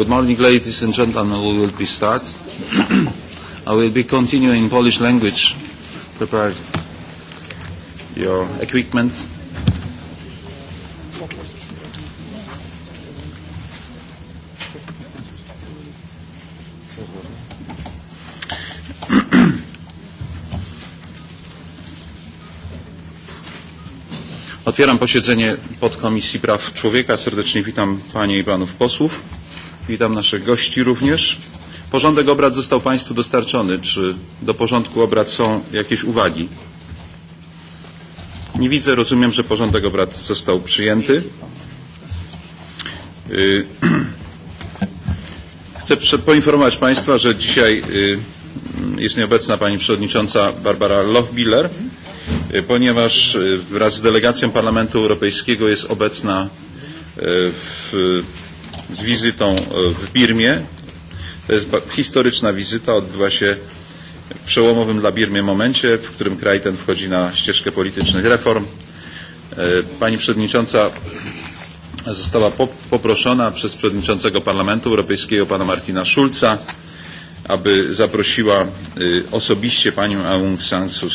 Good morning, ladies and gentlemen. We will be start. I will be continuing Polish language. Prepare your equipment. Otwieram posiedzenie Podkomisji Praw Człowieka. Serdecznie witam Panie i Panów Posłów. Witam naszych gości również. Porządek obrad został Państwu dostarczony. Czy do porządku obrad są jakieś uwagi? Nie widzę. Rozumiem, że porządek obrad został przyjęty. Chcę poinformować Państwa, że dzisiaj jest nieobecna Pani Przewodnicząca Barbara Lochbiller, ponieważ wraz z delegacją Parlamentu Europejskiego jest obecna w z wizytą e, w Birmie. To jest historyczna wizyta, odbyła się w przełomowym dla Birmie momencie, w którym kraj ten wchodzi na ścieżkę politycznych reform. E, pani Przewodnicząca została poproszona przez Przewodniczącego Parlamentu Europejskiego, pana Martina Schulza, aby zaprosiła e, osobiście panią Aung San Suu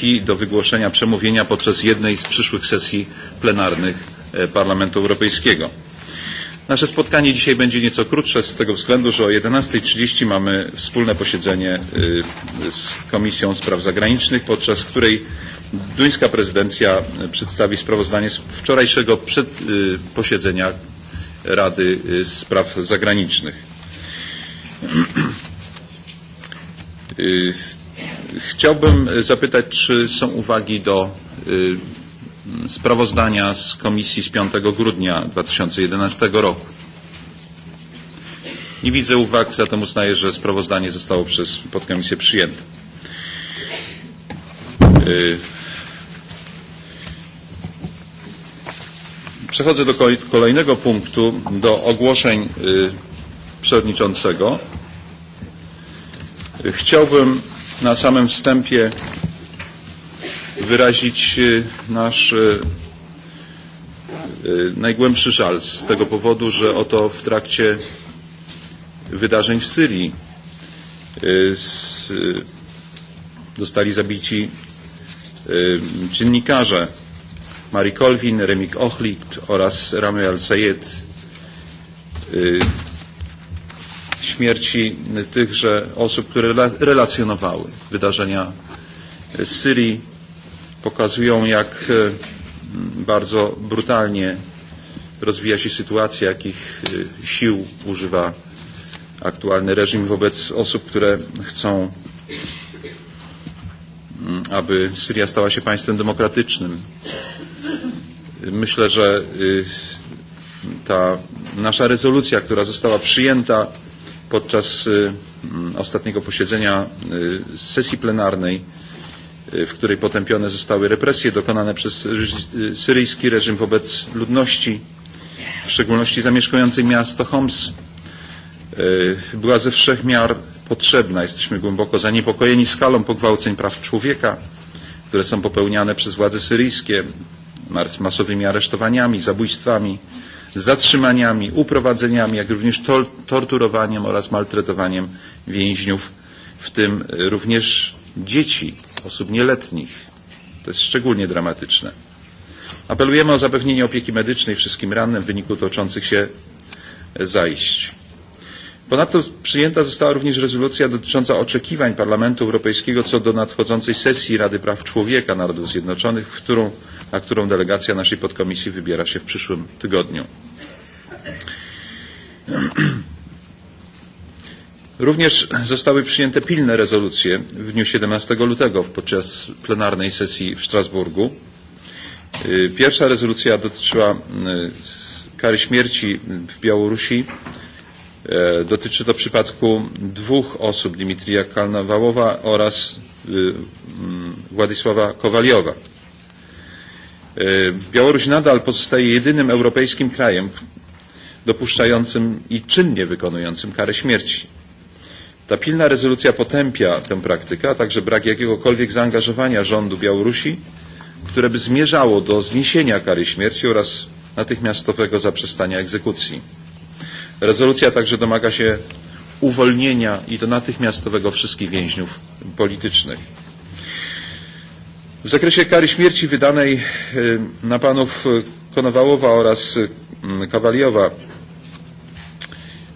Kyi do wygłoszenia przemówienia podczas jednej z przyszłych sesji plenarnych Parlamentu Europejskiego. Nasze spotkanie dzisiaj będzie nieco krótsze z tego względu, że o 11.30 mamy wspólne posiedzenie z Komisją Spraw Zagranicznych, podczas której duńska prezydencja przedstawi sprawozdanie z wczorajszego przed, posiedzenia Rady Spraw Zagranicznych. Chciałbym zapytać, czy są uwagi do sprawozdania z komisji z 5 grudnia 2011 roku. Nie widzę uwag, zatem uznaję, że sprawozdanie zostało przez podkomisję przyjęte. Przechodzę do kolejnego punktu, do ogłoszeń przewodniczącego. Chciałbym na samym wstępie wyrazić e, nasz e, e, najgłębszy żal z tego powodu, że oto w trakcie wydarzeń w Syrii zostali zabici dziennikarze Marie Colvin, Remik Ochlicht oraz Ramuel Al-Sayed. Śmierci tychże osób, które relacjonowały wydarzenia z Syrii pokazują, jak e, bardzo brutalnie rozwija się sytuacja, jakich e, sił używa aktualny reżim wobec osób, które chcą, mm, aby Syria stała się państwem demokratycznym. Myślę, że ta nasza rezolucja, która została przyjęta podczas ostatniego posiedzenia sesji plenarnej, w której potępione zostały represje dokonane przez syryjski reżim wobec ludności, w szczególności zamieszkującej miasto Homs, e, była ze wszech miar potrzebna. Jesteśmy głęboko zaniepokojeni skalą pogwałceń praw człowieka, które są popełniane przez władze syryjskie, masowymi aresztowaniami, zabójstwami, zatrzymaniami, uprowadzeniami, jak również to torturowaniem oraz maltretowaniem więźniów, w tym również dzieci osób nieletnich. To jest szczególnie dramatyczne. Apelujemy o zapewnienie opieki medycznej wszystkim rannym w wyniku toczących się e, zajść. Ponadto przyjęta została również rezolucja dotycząca oczekiwań Parlamentu Europejskiego co do nadchodzącej sesji Rady Praw Człowieka Narodów Zjednoczonych, w którą, na którą delegacja naszej podkomisji wybiera się w przyszłym tygodniu. Również zostały przyjęte pilne rezolucje w dniu 17 lutego podczas plenarnej sesji w Strasburgu. Pierwsza rezolucja dotyczyła kary śmierci w Białorusi. Dotyczy to przypadku dwóch osób, Dimitrija Kalnawałowa oraz mm, Władysława Kowaliowa. Białoruś nadal pozostaje jedynym europejskim krajem dopuszczającym i czynnie wykonującym karę śmierci. Ta pilna rezolucja potępia tę praktykę, a także brak jakiegokolwiek zaangażowania rządu Białorusi, które by zmierzało do zniesienia kary śmierci oraz natychmiastowego zaprzestania egzekucji. Rezolucja także domaga się uwolnienia i do natychmiastowego wszystkich więźniów politycznych. W zakresie kary śmierci wydanej na panów Konowałowa oraz Kawaliowa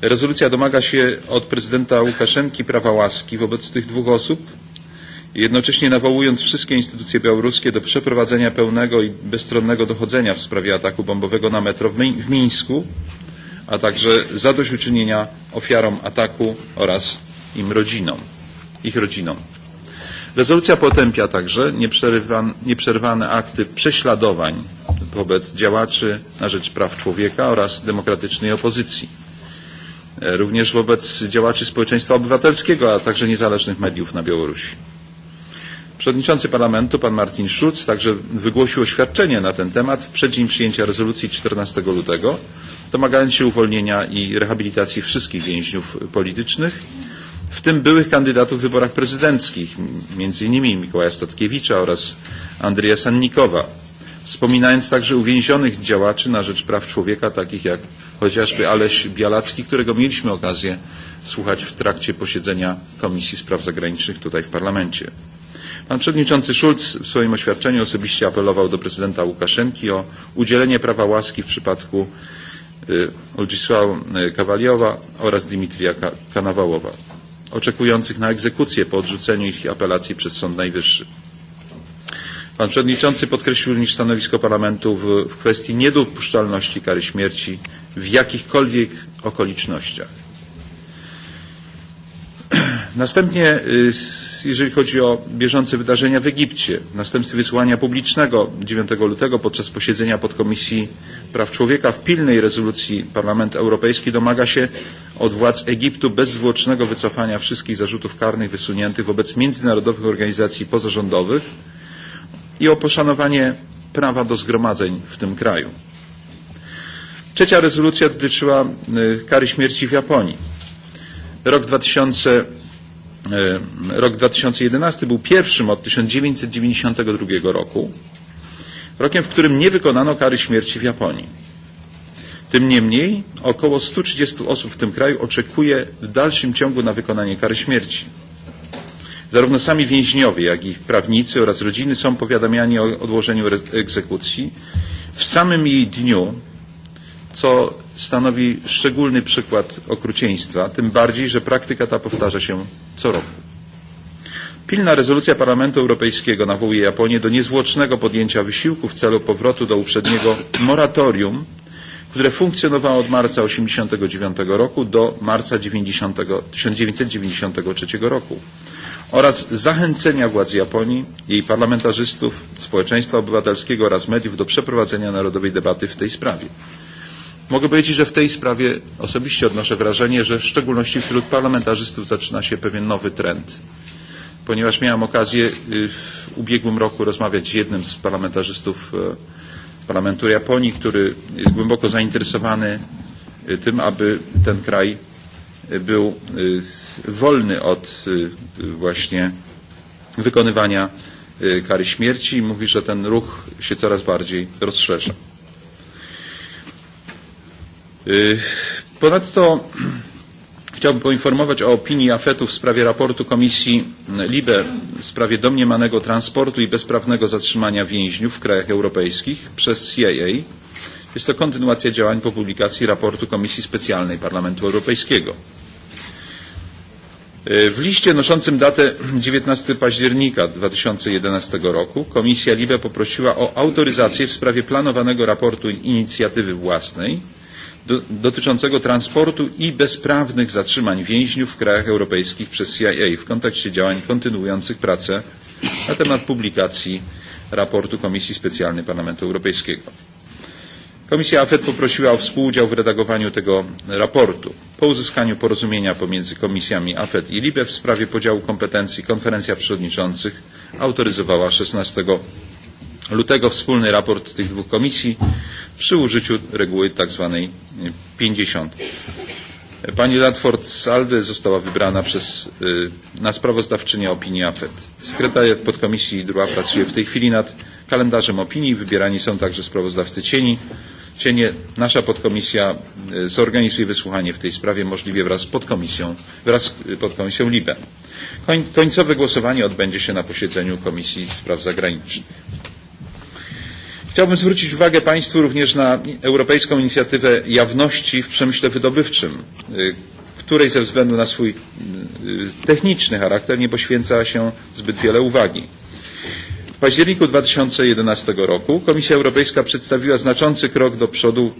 Rezolucja domaga się od prezydenta Łukaszenki prawa łaski wobec tych dwóch osób, jednocześnie nawołując wszystkie instytucje białoruskie do przeprowadzenia pełnego i bezstronnego dochodzenia w sprawie ataku bombowego na metro w, Mi w Mińsku, a także zadośćuczynienia ofiarom ataku oraz im rodzinom, ich rodzinom. Rezolucja potępia także nieprzerwane, nieprzerwane akty prześladowań wobec działaczy na rzecz praw człowieka oraz demokratycznej opozycji E, również wobec działaczy społeczeństwa obywatelskiego, a także niezależnych mediów na Białorusi. Przewodniczący Parlamentu, pan Martin Schulz, także wygłosił oświadczenie na ten temat w przeddzień przyjęcia rezolucji 14 lutego, domagając się uwolnienia i rehabilitacji wszystkich więźniów politycznych, w tym byłych kandydatów w wyborach prezydenckich, m.in. Mikołaja Statkiewicza oraz Andrija Sannikowa, wspominając także uwięzionych działaczy na rzecz praw człowieka, takich jak chociażby Aleś Bialacki, którego mieliśmy okazję słuchać w trakcie posiedzenia Komisji Spraw Zagranicznych tutaj w parlamencie. Pan przewodniczący Schulz w swoim oświadczeniu osobiście apelował do prezydenta Łukaszenki o udzielenie prawa łaski w przypadku Oldzisława Kawaliowa oraz Dimitrija Kanawałowa, oczekujących na egzekucję po odrzuceniu ich apelacji przez Sąd Najwyższy. Pan Przewodniczący podkreślił również stanowisko Parlamentu w, w kwestii niedopuszczalności kary śmierci w jakichkolwiek okolicznościach. Następnie, jeżeli chodzi o bieżące wydarzenia w Egipcie, następstwie wysłania publicznego 9 lutego podczas posiedzenia podkomisji praw człowieka w pilnej rezolucji Parlament Europejski domaga się od władz Egiptu bezzwłocznego wycofania wszystkich zarzutów karnych wysuniętych wobec międzynarodowych organizacji pozarządowych, i o poszanowanie prawa do zgromadzeń w tym kraju. Trzecia rezolucja dotyczyła kary śmierci w Japonii. Rok, 2000, rok 2011 był pierwszym od 1992 roku rokiem, w którym nie wykonano kary śmierci w Japonii. Tym niemniej około 130 osób w tym kraju oczekuje w dalszym ciągu na wykonanie kary śmierci. Zarówno sami więźniowie, jak i prawnicy oraz rodziny są powiadamiani o odłożeniu egzekucji w samym jej dniu, co stanowi szczególny przykład okrucieństwa, tym bardziej, że praktyka ta powtarza się co roku. Pilna rezolucja Parlamentu Europejskiego nawołuje Japonię do niezwłocznego podjęcia wysiłku w celu powrotu do uprzedniego moratorium, które funkcjonowało od marca 1989 roku do marca 90, 1993 roku oraz zachęcenia władz Japonii, jej parlamentarzystów, społeczeństwa obywatelskiego oraz mediów do przeprowadzenia narodowej debaty w tej sprawie. Mogę powiedzieć, że w tej sprawie osobiście odnoszę wrażenie, że w szczególności wśród parlamentarzystów zaczyna się pewien nowy trend. Ponieważ miałem okazję w ubiegłym roku rozmawiać z jednym z parlamentarzystów e, parlamentu Japonii, który jest głęboko zainteresowany tym, aby ten kraj był wolny od właśnie wykonywania kary śmierci i mówi, że ten ruch się coraz bardziej rozszerza. Ponadto chciałbym poinformować o opinii AFETU w sprawie raportu Komisji LIBE w sprawie domniemanego transportu i bezprawnego zatrzymania więźniów w krajach europejskich przez CIA Jest to kontynuacja działań po publikacji raportu Komisji Specjalnej Parlamentu Europejskiego. Eh, w liście noszącym datę 19 października 2011 roku Komisja LIBE poprosiła o autoryzację w sprawie planowanego raportu inicjatywy własnej do, dotyczącego transportu i bezprawnych zatrzymań więźniów w krajach europejskich przez CIA w kontekście działań kontynuujących pracę na temat publikacji raportu Komisji Specjalnej Parlamentu Europejskiego. Komisja AFET poprosiła o współudział w redagowaniu tego raportu. Po uzyskaniu porozumienia pomiędzy komisjami AFET i LIBE w sprawie podziału kompetencji konferencja przewodniczących autoryzowała 16 lutego wspólny raport tych dwóch komisji przy użyciu reguły tzw. 50. Pani Latford z Aldy została wybrana przez, na sprawozdawczynię opinii AFET. Sekretariat podkomisji Druga pracuje w tej chwili nad kalendarzem opinii. Wybierani są także sprawozdawcy cieni cienie nasza podkomisja e, zorganizuje wysłuchanie w tej sprawie możliwie wraz z podkomisją, wraz z e, podkomisją LIBE. Koń, końcowe głosowanie odbędzie się na posiedzeniu Komisji Spraw Zagranicznych. Chciałbym zwrócić uwagę Państwu również na Europejską Inicjatywę Jawności w Przemyśle Wydobywczym, e, której ze względu na swój techniczny charakter nie poświęca się zbyt wiele uwagi. W październiku 2011 roku Komisja Europejska przedstawiła znaczący krok do przodu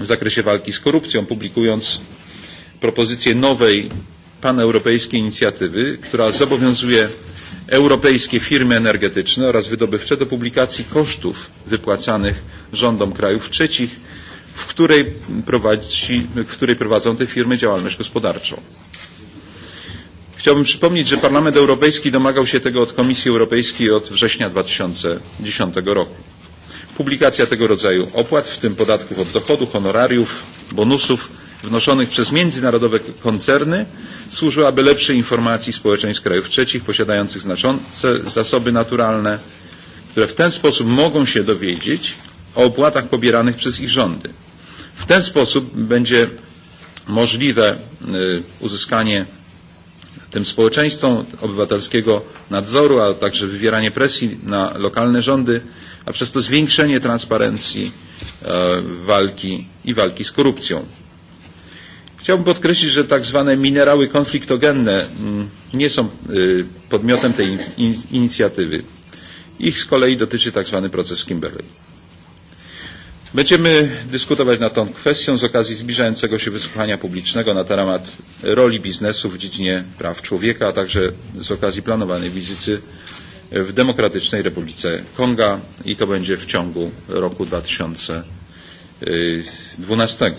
w zakresie walki z korupcją, publikując propozycję nowej paneuropejskiej inicjatywy, która zobowiązuje europejskie firmy energetyczne oraz wydobywcze do publikacji kosztów wypłacanych rządom krajów trzecich, w której, prowadzi, w której prowadzą te firmy działalność gospodarczą. Chciałbym przypomnieć, że Parlament Europejski domagał się tego od Komisji Europejskiej od września 2010 roku. Publikacja tego rodzaju opłat, w tym podatków od dochodu, honorariów, bonusów wnoszonych przez międzynarodowe koncerny służyłaby lepszej informacji społeczeństw krajów trzecich posiadających znaczące zasoby naturalne, które w ten sposób mogą się dowiedzieć o opłatach pobieranych przez ich rządy. W ten sposób będzie możliwe uzyskanie tym społeczeństwom obywatelskiego nadzoru, a także wywieranie presji na lokalne rządy, a przez to zwiększenie transparencji e, walki i walki z korupcją. Chciałbym podkreślić, że tak zwane minerały konfliktogenne mm, nie są podmiotem tej inicjatywy. Ich z kolei dotyczy tak zwany proces Kimberley. Będziemy dyskutować nad tą kwestią z okazji zbliżającego się wysłuchania publicznego na temat roli biznesu w dziedzinie praw człowieka, a także z okazji planowanej wizyty w Demokratycznej Republice Konga i to będzie w ciągu roku 2012.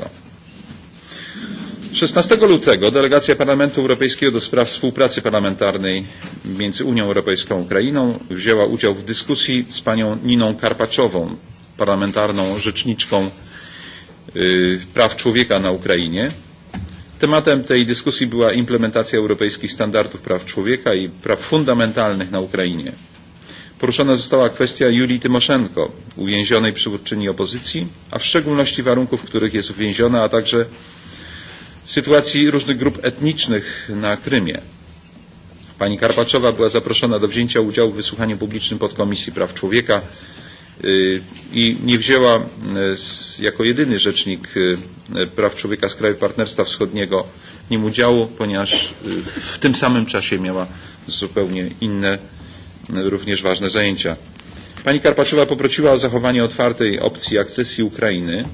16 lutego delegacja Parlamentu Europejskiego do spraw współpracy parlamentarnej między Unią Europejską a Ukrainą wzięła udział w dyskusji z panią Niną Karpaczową, parlamentarną rzeczniczką praw człowieka na Ukrainie. Tematem tej dyskusji była implementacja europejskich standardów praw człowieka i praw fundamentalnych na Ukrainie. Poruszona została kwestia Julii Tymoszenko, uwięzionej przywódczyni opozycji, a w szczególności warunków, w których jest uwięziona, a także sytuacji różnych grup etnicznych na Krymie. Pani Karpaczowa była zaproszona do wzięcia udziału w wysłuchaniu publicznym podkomisji praw człowieka E, i nie wzięła e, jako jedyny rzecznik e, praw człowieka z krajów partnerstwa wschodniego w nim udziału, ponieważ w tym samym czasie miała zupełnie inne, również ważne zajęcia. Pani Karpaczowa poprosiła o zachowanie otwartej opcji akcesji Ukrainy,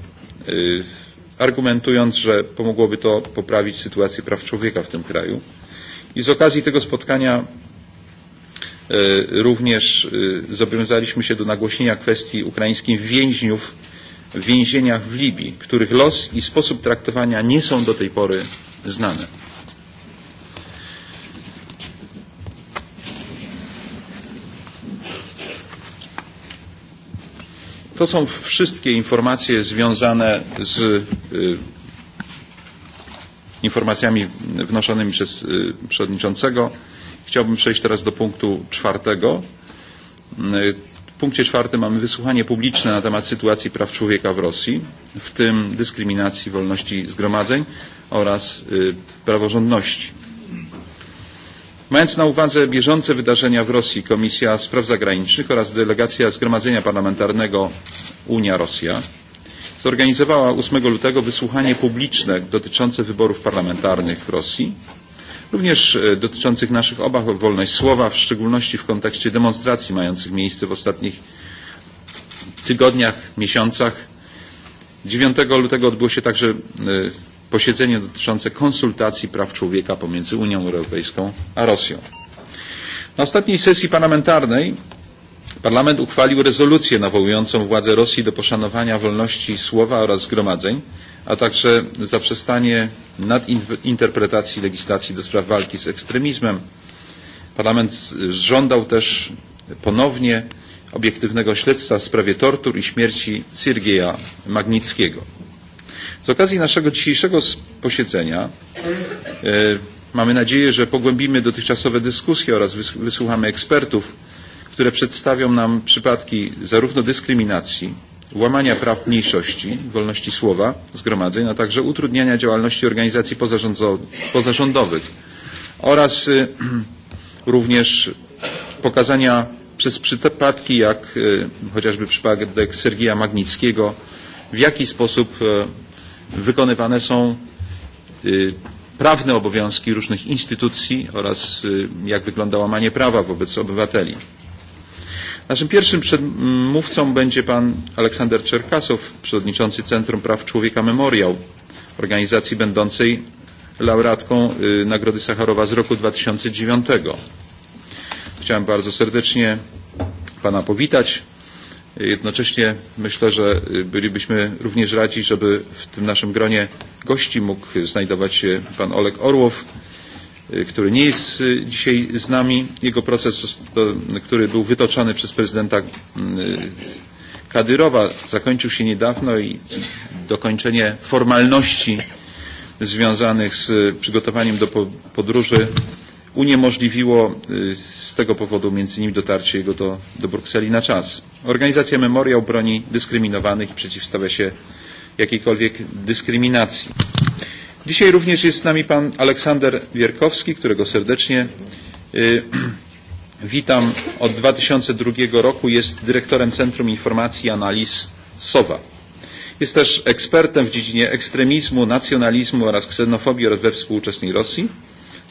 argumentując, że pomogłoby to poprawić sytuację praw człowieka w tym kraju. I z okazji tego spotkania E, również e, zobowiązaliśmy się do nagłośnienia kwestii ukraińskich więźniów w więzieniach w Libii, których los i sposób traktowania nie są do tej pory znane. To są wszystkie informacje związane z e, informacjami wnoszonymi przez przewodniczącego. Chciałbym przejść teraz do punktu czwartego. Mm, w punkcie czwartym mamy wysłuchanie publiczne na temat sytuacji praw człowieka w Rosji, w tym dyskryminacji wolności zgromadzeń oraz praworządności. Mając na uwadze bieżące wydarzenia w Rosji, Komisja Spraw Zagranicznych oraz delegacja Zgromadzenia Parlamentarnego Unia-Rosja zorganizowała 8 lutego wysłuchanie publiczne dotyczące wyborów parlamentarnych w Rosji również e, dotyczących naszych obaw o wolność słowa, w szczególności w kontekście demonstracji mających miejsce w ostatnich tygodniach, miesiącach. 9 lutego odbyło się także e, posiedzenie dotyczące konsultacji praw człowieka pomiędzy Unią Europejską a Rosją. Na ostatniej sesji parlamentarnej Parlament uchwalił rezolucję nawołującą władze Rosji do poszanowania wolności słowa oraz zgromadzeń a także zaprzestanie nadinterpretacji legislacji do spraw walki z ekstremizmem. Parlament żądał też ponownie obiektywnego śledztwa w sprawie tortur i śmierci Sergeja Magnickiego. Z okazji naszego dzisiejszego posiedzenia e, mamy nadzieję, że pogłębimy dotychczasowe dyskusje oraz wysłuchamy ekspertów, które przedstawią nam przypadki zarówno dyskryminacji, łamania praw mniejszości, wolności słowa, zgromadzeń, a także utrudniania działalności organizacji pozarządowych oraz y, również pokazania przez przypadki, jak y, chociażby przypadek Sergija Magnickiego, w jaki sposób y, wykonywane są prawne obowiązki różnych instytucji oraz jak wygląda łamanie prawa wobec obywateli. Naszym pierwszym przedmówcą będzie pan Aleksander Czerkasow, przewodniczący Centrum Praw Człowieka Memoriał, organizacji będącej laureatką Nagrody Sacharowa z roku 2009. Chciałem bardzo serdecznie pana powitać. Jednocześnie myślę, że bylibyśmy również radzi, żeby w tym naszym gronie gości mógł znajdować się pan Olek Orłow, który nie jest dzisiaj z nami. Jego proces, który był wytoczony przez prezydenta Kadyrowa, zakończył się niedawno i dokończenie formalności związanych z przygotowaniem do podróży uniemożliwiło z tego powodu między innymi dotarcie jego do, do Brukseli na czas. Organizacja Memoriał broni dyskryminowanych i przeciwstawia się jakiejkolwiek dyskryminacji. Dzisiaj również jest z nami pan Aleksander Wierkowski, którego serdecznie y, witam. Od 2002 roku jest dyrektorem Centrum Informacji i Analiz SOWA. Jest też ekspertem w dziedzinie ekstremizmu, nacjonalizmu oraz ksenofobii we współczesnej Rosji.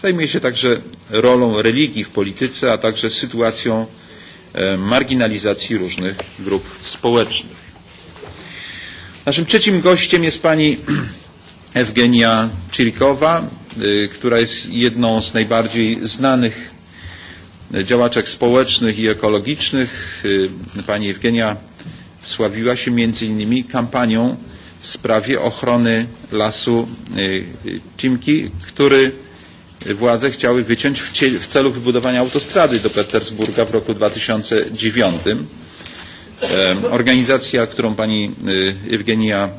Zajmuje się także rolą religii w polityce, a także sytuacją e, marginalizacji różnych grup społecznych. Naszym trzecim gościem jest pani Ewgenia Cirkowa, która jest jedną z najbardziej znanych działaczek społecznych i ekologicznych. Pani Ewgenia wsławiła się między innymi kampanią w sprawie ochrony lasu Cimki, który władze chciały wyciąć w celu wybudowania autostrady do Petersburga w roku 2009. Organizacja, którą pani Ewgenia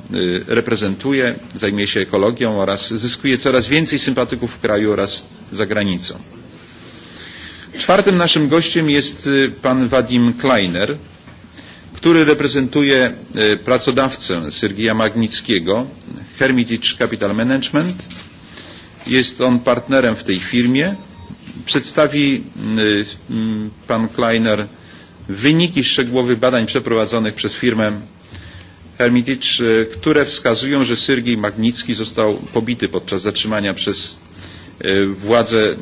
reprezentuje, zajmuje się ekologią oraz zyskuje coraz więcej sympatyków w kraju oraz za granicą. Czwartym naszym gościem jest pan Wadim Kleiner, który reprezentuje pracodawcę Sergija Magnickiego, Hermitage Capital Management. Jest on partnerem w tej firmie. Przedstawi pan Kleiner wyniki szczegółowych badań przeprowadzonych przez firmę Hermitage, e, które wskazują, że Syrgij Magnicki został pobity podczas zatrzymania przez e, władze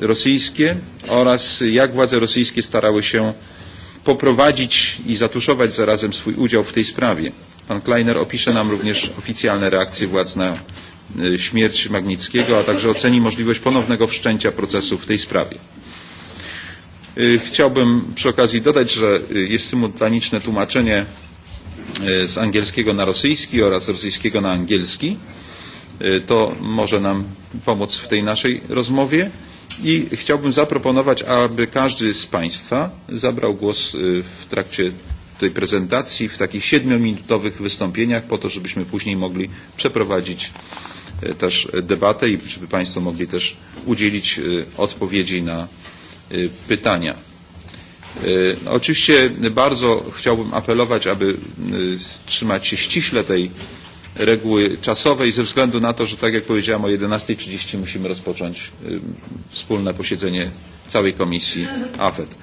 rosyjskie oraz jak władze rosyjskie starały się poprowadzić i zatuszować zarazem swój udział w tej sprawie. Pan Kleiner opisze nam również oficjalne reakcje władz na e, śmierć Magnickiego, a także oceni możliwość ponownego wszczęcia procesu w tej sprawie. Chciałbym przy okazji dodać, że jest symultaniczne tłumaczenie z angielskiego na rosyjski oraz rosyjskiego na angielski. To może nam pomóc w tej naszej rozmowie i chciałbym zaproponować, aby każdy z Państwa zabrał głos w trakcie tej prezentacji w takich siedmiominutowych wystąpieniach po to, żebyśmy później mogli przeprowadzić też debatę i żeby Państwo mogli też udzielić odpowiedzi na pytania. Oczywiście bardzo chciałbym apelować, aby trzymać się ściśle tej reguły czasowej ze względu na to, że tak jak powiedziałem o 11.30 musimy rozpocząć wspólne posiedzenie całej komisji AFED.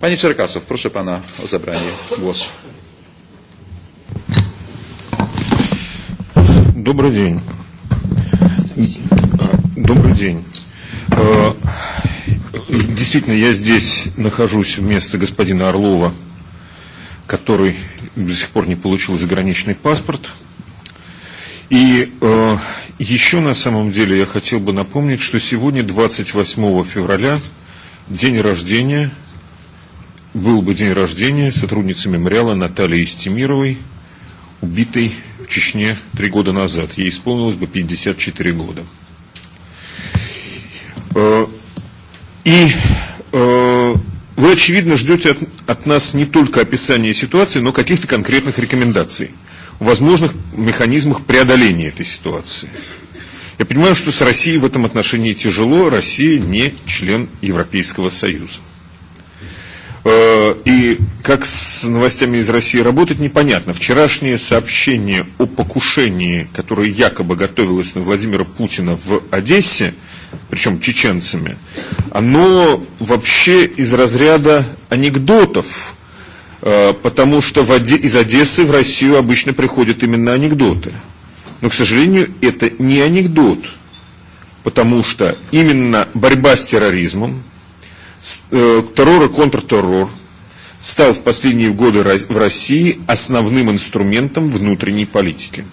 Panie Czerkasow, proszę Pana o zabranie głosu. Dobry dzień. Dobry dzień. E, Действительно, я здесь нахожусь вместо господина Орлова, который до сих пор не получил заграничный паспорт. И э, еще на самом деле я хотел бы напомнить, что сегодня, 28 февраля, день рождения, был бы день рождения сотрудницы мемориала Натальи Истемировой, убитой в Чечне три года назад. Ей исполнилось бы 54 года. Э, И э, вы, очевидно, ждете от, от нас не только описания ситуации, но каких-то конкретных рекомендаций о возможных механизмах преодоления этой ситуации. Я понимаю, что с Россией в этом отношении тяжело, Россия не член Европейского Союза. Э, и как с новостями из России работать, непонятно. Вчерашнее сообщение о покушении, которое якобы готовилось на Владимира Путина в Одессе, причем чеченцами, оно вообще из разряда анекдотов, э, потому что в Оде... из Одессы в Россию обычно приходят именно анекдоты. Но, к сожалению, это не анекдот, потому что именно борьба с терроризмом, Э, террор и контртеррор стал в последние годы в России основным инструментом внутренней политики.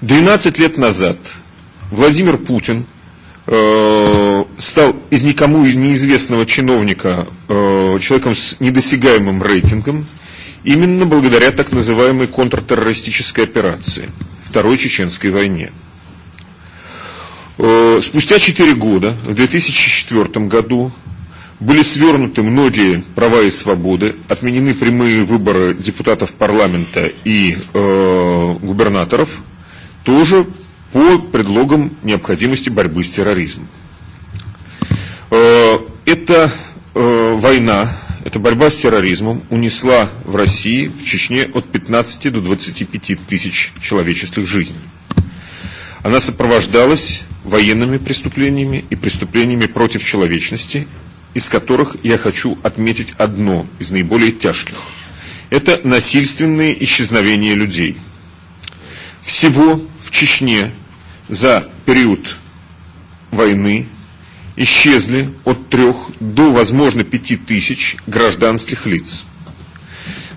12 лет назад Владимир Путин э, стал из никому неизвестного чиновника э, человеком с недосягаемым рейтингом именно благодаря так называемой контртеррористической операции Второй Чеченской войне – Э, спустя 4 года, в 2004 году, были свернуты многие права и свободы, отменены прямые выборы депутатов парламента и э, губернаторов, тоже по предлогам необходимости борьбы с терроризмом. Э, эта э, война, эта борьба с терроризмом унесла в России, в Чечне от 15 до 25 тысяч человеческих жизней. Она сопровождалась военными преступлениями и преступлениями против человечности, из которых я хочу отметить одно из наиболее тяжких. Это насильственные исчезновения людей. Всего в Чечне за период войны исчезли от трех до, возможно, пяти тысяч гражданских лиц.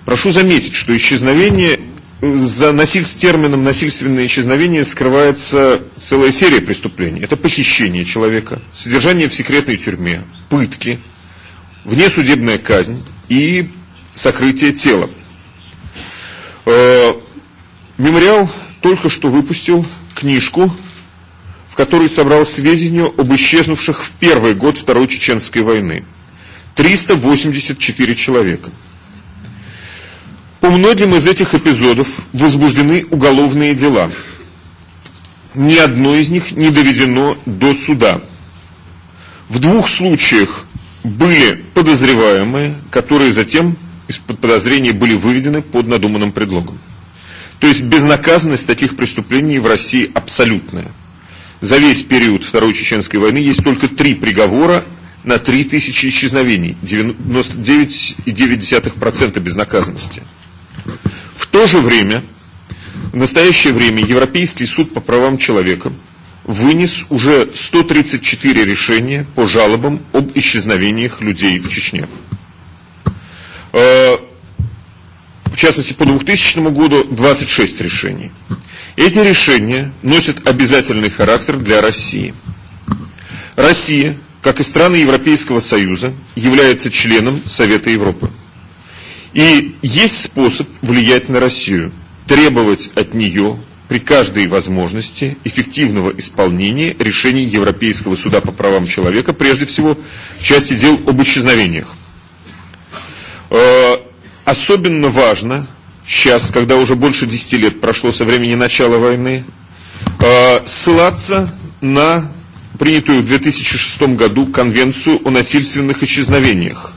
Прошу заметить, что исчезновение за насиль... термином насильственное исчезновение скрывается целая серия преступлений. Это похищение человека, содержание в секретной тюрьме, пытки, внесудебная казнь и сокрытие тела. Э, мемориал только что выпустил книжку, в которой собрал сведения об исчезнувших в первый год Второй Чеченской войны. 384 человека – По многим из этих эпизодов возбуждены уголовные дела. Ни одно из них не доведено до суда. В двух случаях были подозреваемые, которые затем из-под подозрения были выведены под надуманным предлогом. То есть безнаказанность таких преступлений в России абсолютная. За весь период Второй Чеченской войны есть только три приговора на 3000 исчезновений, 99,9% безнаказанности то же время, в настоящее время Европейский суд по правам человека вынес уже 134 решения по жалобам об исчезновениях людей в Чечне. Э, в частности, по 2000 году 26 решений. Эти решения носят обязательный характер для России. Россия, как и страны Европейского Союза, является членом Совета Европы. И есть способ влиять на Россию, требовать от нее при каждой возможности эффективного исполнения решений Европейского суда по правам человека, прежде всего в части дел об исчезновениях. Э, особенно важно сейчас, когда уже больше 10 лет прошло со времени начала войны, э, ссылаться на принятую в 2006 году Конвенцию о насильственных исчезновениях,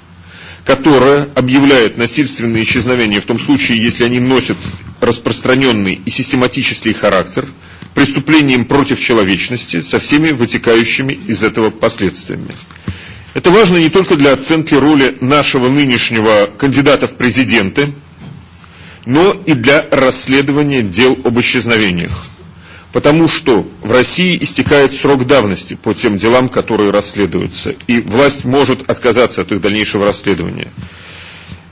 которая объявляет насильственные исчезновения в том случае, если они носят распространенный и систематический характер, преступлением против человечности со всеми вытекающими из этого последствиями. Это важно не только для оценки роли нашего нынешнего кандидата в президенты, но и для расследования дел об исчезновениях потому что в России истекает срок давности по тем делам, которые расследуются, и власть может отказаться от их дальнейшего расследования.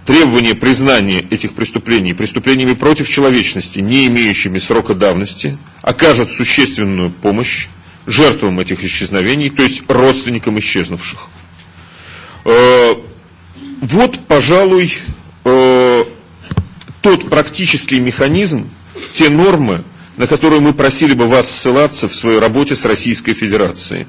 Требование признания этих преступлений преступлениями против человечности, не имеющими срока давности, окажет существенную помощь жертвам этих исчезновений, то есть родственникам исчезнувших. Э, вот, пожалуй, э, тот практический механизм, те нормы, на которую мы просили бы вас ссылаться в своей работе с Российской Федерацией.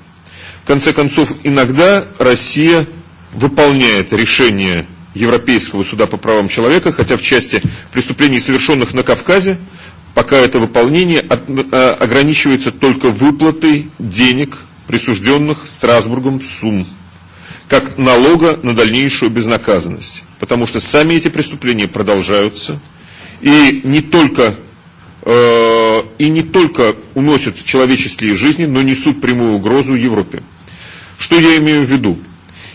В конце концов, иногда Россия выполняет решение Европейского суда по правам человека, хотя в части преступлений, совершенных на Кавказе, пока это выполнение от, а, ограничивается только выплатой денег, присужденных Страсбургом сумм, как налога на дальнейшую безнаказанность. Потому что сами эти преступления продолжаются, и не только э, и не только уносят человеческие жизни, но несут прямую угрозу Европе. Что я имею в виду?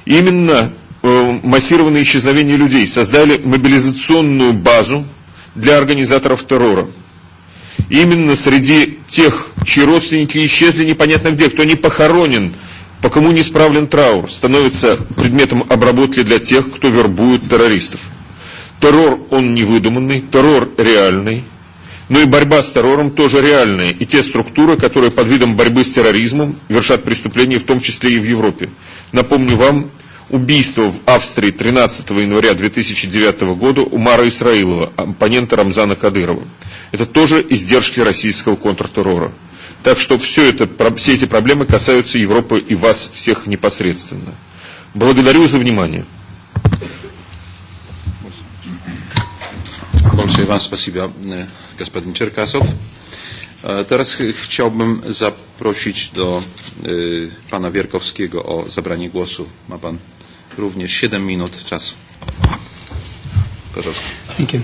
Именно э, массированные исчезновения людей создали мобилизационную базу для организаторов террора. Именно среди тех, чьи родственники исчезли непонятно где, кто не похоронен, по кому не исправлен траур, становится предметом обработки для тех, кто вербует террористов. Террор, он невыдуманный, террор реальный – Но и борьба с террором тоже реальная, и те структуры, которые под видом борьбы с терроризмом вершат преступления, в том числе и в Европе. Напомню вам убийство в Австрии 13 января 2009 года Умара Исраилова, оппонента Рамзана Кадырова. Это тоже издержки российского контртеррора. Так что все, это, все эти проблемы касаются Европы и вас всех непосредственно. Благодарю за внимание. Большое вам спасибо господин Черкасов. E, teraz chciałbym zaprosić do y, e, pana Wierkowskiego o zabranie głosu. Ma pan również 7 minut czasu. Proszę. Thank you.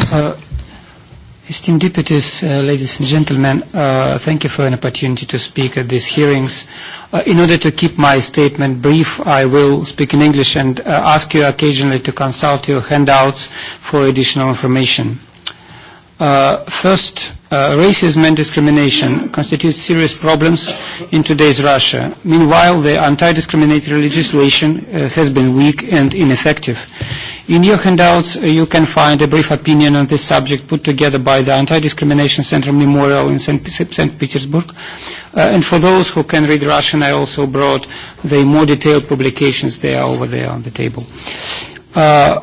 Uh, esteemed deputies, uh, ladies and gentlemen, uh, thank you for an opportunity to speak at these hearings. Uh, in order to keep my statement brief, I will speak in English and uh, ask you occasionally to consult your handouts for additional information. Uh, first, uh, racism and discrimination constitute serious problems in today's Russia. Meanwhile, the anti-discriminatory legislation uh, has been weak and ineffective. In your handouts, uh, you can find a brief opinion on this subject put together by the Anti-Discrimination Center Memorial in St. Petersburg. Uh, and for those who can read Russian, I also brought the more detailed publications. They are over there on the table. Uh,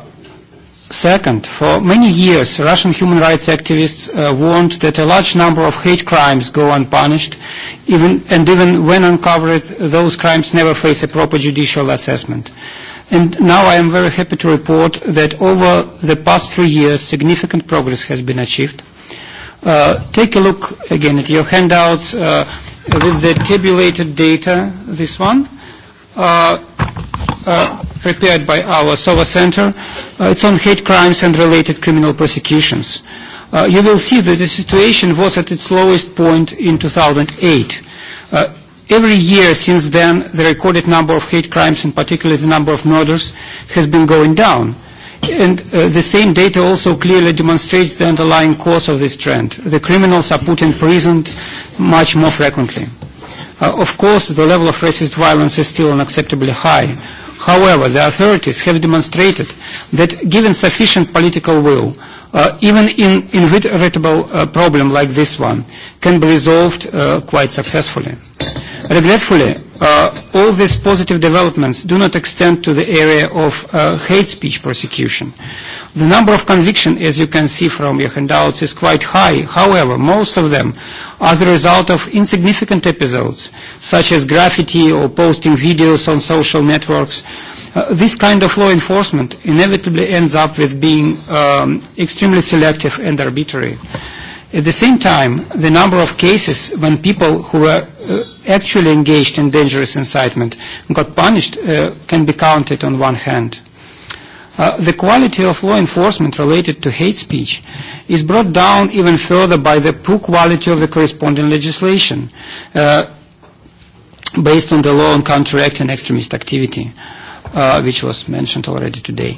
Second, for many years, Russian human rights activists uh, warned that a large number of hate crimes go unpunished, even, and even when uncovered, those crimes never face a proper judicial assessment. And now I am very happy to report that over the past three years, significant progress has been achieved. Uh, take a look again at your handouts uh, with the tabulated data, this one. Uh, uh, prepared by our SOVA Center. Uh, it's on hate crimes and related criminal prosecutions. Uh, you will see that the situation was at its lowest point in 2008. Uh, every year since then, the recorded number of hate crimes, and particularly the number of murders, has been going down. And uh, the same data also clearly demonstrates the underlying cause of this trend. The criminals are put in prison much more frequently. Uh, of course, the level of racist violence is still unacceptably high. However, the authorities have demonstrated that given sufficient political will, uh, even in inevitable uh, problem like this one, can be resolved uh, quite successfully. Regretfully, uh, all these positive developments do not extend to the area of uh, hate speech prosecution. The number of convictions, as you can see from your handouts, is quite high. However, most of them are the result of insignificant episodes, such as graffiti or posting videos on social networks. Uh, this kind of law enforcement inevitably ends up with being um, extremely selective and arbitrary. At the same time, the number of cases when people who were uh, actually engaged in dangerous incitement got punished uh, can be counted on one hand. Uh, the quality of law enforcement related to hate speech is brought down even further by the poor quality of the corresponding legislation uh, based on the law on counteract and extremist activity, uh, which was mentioned already today.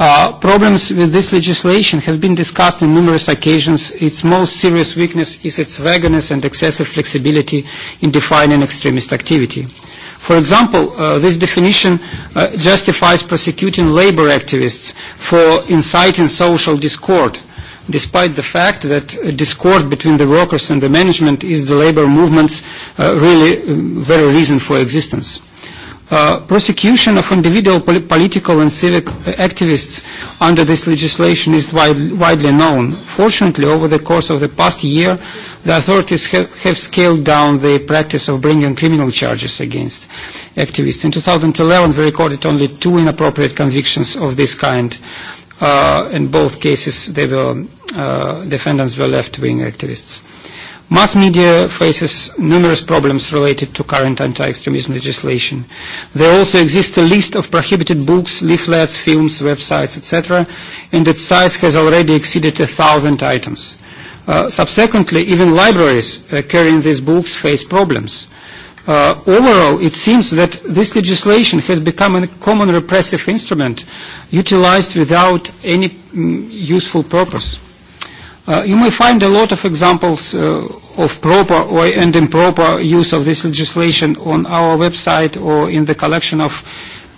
Uh, problems with this legislation have been discussed on numerous occasions. Its most serious weakness is its vagueness and excessive flexibility in defining extremist activity. For example, uh, this definition uh, justifies prosecuting labor activists for inciting social discord, despite the fact that uh, discord between the workers and the management is the labor movement's uh, really um, very reason for existence. Uh, prosecution of individual pol political and civic uh, activists under this legislation is wide widely known. Fortunately, over the course of the past year, the authorities have, have scaled down the practice of bringing criminal charges against activists. In 2011, we recorded only two inappropriate convictions of this kind. Uh, in both cases, they were, uh, defendants were left-wing activists. Uh, Mass media faces numerous problems related to current anti-extremism legislation. There also exists a list of prohibited books, leaflets, films, websites, etc., and its size has already exceeded a thousand items. Uh, subsequently, even libraries uh, carrying these books face problems. Uh, overall, it seems that this legislation has become a common repressive instrument utilized without any mm, useful purpose. Uh, you may find a lot of examples uh, of proper or, and improper use of this legislation on our website or in the collection of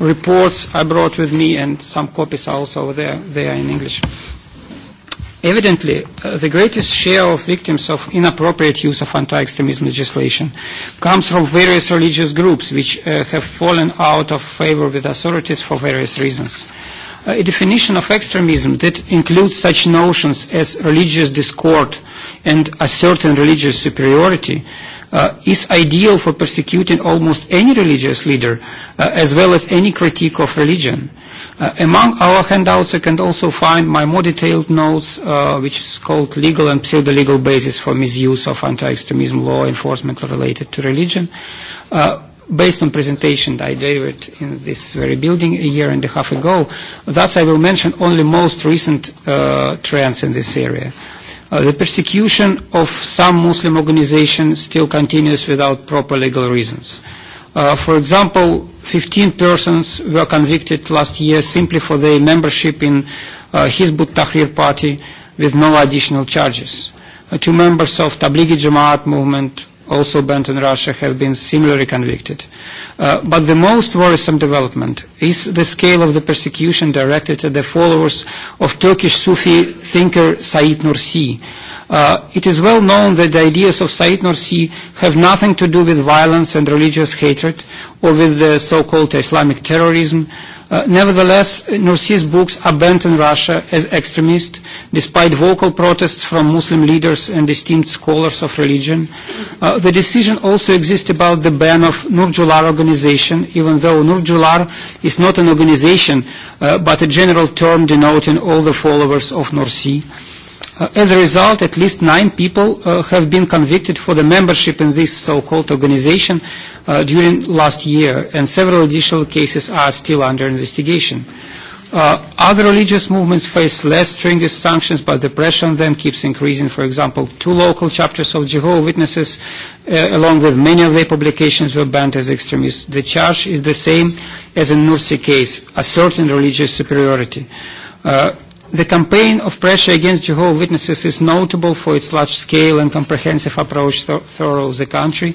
reports I brought with me and some copies are also there, there in English. Evidently, uh, the greatest share of victims of inappropriate use of anti-extremism legislation comes from various religious groups which uh, have fallen out of favor with authorities for various reasons a definition of extremism that includes such notions as religious discord and a certain religious superiority uh, is ideal for persecuting almost any religious leader uh, as well as any critique of religion. Uh, among our handouts you can also find my more detailed notes uh, which is called Legal and Pseudo-Legal Basis for Misuse of Anti-Extremism Law Enforcement Related to Religion. Uh, based on presentation that I delivered in this very building a year and a half ago. Thus, I will mention only most recent uh, trends in this area. Uh, the persecution of some Muslim organizations still continues without proper legal reasons. Uh, for example, 15 persons were convicted last year simply for their membership in uh, Hizbut Tahrir party with no additional charges. Uh, two members of Tablighi Jamaat movement also bent in Russia have been similarly convicted. Uh, but the most worrisome development is the scale of the persecution directed at the followers of Turkish Sufi thinker Said Nursi. Uh, it is well known that the ideas of Said Nursi have nothing to do with violence and religious hatred or with the so-called Islamic terrorism, Uh, nevertheless, Nursi's books are banned in Russia as extremist, despite vocal protests from Muslim leaders and esteemed scholars of religion. Uh, the decision also exists about the ban of Nurjular organization, even though Nurjular is not an organization, uh, but a general term denoting all the followers of Nursi. Uh, as a result, at least nine people uh, have been convicted for the membership in this so-called organization, uh, during last year, and several additional cases are still under investigation. Uh, other religious movements face less stringent sanctions, but the pressure on them keeps increasing. For example, two local chapters of Jehovah Witnesses, uh, along with many of their publications, were banned as extremists. The charge is the same as in Nursi case, asserting religious superiority. Uh, The campaign of pressure against Jehovah Witnesses is notable for its large scale and comprehensive approach th throughout the country.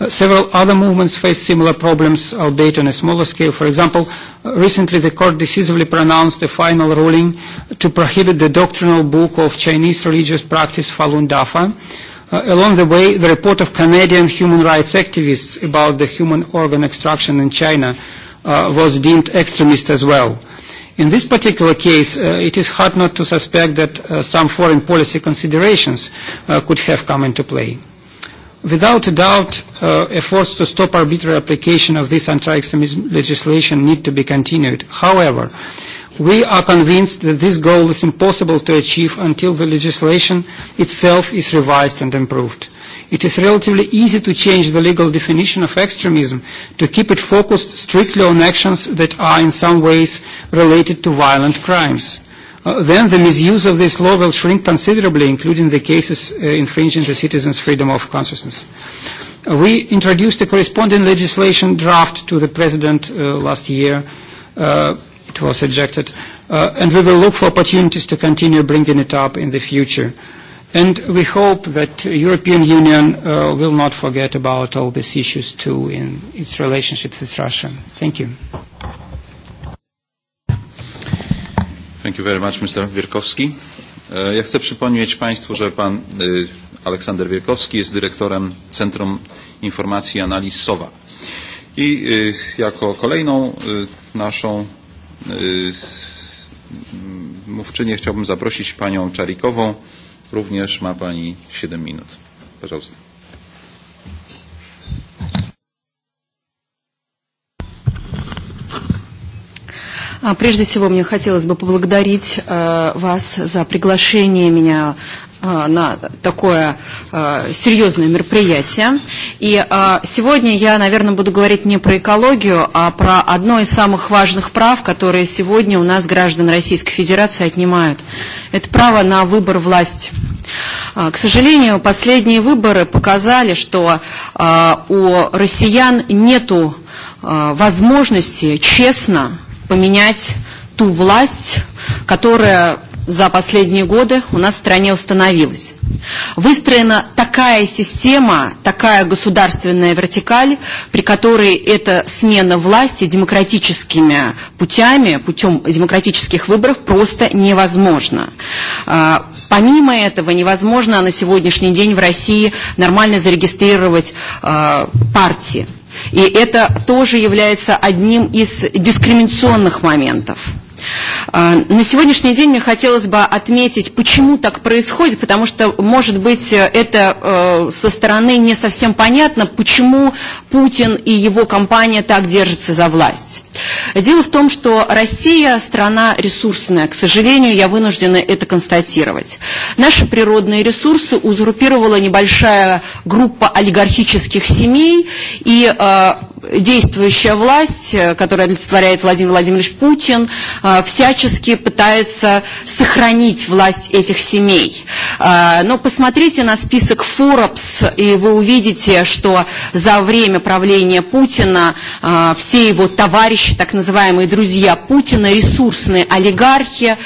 Uh, several other movements face similar problems, albeit on a smaller scale. For example, uh, recently the court decisively pronounced a final ruling to prohibit the doctrinal book of Chinese religious practice Falun Dafa. Uh, along the way, the report of Canadian human rights activists about the human organ extraction in China uh, was deemed extremist as well. In this particular case, uh, it is hard not to suspect that uh, some foreign policy considerations uh, could have come into play. Without a doubt, uh, efforts to stop arbitrary application of this anti-extremism legislation need to be continued. However, we are convinced that this goal is impossible to achieve until the legislation itself is revised and improved. It is relatively easy to change the legal definition of extremism to keep it focused strictly on actions that are in some ways related to violent crimes. Uh, then the misuse of this law will shrink considerably, including the cases uh, infringing the citizens' freedom of consciousness. Uh, we introduced a corresponding legislation draft to the President uh, last year. Uh, it was ejected, Uh, and we will look for opportunities to continue bringing it up in the future. And we hope that the European Union uh, will not forget about all these issues too in its relationship with Russia. Thank you. Thank you very much, Mr. Wierkowski. E, ja chcę przypomnieć Państwu, że Pan e, Aleksander Wierkowski jest dyrektorem Centrum Informacji i Analiz SOWA. I e, jako kolejną naszą mówczynię chciałbym zaprosić Panią Czarikową. Również ma Pani 7 minut. Proszę. Прежде всего, мне хотелось бы поблагодарить э, вас за приглашение меня э, на такое э, серьезное мероприятие. И сегодня я, наверное, буду говорить не про экологию, а про одно из самых важных прав, которые сегодня у нас граждан Российской Федерации отнимают. Это право на выбор власти. К сожалению, последние выборы показали, что у россиян нет возможности честно поменять ту власть, которая за последние годы у нас в стране установилась. Выстроена такая система, такая государственная вертикаль, при которой эта смена власти демократическими путями, путем демократических выборов просто невозможна. Помимо этого, невозможно на сегодняшний день в России нормально зарегистрировать партии. И это тоже является одним из дискриминационных моментов. На сегодняшний день мне хотелось бы отметить, почему так происходит, потому что, может быть, это э, со стороны не совсем понятно, почему Путин и его компания так держатся за власть. Дело в том, что Россия страна ресурсная. К сожалению, я вынуждена это констатировать. Наши природные ресурсы узурпировала небольшая группа олигархических семей, и э, действующая власть, э, которая олицетворяет Владимир Владимирович Путин, э, всячески пытается сохранить власть этих семей. Э, но посмотрите на список Forbes, и вы увидите, что за время правления Путина все его товарищи, так называемые друзья Путина, ресурсные олигархи,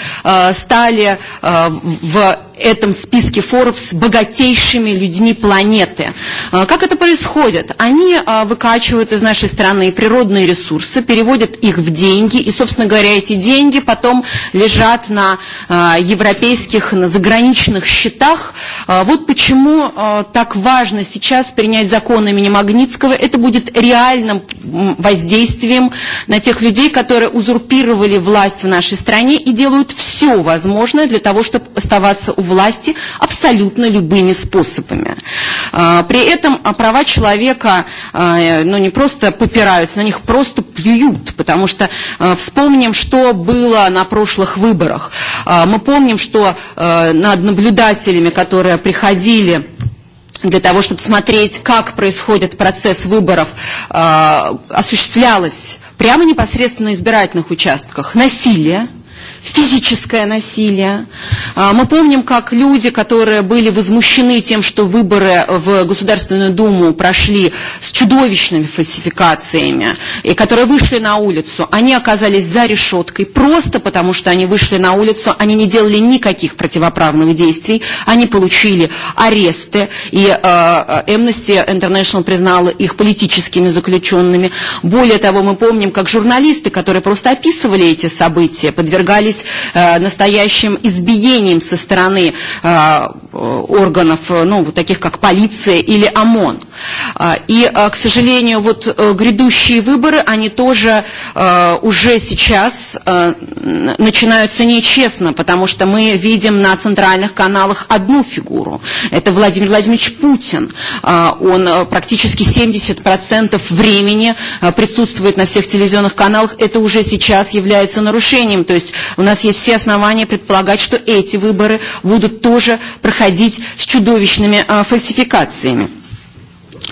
стали в этом списке форов с богатейшими людьми планеты. Как это происходит? Они выкачивают из нашей страны природные ресурсы, переводят их в деньги, и, собственно говоря, эти деньги потом лежат на европейских, на заграничных счетах. Вот почему так важно сейчас принять закон имени Магнитского. Это будет реальным воздействием на тех людей, которые узурпировали власть в нашей стране и делают все возможное для того, чтобы оставаться у власти абсолютно любыми способами. При этом права человека ну, не просто попираются, на них просто плюют, потому что вспомним, что было на прошлых выборах. Мы помним, что над наблюдателями, которые приходили для того, чтобы смотреть, как происходит процесс выборов, осуществлялось прямо непосредственно на избирательных участках насилие, физическое насилие. Мы помним, как люди, которые были возмущены тем, что выборы в Государственную Думу прошли с чудовищными фальсификациями, и которые вышли на улицу, они оказались за решеткой просто потому, что они вышли на улицу, они не делали никаких противоправных действий, они получили аресты, и э, Amnesty International признала их политическими заключенными. Более того, мы помним, как журналисты, которые просто описывали эти события, подвергались оказались э, настоящим избиением со стороны э, органов, э, ну, таких как полиция или ОМОН. И, к сожалению, вот э, грядущие выборы, они тоже э, уже сейчас э, начинаются нечестно, потому что мы видим на центральных каналах одну фигуру. Это Владимир Владимирович Путин. Он практически 70% времени присутствует на всех телевизионных каналах. Это уже сейчас является нарушением. То есть у нас есть все основания предполагать, что эти выборы будут тоже проходить с чудовищными фальсификациями.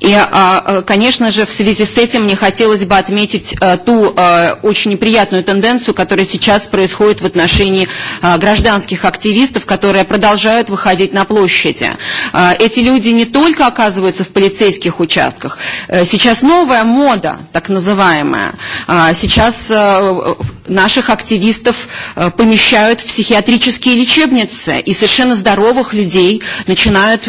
И, конечно же, в связи с этим мне хотелось бы отметить ту очень неприятную тенденцию, которая сейчас происходит в отношении гражданских активистов, которые продолжают выходить на площади. Эти люди не только оказываются в полицейских участках. Э, сейчас новая мода, так называемая. Сейчас э, наших активистов э, помещают в психиатрические лечебницы, и совершенно здоровых людей начинают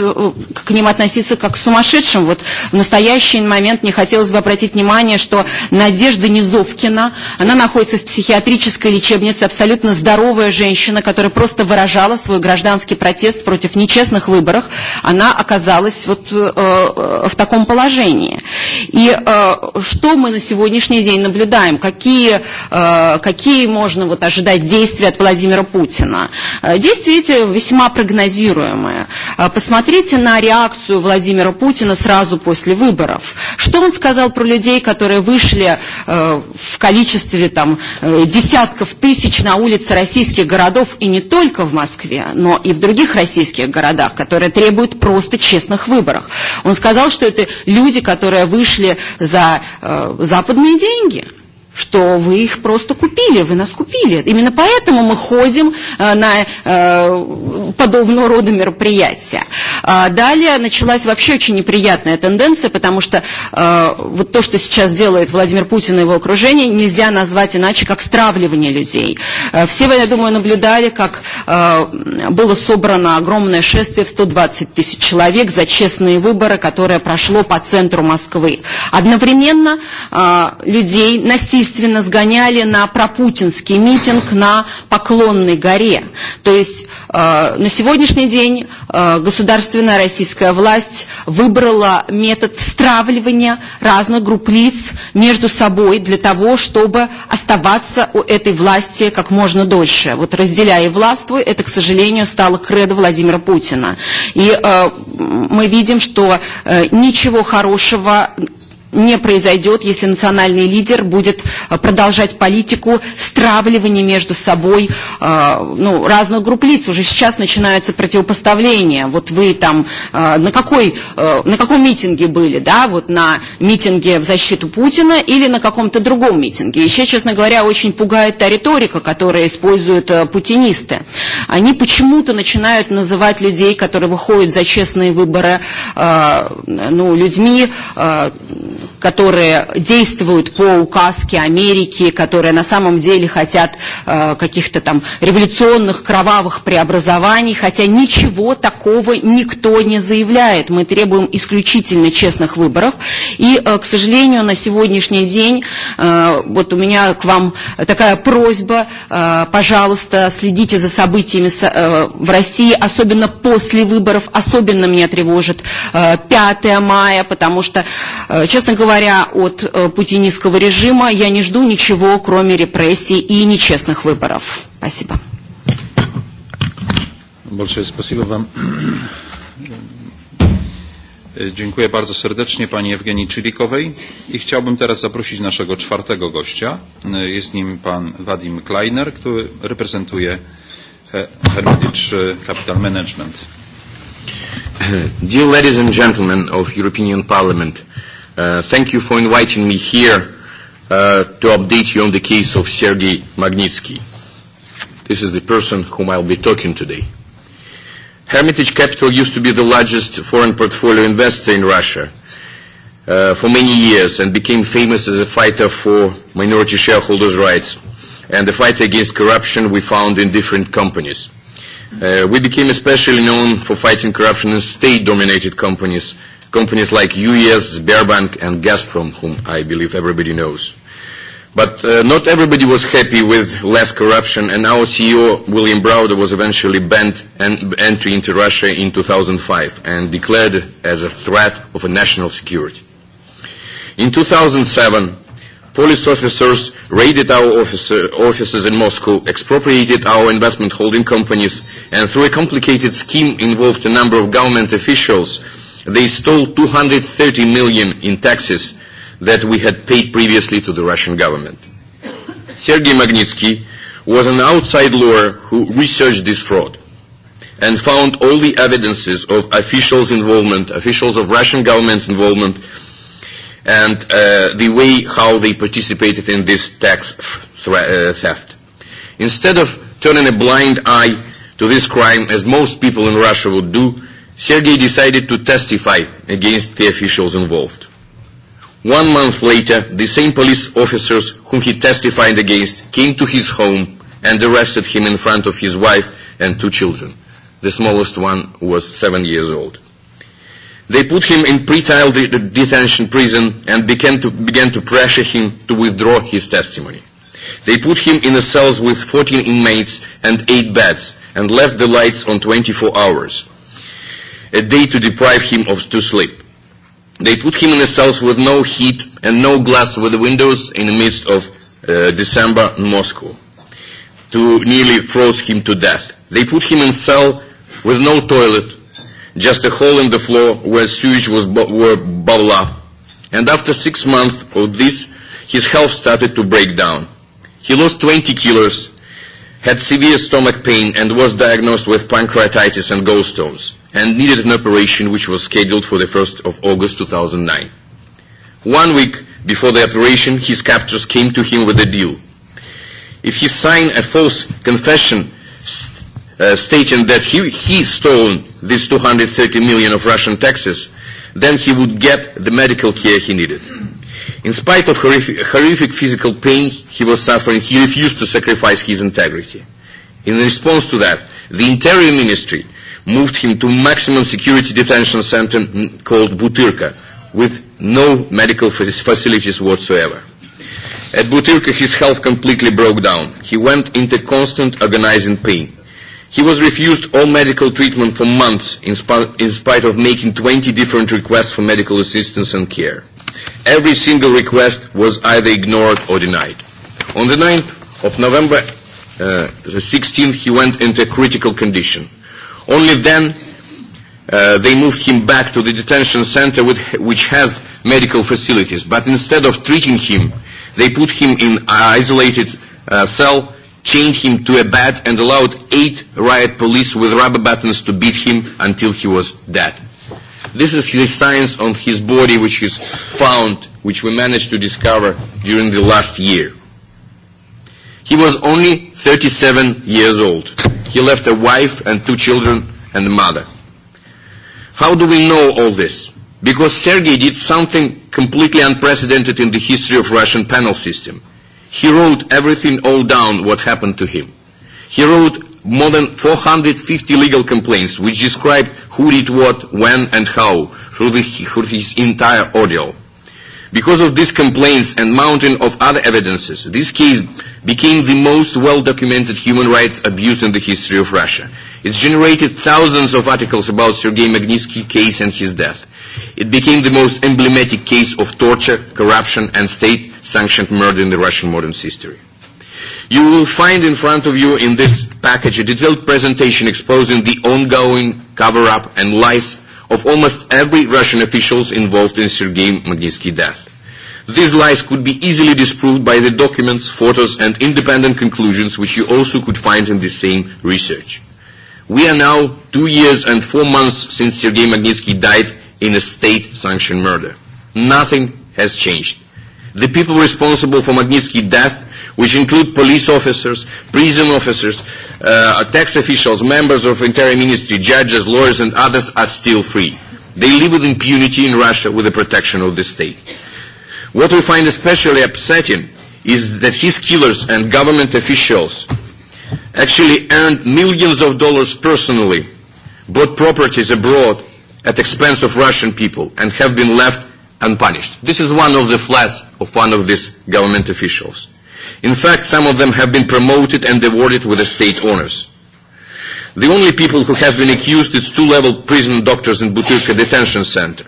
к ним относиться как к сумасшедшим. Вот В настоящий момент мне хотелось бы обратить внимание, что Надежда Низовкина, она находится в психиатрической лечебнице, абсолютно здоровая женщина, которая просто выражала свой гражданский протест против нечестных выборов. Она оказалась вот э, э в таком положении. И э, что мы на сегодняшний день наблюдаем? Какие, э, какие можно вот ожидать действия от Владимира Путина? Э, действия эти весьма прогнозируемые. Э, посмотрите на реакцию Владимира Путина сразу после после выборов. Что он сказал про людей, которые вышли э, в количестве там, э, десятков тысяч на улицы российских городов и не только в Москве, но и в других российских городах, которые требуют просто честных выборов. Он сказал, что это люди, которые вышли за э, западные деньги – что вы их просто купили, вы нас купили. Именно поэтому мы ходим э, на э, подобного рода мероприятия. далее началась вообще очень неприятная тенденция, потому что э, вот то, что сейчас делает Владимир Путин и его окружение, нельзя назвать иначе, как стравливание людей. все вы, я думаю, наблюдали, как было собрано огромное шествие в 120 тысяч человек за честные выборы, которое прошло по центру Москвы. Одновременно людей насильственно насильственно сгоняли на пропутинский митинг на Поклонной горе. То есть э, на сегодняшний день э, государственная российская власть выбрала метод стравливания разных групп лиц между собой для того, чтобы оставаться у этой власти как можно дольше. Вот разделяя властву, это, к сожалению, стало кредо Владимира Путина. И э, мы видим, что э, ничего хорошего не произойдет, если национальный лидер будет э, продолжать политику стравливания между собой э, ну, разных групп лиц. Уже сейчас начинается противопоставление. Вот вы там э, на, какой, на каком митинге были, да, вот на митинге в защиту Путина или на каком-то другом митинге. Еще, честно говоря, очень пугает та риторика, которую используют путинисты. Они почему-то начинают называть людей, которые выходят за честные выборы, ну, людьми, которые действуют по указке Америки, которые на самом деле хотят э, каких-то там революционных кровавых преобразований, хотя ничего такого никто не заявляет. Мы требуем исключительно честных выборов. И, э, к сожалению, на сегодняшний день, э, вот у меня к вам такая просьба, э, пожалуйста, следите за событиями э, в России, особенно после выборов, особенно меня тревожит э, 5 мая, потому что, э, честно Честно говоря, от э, путинистского режима я не жду ничего, кроме репрессий и нечестных выборов. Спасибо. Большое спасибо вам. Э, dziękuję bardzo serdecznie pani Ewgenii Czylikowej i chciałbym teraz zaprosić naszego czwartego gościa. E, jest nim pan Wadim Kleiner, który reprezentuje e, Hermitage e, Capital Management. Dear ladies and gentlemen of European Parliament, Uh, thank you for inviting me here uh, to update you on the case of Sergei Magnitsky. This is the person whom I'll be talking today. Hermitage Capital used to be the largest foreign portfolio investor in Russia uh, for many years and became famous as a fighter for minority shareholders' rights and the fight against corruption we found in different companies. Uh, we became especially known for fighting corruption in state-dominated companies companies like UES, Sberbank and Gazprom, whom I believe everybody knows. But uh, not everybody was happy with less corruption, and our CEO, William Browder, was eventually banned and entry into Russia in 2005 and declared as a threat of a national security. In 2007, police officers raided our officer offices in Moscow, expropriated our investment holding companies, and through a complicated scheme involved a number of government officials, They stole 230 million in taxes that we had paid previously to the Russian government. Sergei Magnitsky was an outside lawyer who researched this fraud and found all the evidences of officials' involvement, officials of Russian government involvement, and uh, the way how they participated in this tax uh, theft. Instead of turning a blind eye to this crime, as most people in Russia would do, Sergei decided to testify against the officials involved. One month later, the same police officers whom he testified against came to his home and arrested him in front of his wife and two children. The smallest one was seven years old. They put him in pretrial de detention prison and began to, began to pressure him to withdraw his testimony. They put him in a cells with 14 inmates and eight beds and left the lights on 24 hours a day to deprive him of to sleep. They put him in a cell with no heat and no glass with the windows in the midst of uh, December in Moscow to nearly froze him to death. They put him in a cell with no toilet, just a hole in the floor where sewage was bu were bubble up. And after six months of this, his health started to break down. He lost 20 kilos, had severe stomach pain, and was diagnosed with pancreatitis and gallstones and needed an operation which was scheduled for the 1st of August 2009. One week before the operation, his captors came to him with a deal. If he signed a false confession uh, stating that he, he stole these 230 million of Russian taxes, then he would get the medical care he needed. In spite of horrific, horrific physical pain he was suffering, he refused to sacrifice his integrity. In response to that, the Interior Ministry moved him to maximum security detention center called Butyrka with no medical facilities whatsoever. At Butyrka his health completely broke down. He went into constant agonizing pain. He was refused all medical treatment for months in, sp in spite of making 20 different requests for medical assistance and care. Every single request was either ignored or denied. On the 9th of November uh, the 16th he went into a critical condition. Only then uh, they moved him back to the detention center with, which has medical facilities. But instead of treating him, they put him in an isolated uh, cell, chained him to a bed and allowed eight riot police with rubber buttons to beat him until he was dead. This is the science on his body which is found, which we managed to discover during the last year. He was only 37 years old. He left a wife and two children and a mother. How do we know all this? Because Sergei did something completely unprecedented in the history of Russian penal system. He wrote everything all down what happened to him. He wrote more than 450 legal complaints which described who did what, when and how through, the, through his entire audio. Because of these complaints and mountain of other evidences, this case became the most well-documented human rights abuse in the history of Russia. It generated thousands of articles about Sergei Magnitsky case and his death. It became the most emblematic case of torture, corruption and state-sanctioned murder in the Russian modern history. You will find in front of you in this package a detailed presentation exposing the ongoing cover-up and lies of almost every Russian officials involved in Sergei Magnitsky's death. These lies could be easily disproved by the documents, photos and independent conclusions which you also could find in the same research. We are now two years and four months since Sergei Magnitsky died in a state-sanctioned murder. Nothing has changed. The people responsible for Magnitsky death, which include police officers, prison officers, uh, uh tax officials, members of interior ministry, judges, lawyers and others are still free. They live with impunity in Russia with the protection of the state. What we find especially upsetting is that his killers and government officials actually earned millions of dollars personally, bought properties abroad at expense of Russian people and have been left unpunished. This is one of the flats of one of these government officials. In fact, some of them have been promoted and awarded with estate honors. The only people who have been accused is two-level prison doctors in Butyrka detention center.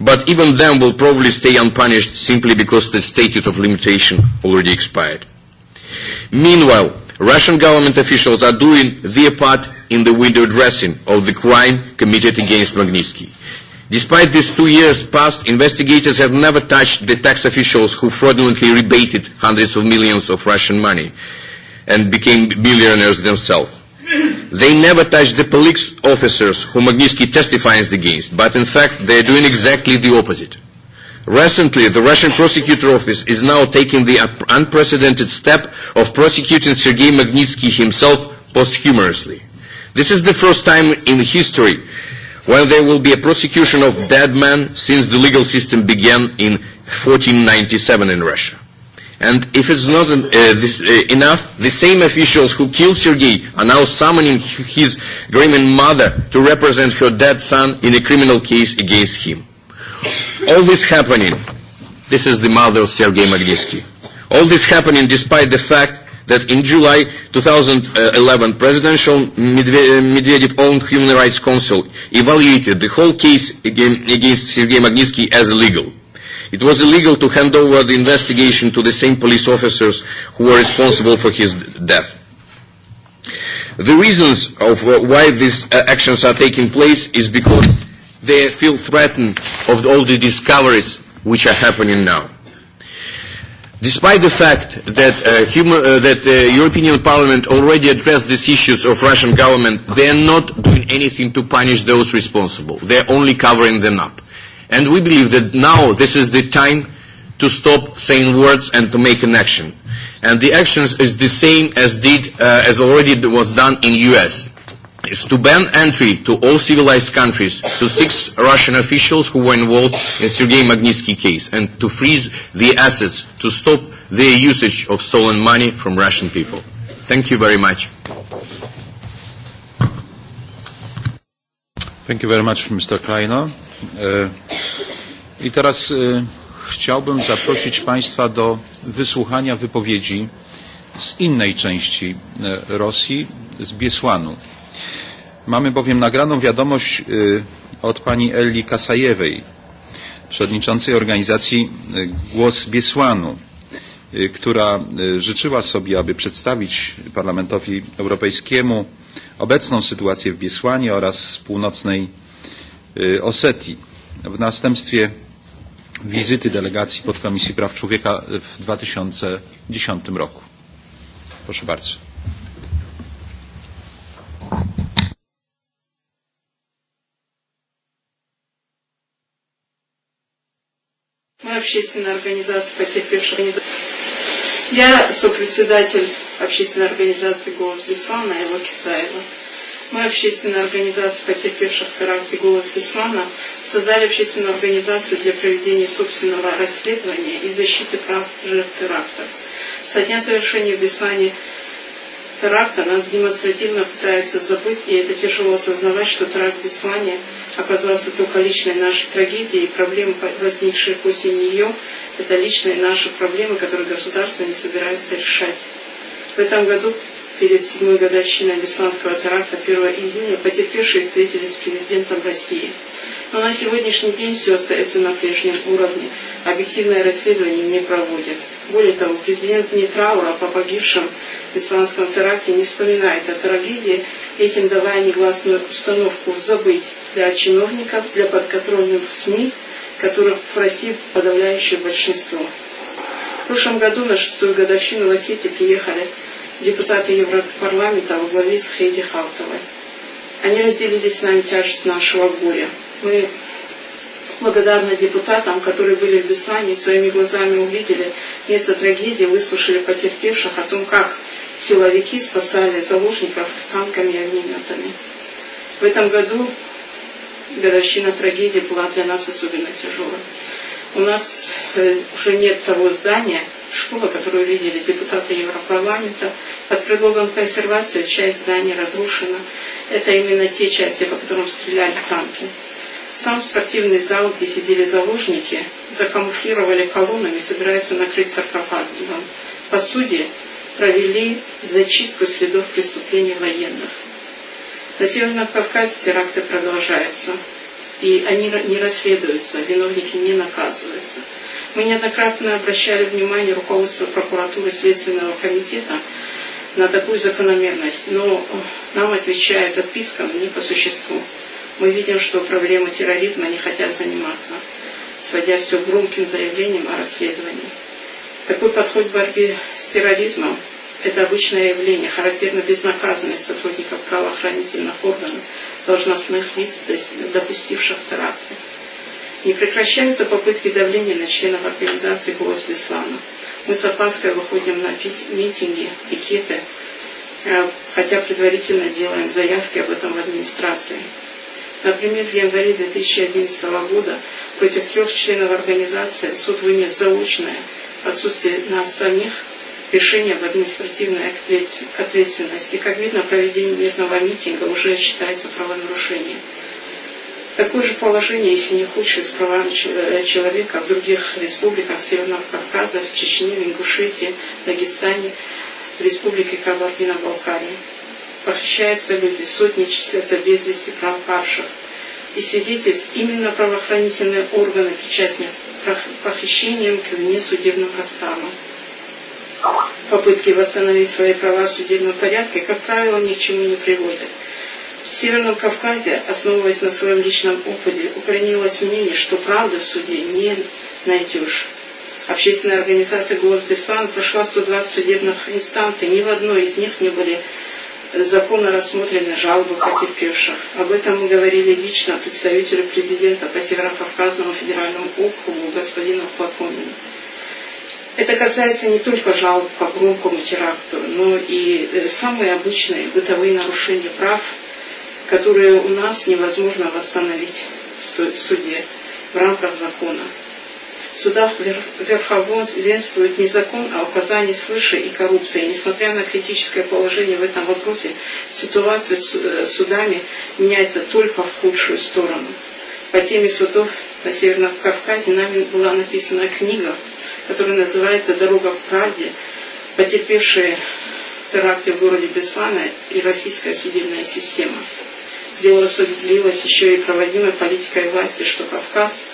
But even them will probably stay unpunished simply because the statute of limitation already expired. Meanwhile, Russian government officials are doing their part in the window dressing of the crime committed against Magnitsky. Despite these two years past, investigators have never touched the tax officials who fraudulently rebated hundreds of millions of Russian money and became billionaires themselves. They never touched the police officers who Magnitsky testifies against, but in fact they are doing exactly the opposite. Recently, the Russian prosecutor office is now taking the unprecedented step of prosecuting Sergei Magnitsky himself posthumously. This is the first time in history when there will be a prosecution of dead men since the legal system began in 1497 in Russia. And if it's not uh, this, uh, enough, the same officials who killed Sergei are now summoning his grandmother to represent her dead son in a criminal case against him. All this happening, this is the mother of Sergei Magnitsky. All this happening despite the fact that in July 2011 presidential Medvedev owned Human Rights Council evaluated the whole case against Sergei Magnitsky as illegal. It was illegal to hand over the investigation to the same police officers who were responsible for his death. The reasons of why these uh, actions are taking place is because they feel threatened of all the discoveries which are happening now. Despite the fact that, uh, human, uh, that the uh, European Union Parliament already addressed these issues of Russian government, they are not doing anything to punish those responsible. They are only covering them up. And we believe that now this is the time to stop saying words and to make an action. And the actions is the same as did, uh, as already was done in US is to ban entry to all civilized countries to six Russian officials who were involved in Sergei Magnitsky case and to freeze the assets to stop the usage of stolen money from Russian people. Thank you very much. Thank you very much, Mr. Kleiner. Uh, I teraz uh, chciałbym zaprosić Państwa do wysłuchania wypowiedzi z innej części uh, Rosji, z Biesłanu. Mamy bowiem nagraną wiadomość od pani Eli Kasajewej, przewodniczącej organizacji Głos Biesłanu, która życzyła sobie, aby przedstawić Parlamentowi Europejskiemu obecną sytuację w Biesłanie oraz północnej Osetii. W następstwie wizyty delegacji Podkomisji Praw Człowieka w 2010 roku. Proszę bardzo. общественной организации потерпевших организаций. Я сопредседатель общественной организации «Голос Беслана» Элла Кисаева. Мы, общественная организация потерпевших и «Голос Беслана», создали общественную организацию для проведения собственного расследования и защиты прав жертв терактов. Со дня совершения в Беслане теракта нас демонстративно пытаются забыть, и это тяжело осознавать, что теракт в Беслане – оказался только личной нашей трагедией, и проблемы, возникшие после нее, это личные наши проблемы, которые государство не собирается решать. В этом году перед седьмой годовщиной Бесланского теракта 1 июня потерпевшие встретились с президентом России. Но на сегодняшний день все остается на прежнем уровне. Объективное расследование не проводят. Более того, президент не траура по погибшим в исламском теракте не вспоминает о трагедии, этим давая негласную установку забыть для чиновников, для подконтрольных СМИ, которых в России подавляющее большинство. В прошлом году на шестую годовщину в Осетии приехали депутаты Европарламента во главе с Хейди Хаутовой. Они разделились с нами тяжесть нашего горя. Мы благодарны депутатам, которые были в Беслане и своими глазами увидели место трагедии, выслушали потерпевших о том, как силовики спасали заложников танками и огнеметами. В этом году годовщина трагедии была для нас особенно тяжелой. У нас э, уже нет того здания, школы, которую видели депутаты Европарламента, Под предлогом консервации часть здания разрушена. Это именно те части, по которым стреляли танки. Сам спортивный зал, где сидели заложники, закамуфлировали колоннами, собираются накрыть саркофагом. По сути, провели зачистку следов преступлений военных. На Северном Кавказе теракты продолжаются, и они не расследуются, виновники не наказываются. Мы неоднократно обращали внимание руководства прокуратуры Следственного комитета на такую закономерность, но нам отвечает отписка не по существу. Мы видим, что проблемы терроризма не хотят заниматься, сводя все громким заявлениям о расследовании. Такой подход к борьбе с терроризмом – это обычное явление, характерно безнаказанность сотрудников правоохранительных органов, должностных лиц, допустивших теракты. Не прекращаются попытки давления на членов организации «Голос Беслана», Мы с опаской выходим на митинги, пикеты, э, хотя предварительно делаем заявки об этом в администрации. Например, в январе 2011 года против трех членов организации суд вынес заочное отсутствие нас самих решение об административной ответственности. Как видно, проведение мирного митинга уже считается правонарушением. Такое же положение, если не худшее, с правами э, человека в других республиках Северного Кавказа, в Чечне, в Ингушетии, Дагестане, в Республике Кабардино-Балкарии. Похищаются люди, сотни числятся без вести пропавших. И свидетельств именно правоохранительные органы причастны к похищениям к вне судебным расправам. Попытки восстановить свои права в судебном порядке, как правило, ни к чему не приводят – Северном Кавказе, основываясь на своем личном опыте, укоренилось мнение, что правды в суде не найдешь. Общественная организация «Голос Беслан прошла 120 судебных инстанций, ни в одной из них не были законно рассмотрены жалобы потерпевших. Об этом мы говорили лично представителю президента по Северо-Кавказному федеральному округу господину Хлопонину. Это касается не только жалоб по громкому теракту, но и э, самые обычные бытовые нарушения прав которые у нас невозможно восстановить в суде в рамках закона. В судах верховон венствует не закон, а указание свыше и коррупция. несмотря на критическое положение в этом вопросе, ситуация с э, судами меняется только в худшую сторону. По теме судов на Северном Кавказе нами была написана книга, которая называется «Дорога к правде», потерпевшие теракты в городе Беслана и российская судебная система дело усугубилось еще и проводимой политикой власти, что Кавказ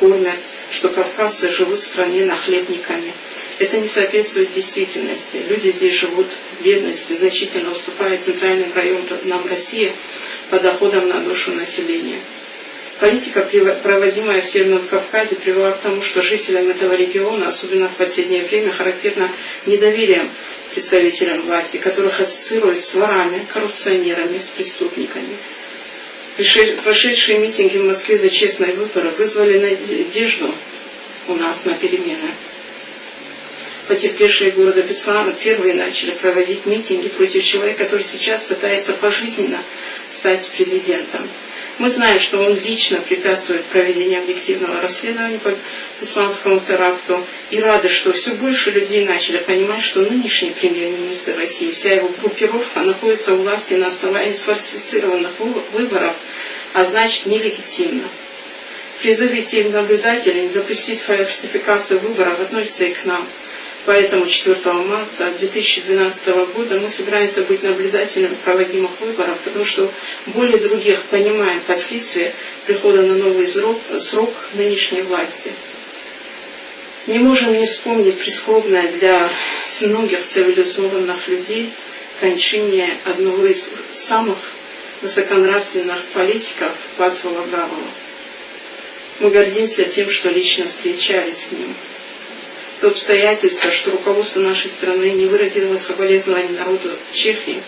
кормят, что кавказцы живут в стране нахлебниками. Это не соответствует действительности. Люди здесь живут в бедности, значительно уступая центральным районам России по доходам на душу населения. Политика, проводимая в Северном Кавказе, привела к тому, что жителям этого региона, особенно в последнее время, характерно недоверием представителям власти, которых ассоциируют с ворами, коррупционерами, с преступниками – Прошедшие митинги в Москве за честные выборы вызвали надежду у нас на перемены. Потерпевшие города Беслана первые начали проводить митинги против человека, который сейчас пытается пожизненно стать президентом. Мы знаем, что он лично препятствует проведению объективного расследования по исламскому теракту и рады, что все больше людей начали понимать, что нынешний премьер-министр России, вся его группировка находится у власти на основании сфальсифицированных выборов, а значит нелегитимно. Призывы тем наблюдателей не допустить фальсификацию выборов относятся и к нам – Поэтому 4 марта 2012 года мы собираемся быть наблюдателем проводимых выборов, потому что более других понимаем последствия прихода на новый срок, срок нынешней власти. Не можем не вспомнить прискорбное для многих цивилизованных людей кончине одного из самых высоконравственных политиков Пасла Гавала. Мы гордимся тем, что лично встречались с ним – то обстоятельство, что руководство нашей страны не выразило соболезнования народу Чехии,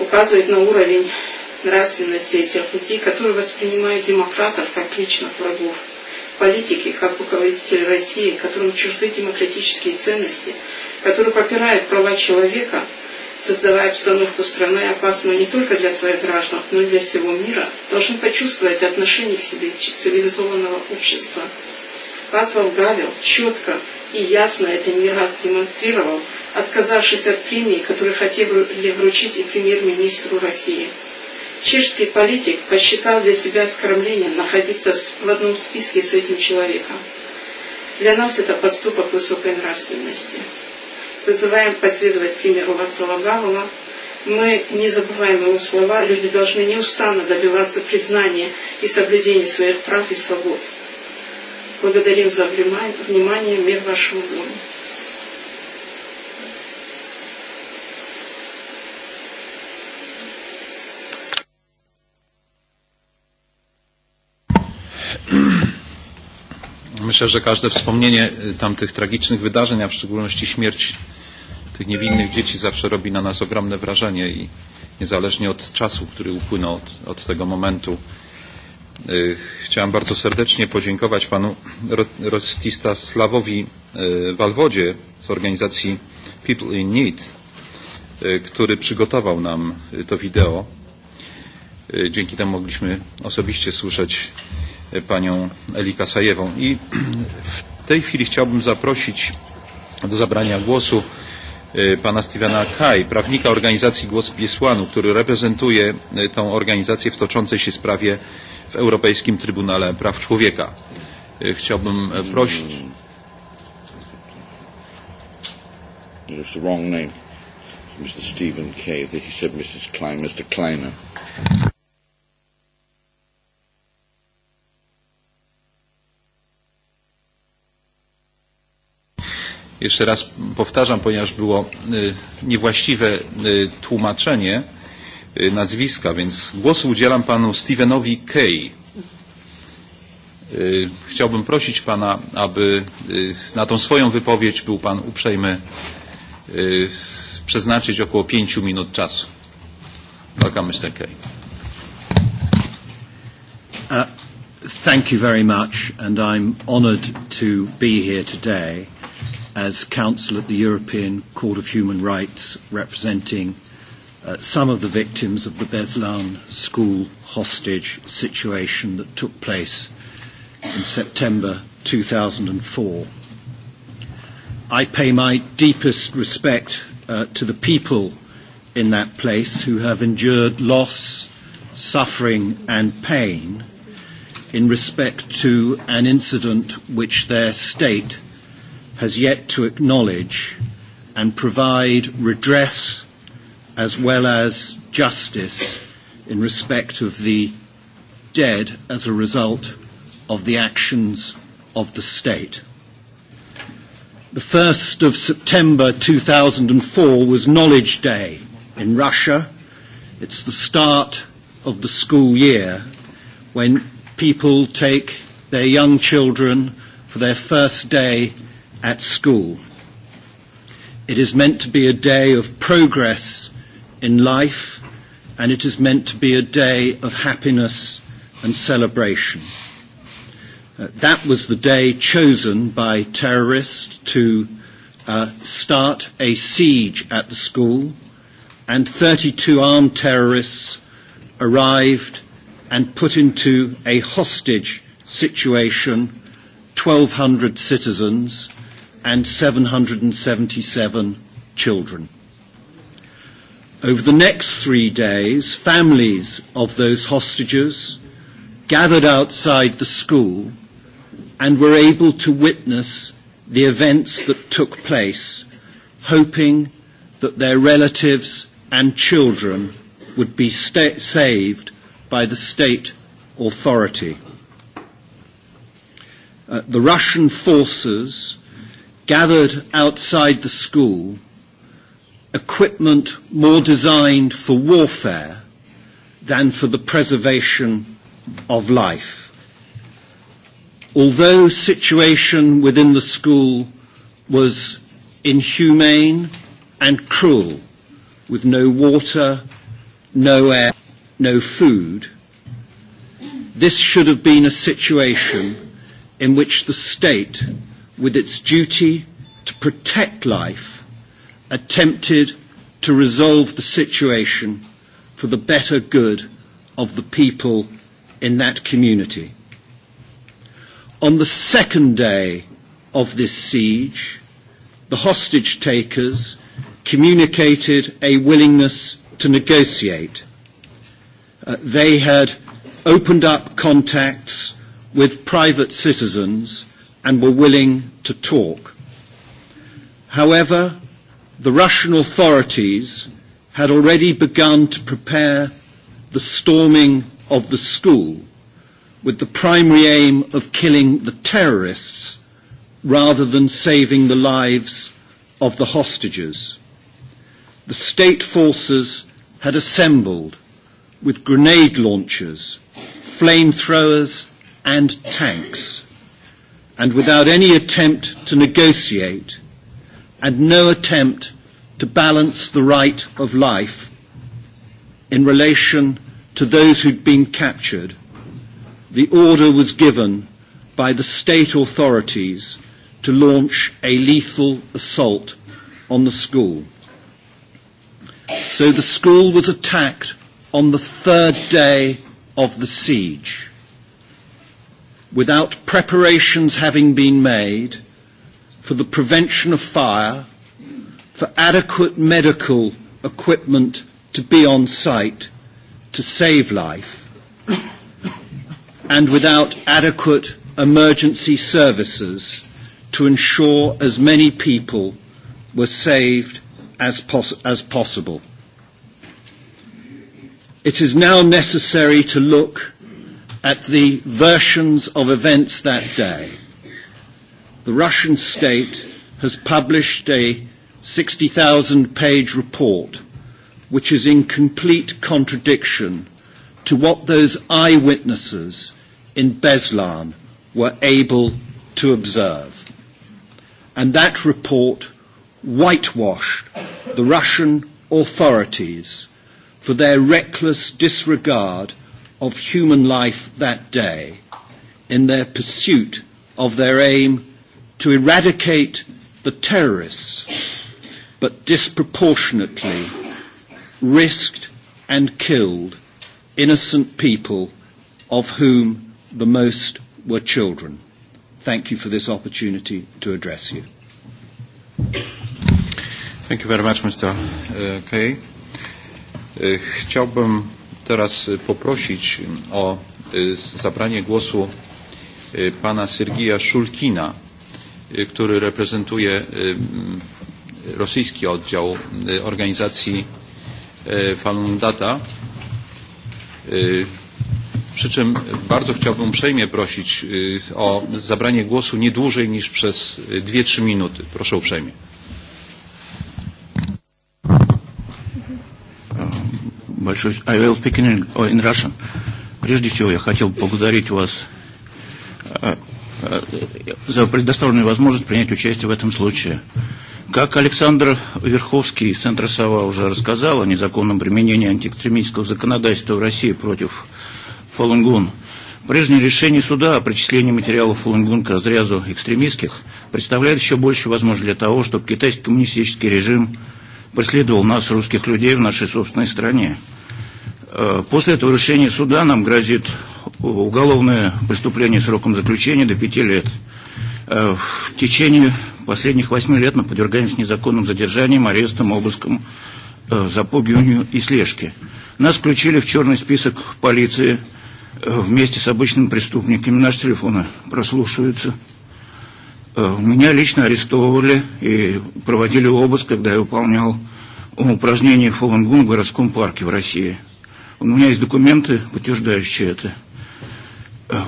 указывает на уровень нравственности этих людей, которые воспринимают демократов как личных врагов, политики как руководители России, которым чужды демократические ценности, которые попирают права человека, создавая обстановку страны, опасную не только для своих граждан, но и для всего мира, должны почувствовать отношение к себе цивилизованного общества – Вацлав Гавел четко и ясно это не раз демонстрировал, отказавшись от премии, которую хотели вручить и премьер-министру России. Чешский политик посчитал для себя оскорбление находиться в одном списке с этим человеком. Для нас это поступок высокой нравственности. Призываем последовать примеру Вацлава Гавела. Мы не забываем его слова. Люди должны неустанно добиваться признания и соблюдения своих прав и свобод. Благодарим за внимание, мир вашему Богу. Myślę, że każde wspomnienie tamtych tragicznych wydarzeń, a w szczególności śmierć tych niewinnych dzieci zawsze robi na nas ogromne wrażenie i niezależnie od czasu, który upłynął od, od tego momentu, Chciałem bardzo serdecznie podziękować panu Rostista Slawowi Walwodzie z organizacji People in Need, który przygotował nam to wideo. Dzięki temu mogliśmy osobiście słyszeć panią Elika Sajewą. I w tej chwili chciałbym zaprosić do zabrania głosu pana Stevena Kaj, prawnika organizacji Głos Biesłanu, który reprezentuje tę organizację w toczącej się sprawie w Europejskim Trybunale Praw Człowieka. E, chciałbym e, prosić... It's the wrong name. Mr. Stephen He said Mrs. Klein, Mr. Kleiner. Jeszcze raz powtarzam, ponieważ było y, e, niewłaściwe y, tłumaczenie. E, nazwiska, więc głosu udzielam panu Stevenowi Kay. E, chciałbym prosić pana, aby e, na tą swoją wypowiedź był pan uprzejmy przeznaczyć około pięciu minut czasu. Welcome, Mr. Kay. Uh, thank you very much, and I'm honored to be here today as counsel at the European Court of Human Rights representing Uh, some of the victims of the Beslan school hostage situation that took place in September 2004. I pay my deepest respect uh, to the people in that place who have endured loss, suffering and pain in respect to an incident which their state has yet to acknowledge and provide redress as well as justice in respect of the dead as a result of the actions of the state. The 1st of September 2004 was Knowledge Day in Russia. It's the start of the school year when people take their young children for their first day at school. It is meant to be a day of progress in life, and it is meant to be a day of happiness and celebration. Uh, that was the day chosen by terrorists to uh, start a siege at the school, and 32 armed terrorists arrived and put into a hostage situation 1,200 citizens and 777 children. Over the next three days, families of those hostages gathered outside the school and were able to witness the events that took place, hoping that their relatives and children would be sta- saved by the state authority. Uh, the Russian forces gathered outside the school equipment more designed for warfare than for the preservation of life. Although situation within the school was inhumane and cruel, with no water, no air, no food, this should have been a situation in which the state, with its duty to protect life, attempted to resolve the situation for the better good of the people in that community. On the second day of this siege, the hostage takers communicated a willingness to negotiate. Uh, they had opened up contacts with private citizens and were willing to talk. However, the Russian authorities had already begun to prepare the storming of the school with the primary aim of killing the terrorists rather than saving the lives of the hostages. The state forces had assembled with grenade launchers, flamethrowers and tanks, and without any attempt to negotiate, and no attempt to balance the right of life in relation to those who'd been captured. The order was given by the state authorities to launch a lethal assault on the school. So the school was attacked on the third day of the siege. Without preparations having been made, for the prevention of fire, for adequate medical equipment to be on site to save life, and without adequate emergency services to ensure as many people were saved as, pos as possible. It is now necessary to look at the versions of events that day – the Russian state has published a 60,000 page report which is in complete contradiction to what those eyewitnesses in Beslan were able to observe. And that report whitewashed the Russian authorities for their reckless disregard of human life that day in their pursuit of their aim to eradicate the terrorists, but disproportionately risked and killed innocent people, of whom the most were children. Thank you for this opportunity to address you. Thank you very much, Mr. Uh, Kay. E, chciałbym teraz poprosić o e, zabranie głosu e, pana Sergija Szulkina który reprezentuje rosyjski oddział organizacji Falun Data. Przy czym bardzo chciałbym uprzejmie prosić o zabranie głosu nie dłużej niż przez 2-3 minuty. Proszę uprzejmie. Um, I will speak in, in Russian. Прежде всего я хотел поблагодарить вас э, за предоставленную возможность принять участие в этом случае. Как Александр Верховский из Центра САВА уже рассказал о незаконном применении антиэкстремистского законодательства в России против Фалунгун, прежнее решение суда о причислении материалов Фалунгун к разрязу экстремистских представляет еще больше возможность для того, чтобы китайский коммунистический режим преследовал нас, русских людей, в нашей собственной стране. Э, после этого решения суда нам грозит уголовное преступление сроком заключения до пяти лет. Э, в течение последних восьми лет мы подвергаемся незаконным задержаниям, арестам, обыскам, э, запугиванию и слежке. Нас включили в черный список полиции вместе с обычными преступниками. Наши телефоны прослушиваются. Меня лично арестовывали и проводили обыск, когда я выполнял упражнение Фолангун в городском парке в России – У меня есть документы, подтверждающие это. Э,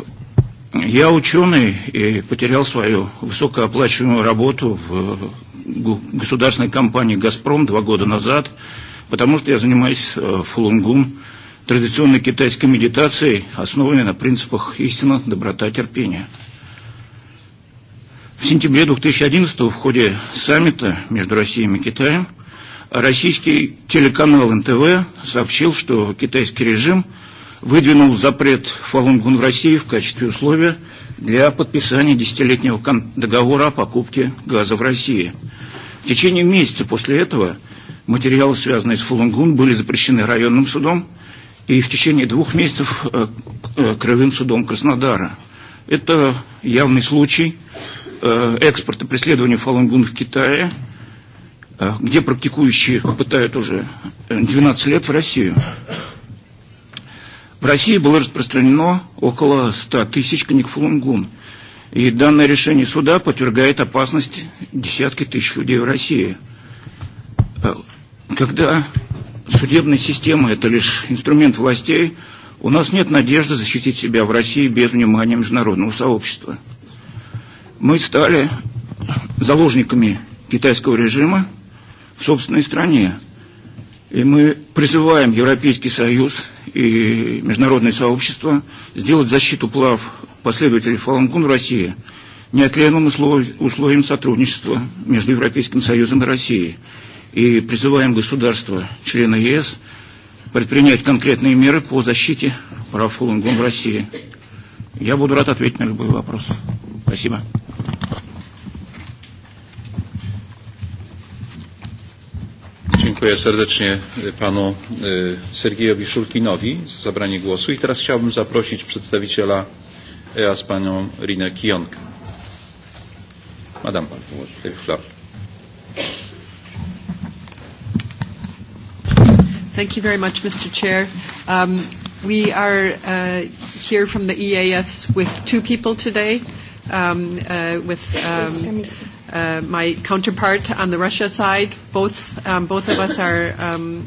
я ученый и потерял свою высокооплачиваемую работу в э, государственной компании «Газпром» два года назад, потому что я занимаюсь э, фулунгун, традиционной китайской медитацией, основанной на принципах истина, доброта, терпения. В сентябре 2011 в ходе саммита между Россией и Китаем – Российский телеканал НТВ сообщил, что китайский режим выдвинул запрет Фалунгун в России в качестве условия для подписания десятилетнего договора о покупке газа в России. В течение месяца после этого материалы, связанные с Фалунгун, были запрещены районным судом и в течение двух месяцев э, э, Крывым судом Краснодара. Это явный случай э, экспорта преследования Фалунгун в Китае – Э, где практикующие пытают уже 12 э, лет в Россию. В России было распространено около 100 тысяч книг Фулунгун. И данное решение суда подвергает опасность десятки тысяч людей в России. Э, когда судебная система – это лишь инструмент властей, у нас нет надежды защитить себя в России без внимания международного сообщества. Мы стали заложниками китайского режима, в собственной стране. И мы призываем Европейский Союз и международное сообщество сделать защиту плав последователей Фалангун в России неотленным условием сотрудничества между Европейским Союзом и Россией. И призываем государства, члены ЕС, предпринять конкретные меры по защите прав Фалангун в России. Я буду рад ответить на любой вопрос. Спасибо. Dziękuję serdecznie panu Sergiejowi Szulkinowi za zabranie głosu i teraz chciałbym zaprosić przedstawiciela EA z panią Rinę Kionkę. Madam pan, Thank you very much, Mr. Chair. Um, we are uh, here from the EAS with two people today, um, uh, with um, uh, my counterpart on the Russia side. Both, um, both of us are um,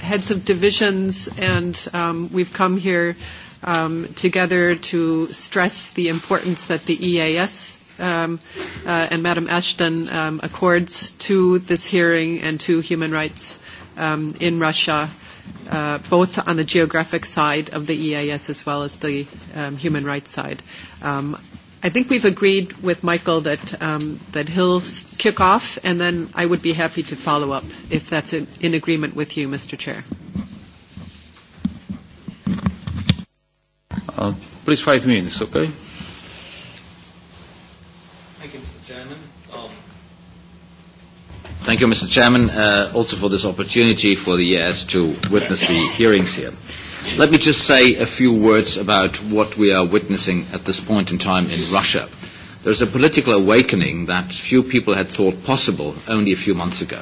heads of divisions, and um, we've come here um, together to stress the importance that the EAS um, uh, and Madam Ashton um, accords to this hearing and to human rights um, in Russia. Uh, both on the geographic side of the EAS as well as the um, human rights side. Um, I think we've agreed with Michael that, um, that he'll kick off, and then I would be happy to follow up if that's in, in agreement with you, Mr. Chair. Uh, please, five minutes, okay? Thank you, Mr. Chairman. Um, Thank you, Mr. Chairman, uh, also for this opportunity for the ES to witness the hearings here. Let me just say a few words about what we are witnessing at this point in time in Russia. There's a political awakening that few people had thought possible only a few months ago.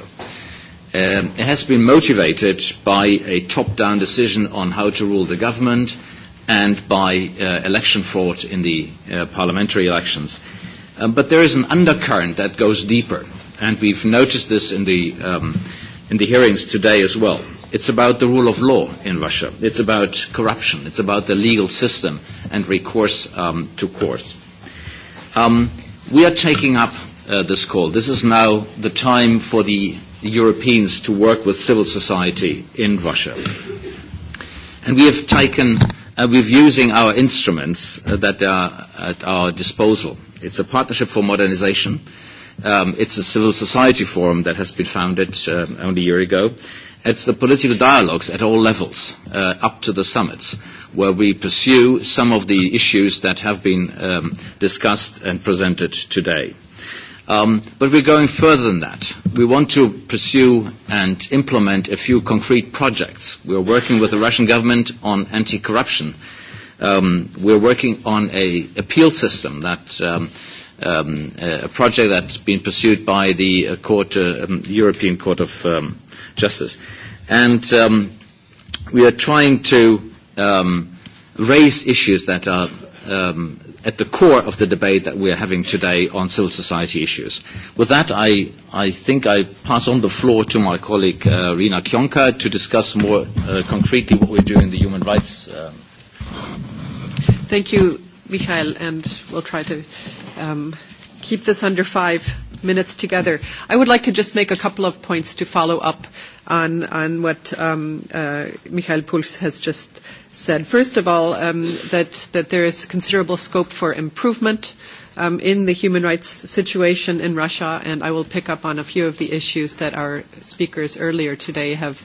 Um, it has been motivated by a top-down decision on how to rule the government and by uh, election fraud in the uh, parliamentary elections. Um, but there is an undercurrent that goes deeper, and we've noticed this in the, um, in the hearings today as well. It's about the rule of law in Russia. It's about corruption. It's about the legal system and recourse um, to courts. Um, we are taking up uh, this call. This is now the time for the Europeans to work with civil society in Russia. And we have taken, uh, we're using our instruments uh, that are at our disposal. It's a partnership for modernization. Um, it's a civil society forum that has been founded uh, only a year ago. It's the political dialogues at all levels, uh, up to the summits, where we pursue some of the issues that have been um, discussed and presented today. Um, but we're going further than that. We want to pursue and implement a few concrete projects. We're working with the Russian government on anti-corruption. Um, we're working on an appeal system that um, – um, uh, a project that's been pursued by the uh, court, uh, um, European Court of um, Justice. And um, we are trying to um, raise issues that are um, at the core of the debate that we are having today on civil society issues. With that, I, I think I pass on the floor to my colleague uh, Rina Kionka to discuss more uh, concretely what we're doing in the human rights. Um. Thank you Michael, and we'll try to um, keep this under five minutes together. I would like to just make a couple of points to follow up on, on what um, uh, Michael Puls has just said. First of all, um, that, that there is considerable scope for improvement um, in the human rights situation in Russia, and I will pick up on a few of the issues that our speakers earlier today have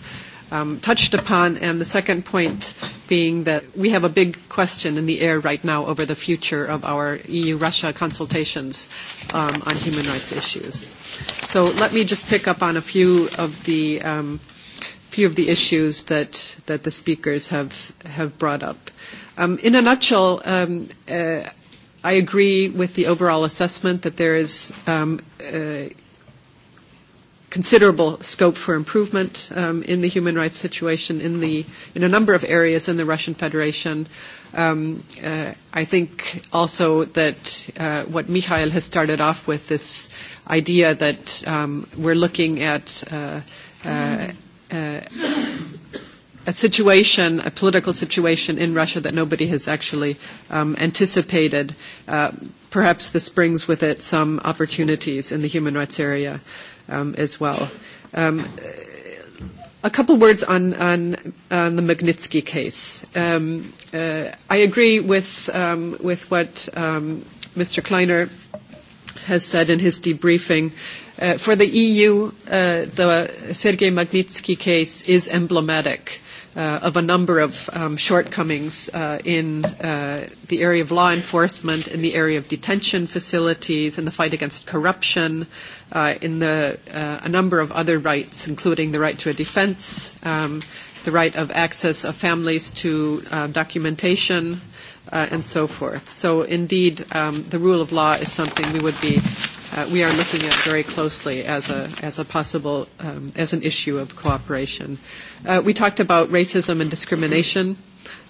um, touched upon, and the second point being that we have a big question in the air right now over the future of our EU-Russia consultations um, on human rights issues. So let me just pick up on a few of the um, few of the issues that, that the speakers have, have brought up. Um, in a nutshell, um, uh, I agree with the overall assessment that there is um, uh, considerable scope for improvement um, in the human rights situation in, the, in a number of areas in the Russian Federation. Um, uh, I think also that uh, what Mikhail has started off with, this idea that um, we're looking at uh, uh, uh, a situation, a political situation in Russia that nobody has actually um, anticipated. Uh, perhaps this brings with it some opportunities in the human rights area um, as well. Um, a couple words on, on, on the Magnitsky case. Um, uh, I agree with, um, with what um, Mr. Kleiner has said in his debriefing. Uh, for the EU, uh, the Sergei Magnitsky case is emblematic uh, of a number of um, shortcomings uh, in uh, the area of law enforcement, in the area of detention facilities, in the fight against corruption, uh, in the, uh, a number of other rights, including the right to a defense, um, the right of access of families to uh, documentation, uh, and so forth. So indeed, um, the rule of law is something we would be, uh, we are looking at very closely as a, as a possible, um, as an issue of cooperation. Uh, we talked about racism and discrimination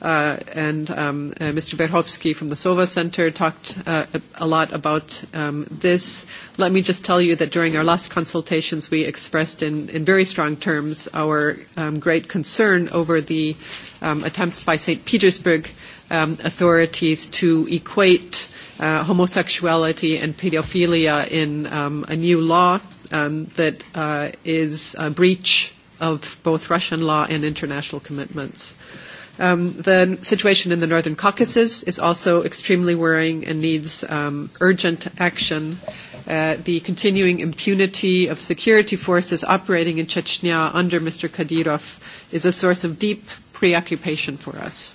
uh, and um, uh, Mr. Verhovsky from the SOVA Center talked uh, a lot about um, this. Let me just tell you that during our last consultations, we expressed in, in very strong terms our um, great concern over the um, attempts by St. Petersburg um, authorities to equate uh, homosexuality and pedophilia in um, a new law um, that uh, is a breach of both Russian law and international commitments. Uh, Um, the situation in the Northern Caucasus is also extremely worrying and needs um, urgent action. Uh, the continuing impunity of security forces operating in Chechnya under Mr. Kadyrov is a source of deep preoccupation for us.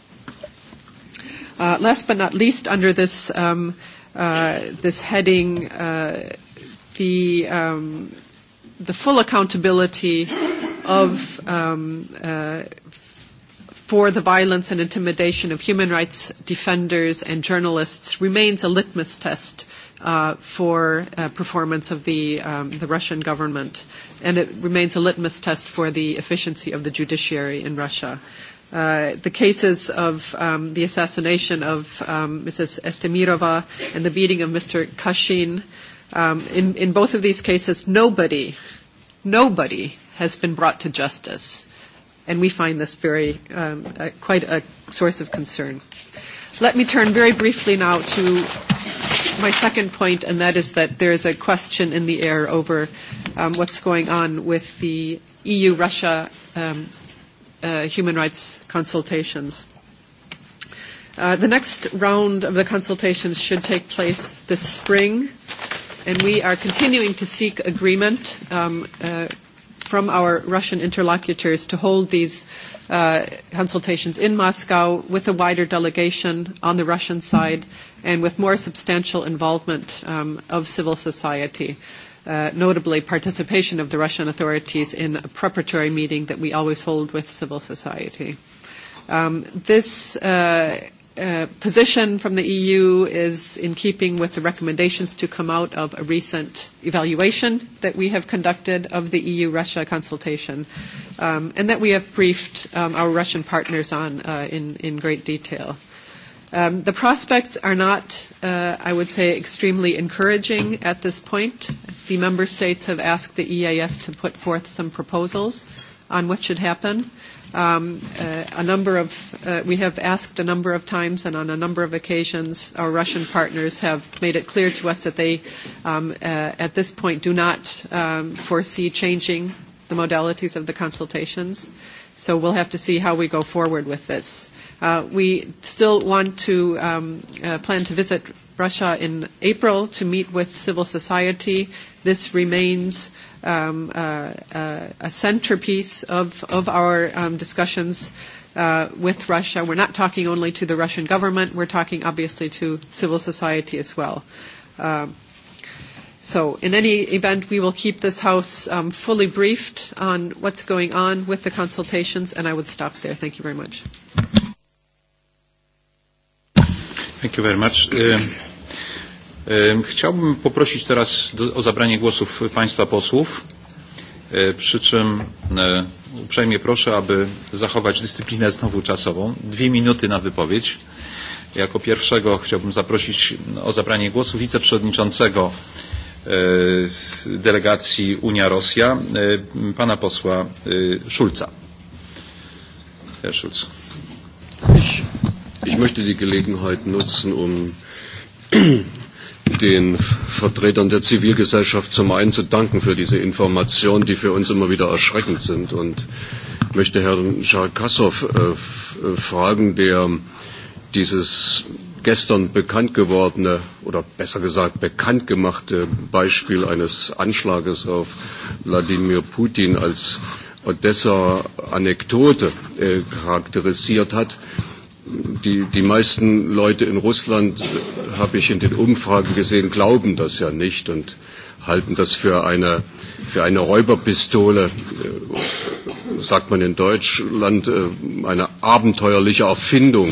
Uh, last but not least, under this, um, uh, this heading, uh, the, um, the full accountability of um, uh, for the violence and intimidation of human rights defenders and journalists remains a litmus test uh, for uh, performance of the, um, the Russian government. And it remains a litmus test for the efficiency of the judiciary in Russia. Uh, the cases of um, the assassination of um, Mrs. Estemirova and the beating of Mr. Kashin, um, in, in both of these cases, nobody, nobody has been brought to justice and we find this very um, uh, quite a source of concern. Let me turn very briefly now to my second point, and that is that there is a question in the air over um, what's going on with the EU-Russia um, uh, human rights consultations. Uh, the next round of the consultations should take place this spring, and we are continuing to seek agreement um, uh, from our Russian interlocutors to hold these uh, consultations in Moscow with a wider delegation on the Russian side and with more substantial involvement um, of civil society. Uh, notably participation of the Russian authorities in a preparatory meeting that we always hold with civil society. Um, this uh, uh, position from the EU is in keeping with the recommendations to come out of a recent evaluation that we have conducted of the EU-Russia consultation um, and that we have briefed um, our Russian partners on uh, in, in great detail. Um, the prospects are not, uh, I would say, extremely encouraging at this point. The member states have asked the EAS to put forth some proposals on what should happen um, uh, a number of, uh, we have asked a number of times and on a number of occasions our Russian partners have made it clear to us that they um, uh, at this point do not um, foresee changing the modalities of the consultations. So we'll have to see how we go forward with this. Uh, we still want to um, uh, plan to visit Russia in April to meet with civil society. This remains um, uh, uh, a centerpiece of, of our um, discussions uh, with Russia. We're not talking only to the Russian government, we're talking obviously to civil society as well. Um, so in any event, we will keep this House um, fully briefed on what's going on with the consultations, and I would stop there. Thank you very much. Thank you very much. Uh, Chciałbym poprosić teraz do, o zabranie głosów Państwa posłów, e, przy czym e, uprzejmie proszę, aby zachować dyscyplinę znowu czasową. Dwie minuty na wypowiedź. Jako pierwszego chciałbym zaprosić o zabranie głosu wiceprzewodniczącego e, delegacji Unia-Rosja, pana posła Schulza. Herr Schulz. Ich, ich möchte die Gelegenheit nutzen, um den Vertretern der Zivilgesellschaft zum einen zu danken für diese Informationen, die für uns immer wieder erschreckend sind. Und ich möchte Herrn Scharkassow äh, fragen, der dieses gestern bekannt gewordene oder besser gesagt bekannt gemachte Beispiel eines Anschlages auf Wladimir Putin als Odessa-Anekdote äh, charakterisiert hat. Äh, die, die meisten Leute in Russland, äh, habe ich in den Umfragen gesehen, glauben das ja nicht und halten das für eine, für eine Räuberpistole, äh, sagt man in Deutschland, äh, eine abenteuerliche Erfindung.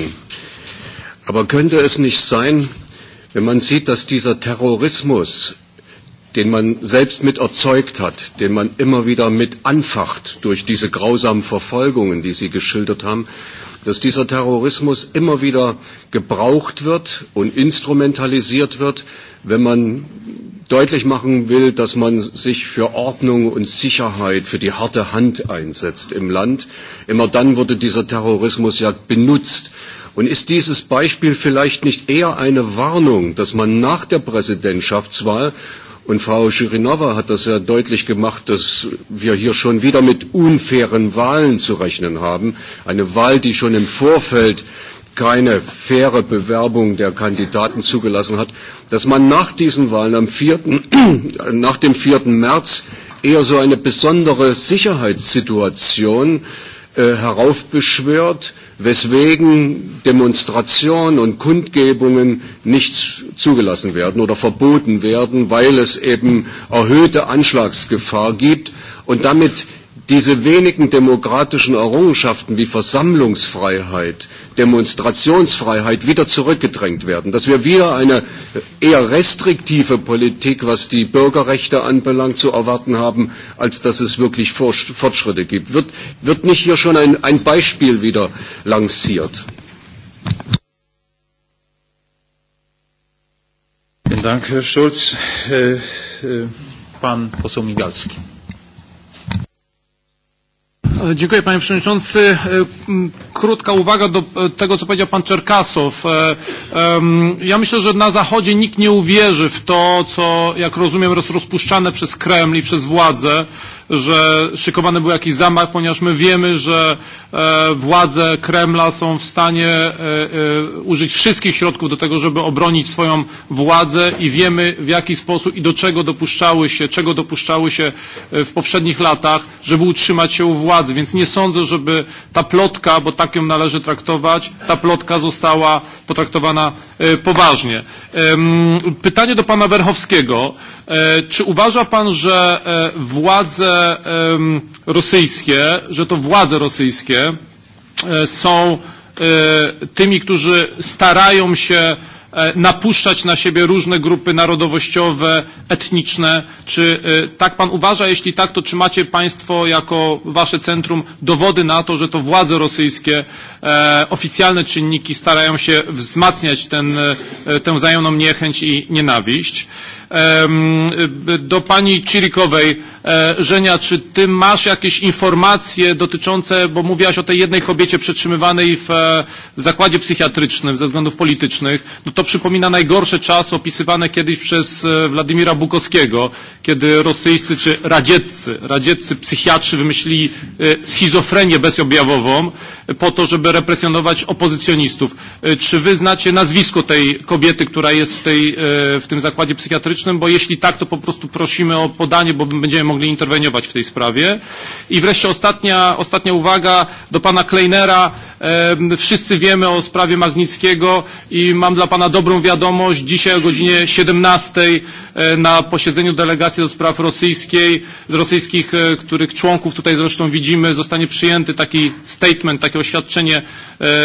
Aber könnte es nicht sein, wenn man sieht, dass dieser Terrorismus den man selbst mit erzeugt hat, den man immer wieder mit anfacht durch diese grausamen Verfolgungen, die Sie geschildert haben, dass dieser Terrorismus immer wieder gebraucht wird und instrumentalisiert wird, wenn man deutlich machen will, dass man sich für Ordnung und Sicherheit, für die harte Hand einsetzt im Land. Immer dann wurde dieser Terrorismus ja benutzt. Und ist dieses Beispiel vielleicht nicht eher eine Warnung, dass man nach der Präsidentschaftswahl Und Frau Schirinova hat das ja deutlich gemacht, dass wir hier schon wieder mit unfairen Wahlen zu rechnen haben. Eine Wahl, die schon im Vorfeld keine faire Bewerbung der Kandidaten zugelassen hat, dass man nach diesen Wahlen am 4., nach dem 4. März eher so eine besondere Sicherheitssituation Äh, heraufbeschwört, weswegen Demonstrationen und Kundgebungen nicht zugelassen werden oder verboten werden, weil es eben erhöhte Anschlagsgefahr gibt und damit diese wenigen demokratischen Errungenschaften wie Versammlungsfreiheit, Demonstrationsfreiheit wieder zurückgedrängt werden, dass wir wieder eine eher restriktive Politik, was die Bürgerrechte anbelangt, zu erwarten haben, als dass es wirklich Fortschritte gibt. Wird, wird nicht hier schon ein, ein Beispiel wieder lanciert? Vielen Dank, Herr Schulz. Herr, äh, Herr, äh, pan Poseł E, dziękuję panie przewodniczący. E, krótka uwaga do e, tego, co powiedział pan Czerkasow. Ja myślę, że na Zachodzie nikt nie uwierzy w to, co jak rozumiem jest rozpuszczane przez Kreml i przez władze, że szykowany był jakiś zamach, ponieważ my wiemy, że władze Kremla są w stanie użyć wszystkich środków do tego, żeby obronić swoją władzę i wiemy w jaki sposób i do czego dopuszczały się, czego dopuszczały się w poprzednich latach, żeby utrzymać się u władzy więc nie sądzę, żeby ta plotka, bo tak ją należy traktować, ta plotka została potraktowana e, poważnie. Pytanie do pana Werchowskiego. E, czy uważa pan, że e, władze rosyjskie, że to władze rosyjskie są tymi, którzy starają się E, napuszczać na siebie różne grupy narodowościowe, etniczne. Czy e, tak pan uważa? Jeśli tak, to czy macie państwo jako wasze centrum dowody na to, że to władze rosyjskie, e, oficjalne czynniki starają się wzmacniać ten, tę wzajemną niechęć i nienawiść? do pani Cirikowej, e, Żenia, czy ty masz jakieś informacje dotyczące, bo mówiłaś o tej jednej kobiecie przetrzymywanej w e, zakładzie psychiatrycznym ze względów politycznych, no to przypomina najgorsze czas opisywane kiedyś przez e, Władimira Bukowskiego, kiedy rosyjscy czy radzieccy, radzieccy psychiatrzy wymyślili schizofrenię bezobjawową po to, żeby represjonować opozycjonistów. Czy wy znacie nazwisko tej kobiety, która jest w, tej, w tym zakładzie psychiatrycznym? merytorycznym, bo jeśli tak, to po prostu prosimy o podanie, bo będziemy mogli interweniować w tej sprawie. I wreszcie ostatnia, ostatnia uwaga do pana Kleinera. Wszyscy wiemy o sprawie Magnickiego i mam dla pana dobrą wiadomość. Dzisiaj o godzinie 17 e, na posiedzeniu delegacji do spraw rosyjskiej, rosyjskich, e, których członków tutaj zresztą widzimy, zostanie przyjęty taki statement, takie oświadczenie e,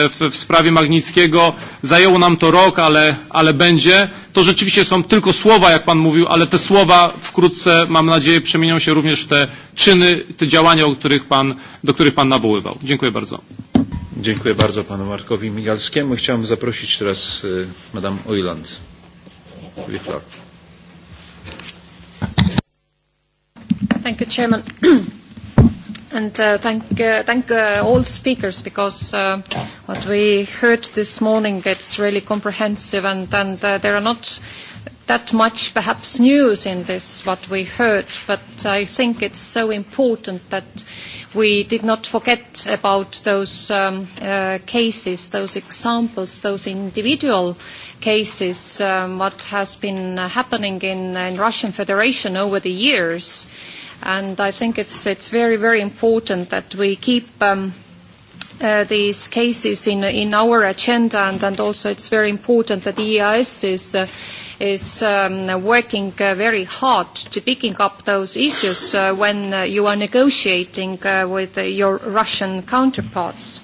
w, w sprawie Magnickiego. Zajęło nam to rok, ale, ale będzie. To rzeczywiście są tylko słowa, jak Pan mówił, ale te słowa wkrótce, mam nadzieję, przemienią się również w te czyny, te działania, o których pan, do których Pan nawoływał. Dziękuję bardzo. Dziękuję bardzo Panu Markowi Migalskiemu. Chciałbym zaprosić teraz y, Madame Oiland. Thank you, Chairman. And uh, thank, uh, thank uh, all speakers because uh, what we heard this morning it's really comprehensive and, and uh, there are not that much perhaps news in this what we heard but I think it's so important that we did not forget about those um, uh, cases, those examples, those individual cases, um, what has been uh, happening in, uh, in Russian Federation over the years. And I think it's, it's very, very important that we keep um, uh, these cases in, in our agenda and, and also it's very important that the EIS is, uh, is um, working uh, very hard to picking up those issues uh, when uh, you are negotiating uh, with uh, your Russian counterparts.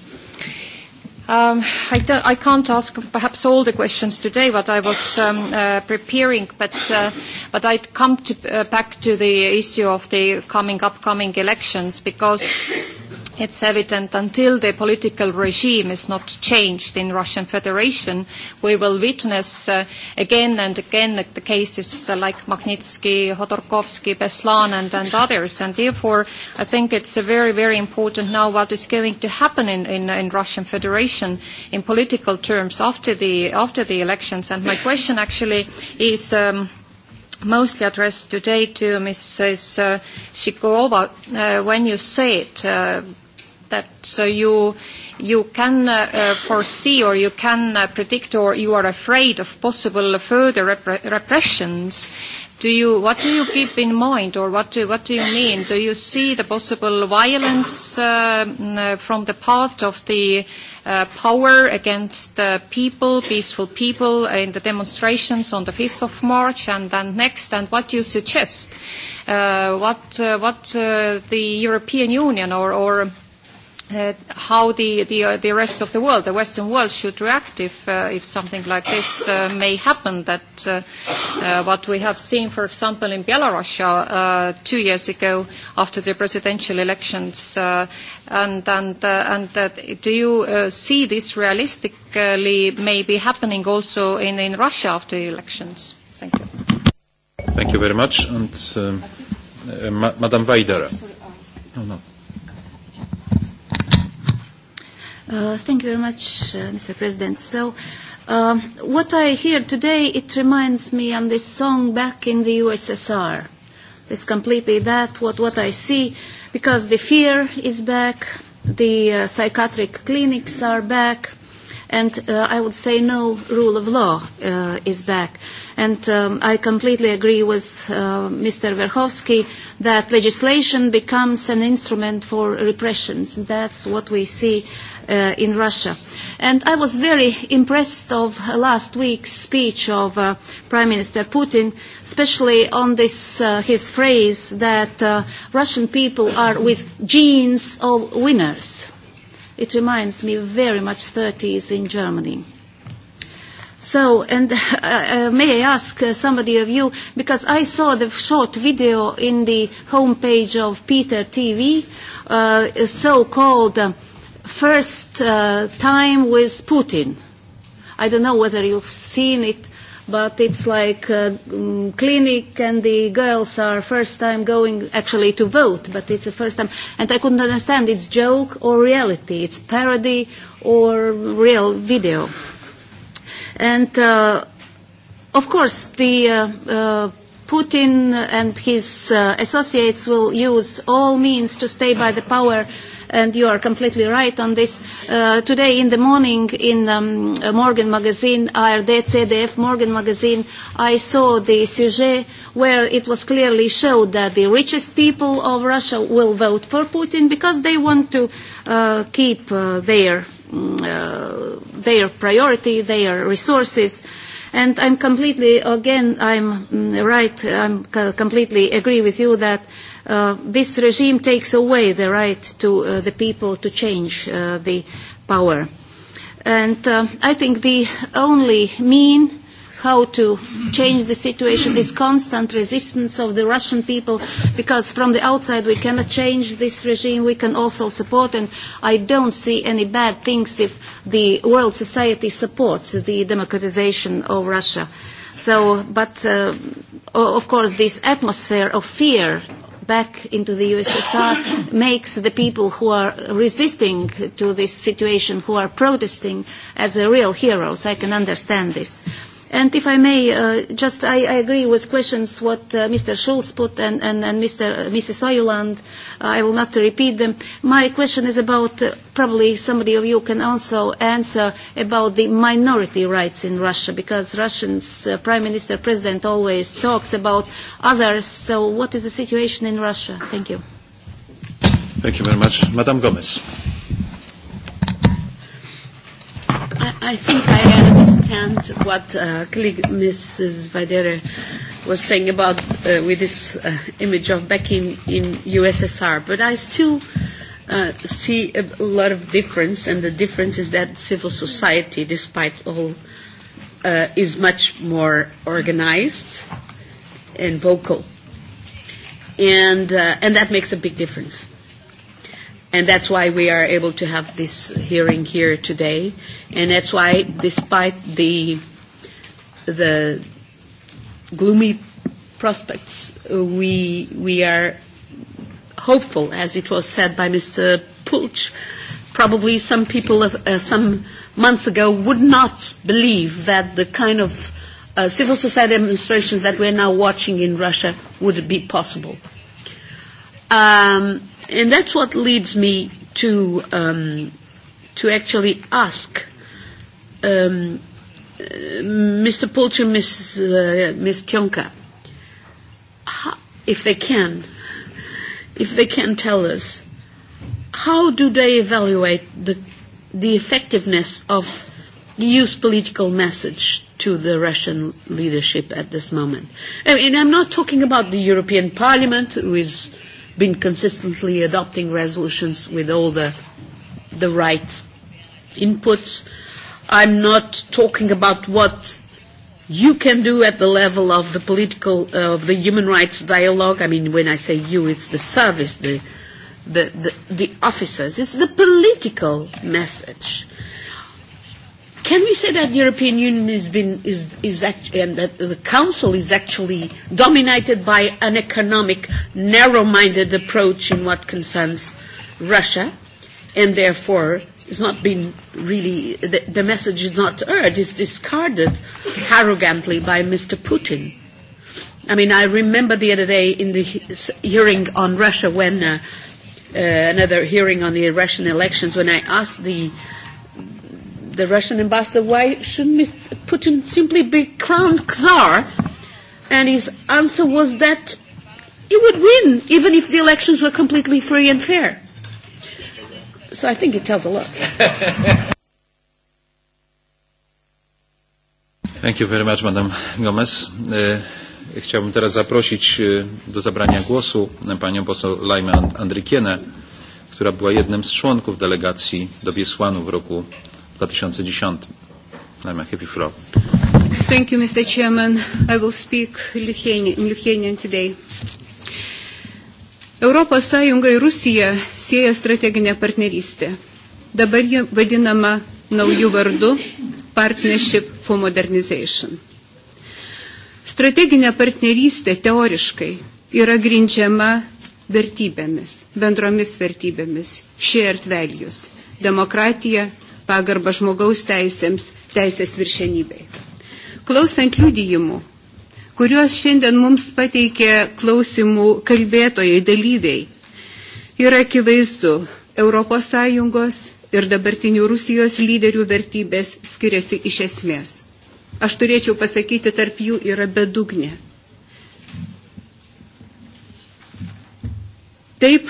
Um, I, don't, I can't ask perhaps all the questions today what I was um, uh, preparing, but, uh, but I'd come to, uh, back to the issue of the coming upcoming elections because it's evident until the political regime is not changed in Russian Federation, we will witness uh, again and again the cases uh, like Magnitsky, Hodorkovsky, Beslan and, and others. And therefore, I think it's uh, very, very important now what is going to happen in, in, in Russian Federation in political terms after the, after the elections. And my question actually is... Um, mostly addressed today to Mrs. Uh, Shikova, uh, when you said uh, that so you you can uh, uh, foresee or you can uh, predict or you are afraid of possible further rep repressions do you what do you keep in mind or what do, what do you mean do you see the possible violence um, uh, from the part of the uh, power against the people peaceful people in the demonstrations on the 5th of march and then next and what do you suggest uh, what uh, what uh, the european union or or uh, how the, the, uh, the rest of the world, the Western world, should react if, uh, if something like this uh, may happen. That uh, uh, what we have seen, for example, in Belarus uh, two years ago after the presidential elections, uh, and, and, uh, and uh, do you uh, see this realistically maybe happening also in, in Russia after the elections? Thank you. Thank you very much. And um, uh, uh, Madam Vaidara. Oh, no. Uh, thank you very much, uh, Mr. President. So, uh, what I hear today, it reminds me on this song back in the USSR. It's completely that, what, what I see, because the fear is back, the uh, psychiatric clinics are back, and uh, I would say no rule of law uh, is back. And um, I completely agree with uh, Mr. Verhofsky that legislation becomes an instrument for repressions. That's what we see uh, in Russia. And I was very impressed of last week's speech of uh, Prime Minister Putin, especially on this, uh, his phrase that uh, Russian people are with genes of winners. It reminds me very much 30s in Germany. So, and uh, uh, may I ask uh, somebody of you, because I saw the short video in the homepage of Peter TV, uh, so-called uh, first uh, time with Putin. I don't know whether you've seen it, but it's like a uh, mm, clinic and the girls are first time going actually to vote, but it's the first time. And I couldn't understand, it's joke or reality, it's parody or real video. And uh, of course, the uh, uh, Putin and his uh, associates will use all means to stay by the power and you are completely right on this. Uh, today in the morning in um, Morgan magazine, ARD, CDF Morgan magazine, I saw the sujet where it was clearly showed that the richest people of Russia will vote for Putin because they want to uh, keep uh, their, mm, uh, their priority, their resources. And I'm completely, again, I'm mm, right, I completely agree with you that Uh, this regime takes away the right to uh, the people to change uh, the power. And uh, I think the only mean how to change the situation, this constant resistance of the Russian people, because from the outside we cannot change this regime, we can also support, and I don't see any bad things if the world society supports the democratization of Russia. So, but uh, of course this atmosphere of fear back into the USSR makes the people who are resisting to this situation, who are protesting, as real heroes. I can understand this. And if I may, uh, just I, I agree with questions what uh, Mr. Schulz put and, and, and Mr. Uh, Mrs. Oyuland. Uh, I will not repeat them. My question is about, uh, probably somebody of you can also answer about the minority rights in Russia, because Russian's uh, Prime Minister, President always talks about others. So what is the situation in Russia? Thank you. Thank you very much. Madame Gomez. I, I think I... Uh, content what uh, colleague Mrs. Vaidere was saying about uh, with this uh, image of back in, in USSR, but I still uh, see a lot of difference, and the difference is that civil society, despite all, uh, is much more organized and vocal, and uh, and that makes a big difference. And that's why we are able to have this hearing here today. And that's why, despite the, the gloomy prospects, uh, we, we are hopeful, as it was said by Mr. Pulch. Probably some people uh, some months ago would not believe that the kind of uh, civil society demonstrations that we're now watching in Russia would be possible. Um, And that's what leads me to, um, to actually ask um, uh, Mr. Pulch and Ms. Uh, Ms. Kionka, if they can, if they can tell us, how do they evaluate the, the effectiveness of the EU's political message to the Russian leadership at this moment? And I'm not talking about the European Parliament, who is been consistently adopting resolutions with all the, the right inputs. I'm not talking about what you can do at the level of the political, uh, of the human rights dialogue. I mean, when I say you, it's the service, the, the, the, the officers. It's the political message Can we say that the European Union has been, is, is act, and that the Council is actually dominated by an economic, narrow-minded approach in what concerns Russia, and therefore it's not been really, the, the message is not heard, it's discarded arrogantly by Mr. Putin. I mean, I remember the other day in the hearing on Russia when, uh, uh, another hearing on the Russian elections, when I asked the the Russian ambassador, why shouldn't Putin simply be crowned czar? And his answer was that he would win, even if the elections were completely free and fair. So I think it tells a lot. Thank you very much, Madam Gomez. E, chciałbym teraz zaprosić e, do zabrania głosu panią poseł Lajmę Andrykienę, która była jednym z członków delegacji do Biesłanu w roku Thank you, Mr. Chairman. I will speak Lithuanian, Lithuanian today. Europos Sąjunga ir Rusija sieja strateginę partnerystę. Dabar ji vadinama naujų vardų Partnership for Modernization. Strateginė partnerystė teoriškai yra grindžiama vertybėmis, bendromis vertybėmis, shared values – demokratija, pagarba žmogaus teisėms, teisės viršenybei. Klausant liudijimų, kuriuos šiandien mums pateikė klausimų kalbėtojai dalyviai, yra akivaizdu ES ir dabartinių Rusijos lyderių vertybės skiriasi iš esmės. Aš turėčiau pasakyti, tarp jų yra bedugnė. Taip,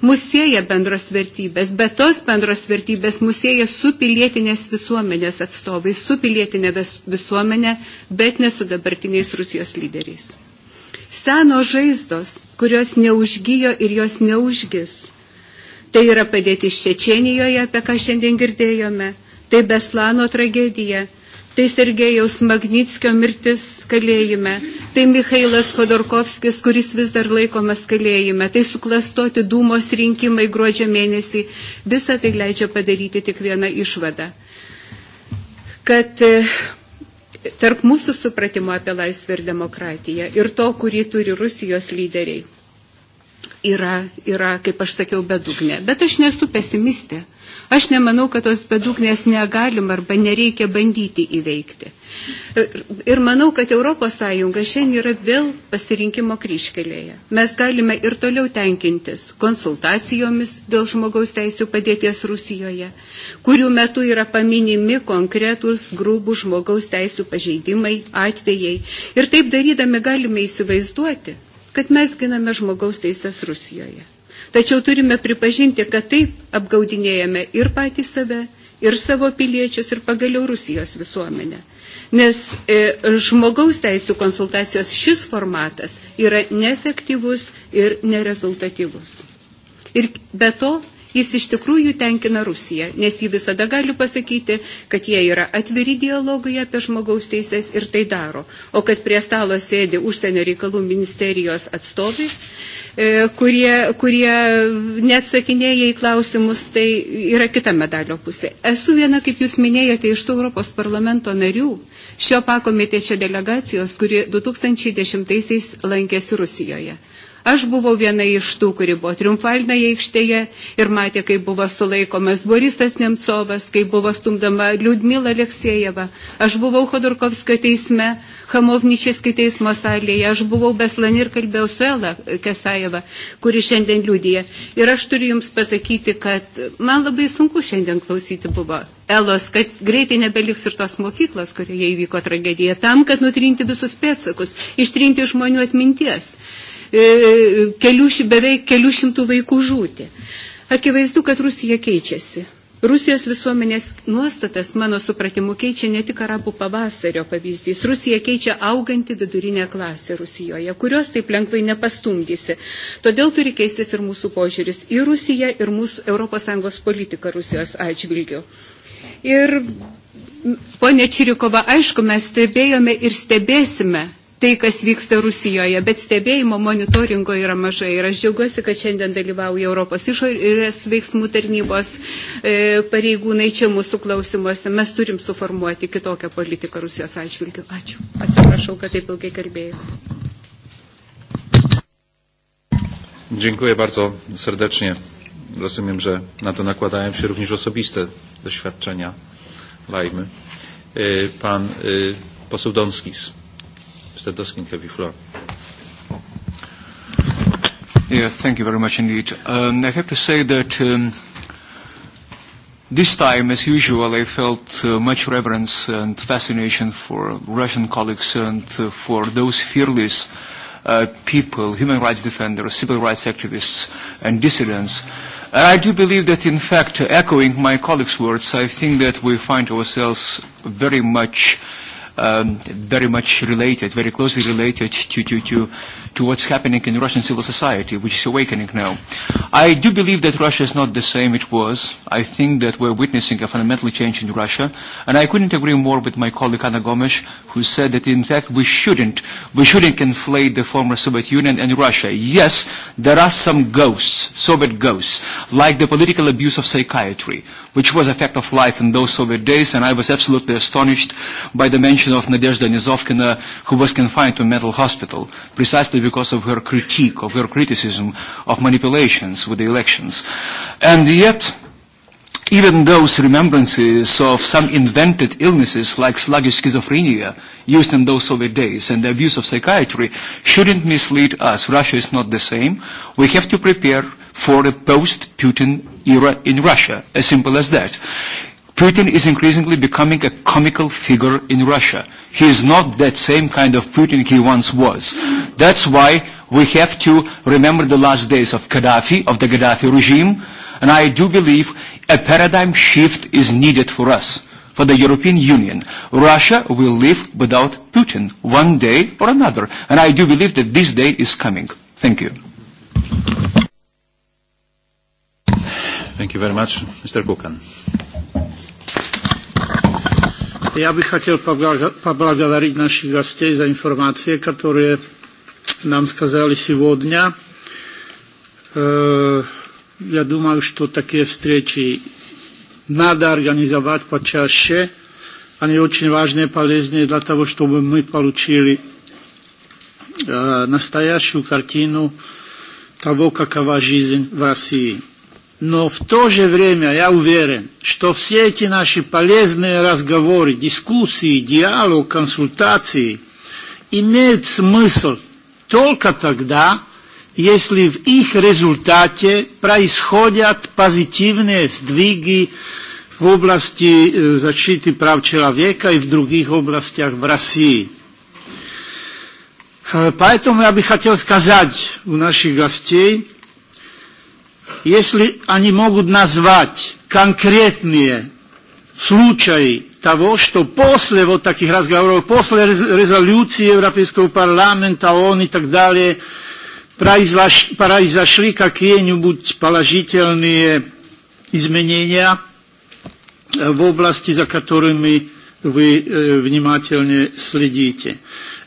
Musėja bendros vertybės, bet tos bendros vertybės mus su pilietinės visuomenės atstovai, su pilietinė visuomenė, bet ne su dabartiniais Rusijos lyderiais. Seno žaizdos, kurios neužgyjo ir jos neužgis, tai yra padėti Šečenijoje, apie ką šiandien girdėjome, tai Beslano tragedija, tai Sergejaus Magnitskio mirtis kalėjime, tai Mikhailas Khodorkovskis, kuris vis dar laikomas kalėjime, tai suklastoti Dūmos rinkimai gruodžio mėnesį, visą tai leidžia padaryti tik vieną išvadą. Kad tarp mūsų supratimo apie laisvę ir demokratiją ir to, kurį turi Rusijos lyderiai, yra, yra kaip aš sakiau, bedugne, Bet aš nesu pesimistė. Aš nemanau, kad tos bedugnės negalim arba nereikia bandyti įveikti. Ir manau, kad ES šiandien yra vėl pasirinkimo kryškelėje. Mes galime ir toliau tenkintis konsultacijomis dėl žmogaus teisų padėties Rusijoje, kurių metu yra paminimi konkretus grūbų žmogaus teisų pažeidimai, atvejai. Ir taip darydami galime įsivaizduoti, kad mes giname žmogaus teisės Rusijoje. Tačiau turime pripažinti, kad taip apgaudinėjame ir patį save, ir savo piliečius, ir pagaliau Rusijos visuomenę. Nes e, žmogaus teisų konsultacijos šis formatas yra neefektyvus ir nerezultatyvus. Ir be to, jis iš tikrųjų tenkina Rusiją, nes jį visada gali pasakyti, kad jie yra atviri dialogui apie žmogaus teisės ir tai daro. O kad prie stalo sėdi užsienio reikalų ministerijos atstovai, e, kurie, kurie neatsakinėja į klausimus, tai yra kita medalio pusė. Esu viena, kaip jūs minėjote, iš tų Europos parlamento narių, šio pakomitečio delegacijos, kuri 2010 lankėsi Rusijoje. Aš buvau viena iš tų, kuri buvo triumfalinėje aikštėje ir matė, kaip buvo sulaikomas Borisas Nemcovas, kaip buvo stumdama Liudmila Aleksejeva. Aš buvau Khodorkovskio teisme, Hamovničeski teismo salėje, aš buvau Beslani ir kalbėjau su Ela Kesajeva, kuri šiandien liudyje. Ir aš turiu Jums pasakyti, kad man labai sunku šiandien klausyti buvo Elos, kad greitai nebeliks ir tos mokyklos, kurioje įvyko tragedija, tam, kad nutrinti visus pėtsakus, ištrinti žmonių atminties kelių, beveik kelių šimtų vaikų žūti. Akivaizdu, kad Rusija keičiasi. Rusijos visuomenės nuostatas, mano supratimu, keičia ne tik arabų pavasario pavyzdys. Rusija keičia augantį vidurinę klasę Rusijoje, kurios taip lengvai nepastumdysi. Todėl turi keistis ir mūsų požiūris į Rusiją ir mūsų ES politiką Rusijos atžvilgiu. Ir, ponė Čirikova, aišku, mes stebėjome ir stebėsime tai, kas vyksta Rusijoje, bet stebėjimo monitoringo yra mažai. Ir aš džiaugiuosi, kad šiandien dalyvauja Europos išorės veiksmų tarnybos e, pareigūnai čia mūsų klausimuose. Mes turim suformuoti kitokią politiką Rusijos atžvilgiu. Ačiū. Atsiprašau, kad taip ilgai kalbėjau. Dziękuję bardzo serdecznie. Rozumiem, że na to nakładają się również osobiste doświadczenia Lajmy. E, pan e, poseł Donskis. Mr. Duskin have you floor. Yes, thank you very much indeed. Um, I have to say that um, this time, as usual, I felt uh, much reverence and fascination for Russian colleagues and uh, for those fearless uh, people, human rights defenders, civil rights activists, and dissidents. And I do believe that, in fact, echoing my colleagues' words, I think that we find ourselves very much um, very much related, very closely related to, to, to, to what's happening in Russian civil society, which is awakening now. I do believe that Russia is not the same it was. I think that we're witnessing a fundamental change in Russia, and I couldn't agree more with my colleague Anna Gomes, who said that in fact we shouldn't, we shouldn't conflate the former Soviet Union and Russia. Yes, there are some ghosts, Soviet ghosts, like the political abuse of psychiatry, which was a fact of life in those Soviet days, and I was absolutely astonished by the mention mention of Nadezhda Nizovkina, uh, who was confined to a mental hospital precisely because of her critique, of her criticism of manipulations with the elections. And yet, even those remembrances of some invented illnesses like sluggish schizophrenia used in those Soviet days and the abuse of psychiatry shouldn't mislead us. Russia is not the same. We have to prepare for a post-Putin era in Russia, as simple as that. Putin is increasingly becoming a comical figure in Russia. He is not that same kind of Putin he once was. That's why we have to remember the last days of Gaddafi, of the Gaddafi regime, and I do believe a paradigm shift is needed for us, for the European Union. Russia will live without Putin one day or another, and I do believe that this day is coming. Thank you. Thank you very much, Mr. Kukan. Я бы хотел поблагодарить наших гостей за информации, которые нам сказали сегодня. Э, я думаю, что такие встречи надо организовать почаще. Они очень важны и полезны для того, чтобы мы получили э, настоящую картину того, какова жизнь в России. Но в то же время я уверен, что все эти наши полезные разговоры, дискуссии, диалог, консультации имеют смысл только тогда, если в их результате происходят позитивные сдвиги в области э, защиты прав человека и в других областях в России. Э, поэтому я бы хотел сказать у наших гостей, если они могут назвать конкретные случаи того, что после вот таких разговоров, после резолюции Европейского парламента, ООН и так далее, произошли какие-нибудь положительные изменения в области, за которыми вы внимательно следите.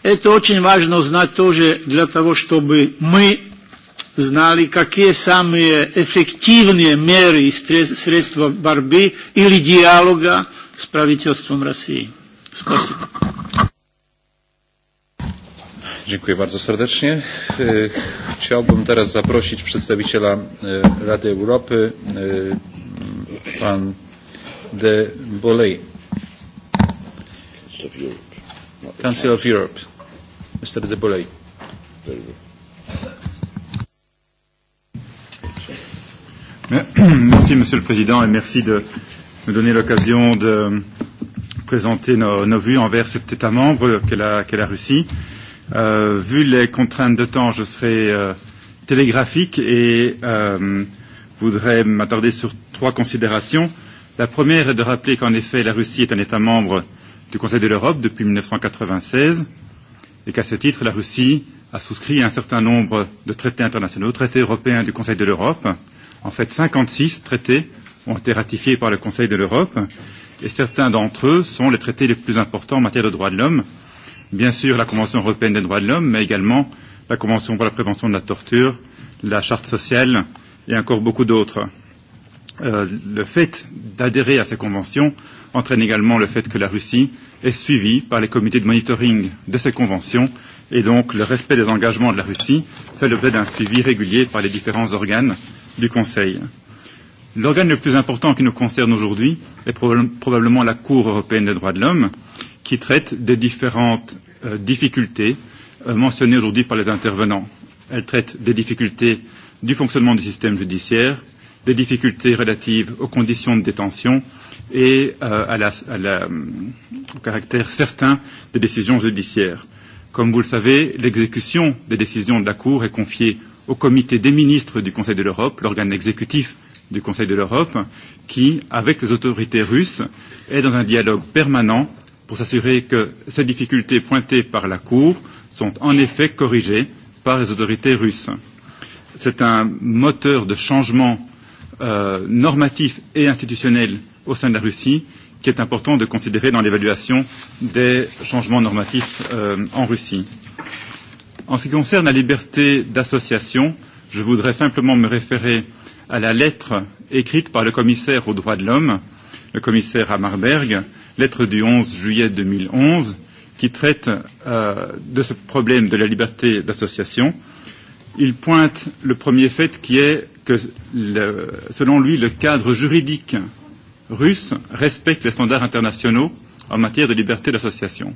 Это очень важно знать тоже для того, чтобы мы знали, какие самые эффективные меры и средства борьбы или диалога с правительством России. Спасибо. Dziękuję bardzo serdecznie. E, chciałbym teraz zaprosić przedstawiciela e, Rady Europy, e, pan de Boley. Council of Europe. Mr. de Boley. Very good. Merci Monsieur le Président et merci de me donner l'occasion de présenter nos, nos vues envers cet État membre qu'est la, qu la Russie. Euh, vu les contraintes de temps, je serai euh, télégraphique et euh, voudrais m'attarder sur trois considérations. La première est de rappeler qu'en effet, la Russie est un État membre du Conseil de l'Europe depuis 1996 et qu'à ce titre, la Russie a souscrit un certain nombre de traités internationaux, traités européens du Conseil de l'Europe, En fait, 56 traités ont été ratifiés par le Conseil de l'Europe et certains d'entre eux sont les traités les plus importants en matière de droits de l'homme. Bien sûr, la Convention européenne des droits de l'homme, mais également la Convention pour la prévention de la torture, la Charte sociale et encore beaucoup d'autres. Euh, le fait d'adhérer à ces conventions entraîne également le fait que la Russie est suivie par les comités de monitoring de ces conventions et donc le respect des engagements de la Russie fait l'objet d'un suivi régulier par les différents organes du Conseil. L'organe le plus important qui nous concerne aujourd'hui est probablement la Cour européenne des droits de l'homme, qui traite des différentes euh, difficultés euh, mentionnées aujourd'hui par les intervenants. Elle traite des difficultés du fonctionnement du système judiciaire, des difficultés relatives aux conditions de détention et euh, à la, à la, euh, au caractère certain des décisions judiciaires. Comme vous le savez, l'exécution des décisions de la Cour est confiée au comité des ministres du Conseil de l'Europe, l'organe exécutif du Conseil de l'Europe, qui, avec les autorités russes, est dans un dialogue permanent pour s'assurer que ces difficultés pointées par la Cour sont en effet corrigées par les autorités russes. C'est un moteur de changement euh, normatif et institutionnel au sein de la Russie qui est important de considérer dans l'évaluation des changements normatifs euh, en Russie. En ce qui concerne la liberté d'association, je voudrais simplement me référer à la lettre écrite par le commissaire aux droits de l'homme, le commissaire Hammarberg, lettre du 11 juillet 2011, qui traite euh, de ce problème de la liberté d'association. Il pointe le premier fait qui est que, le, selon lui, le cadre juridique russe respecte les standards internationaux en matière de liberté d'association.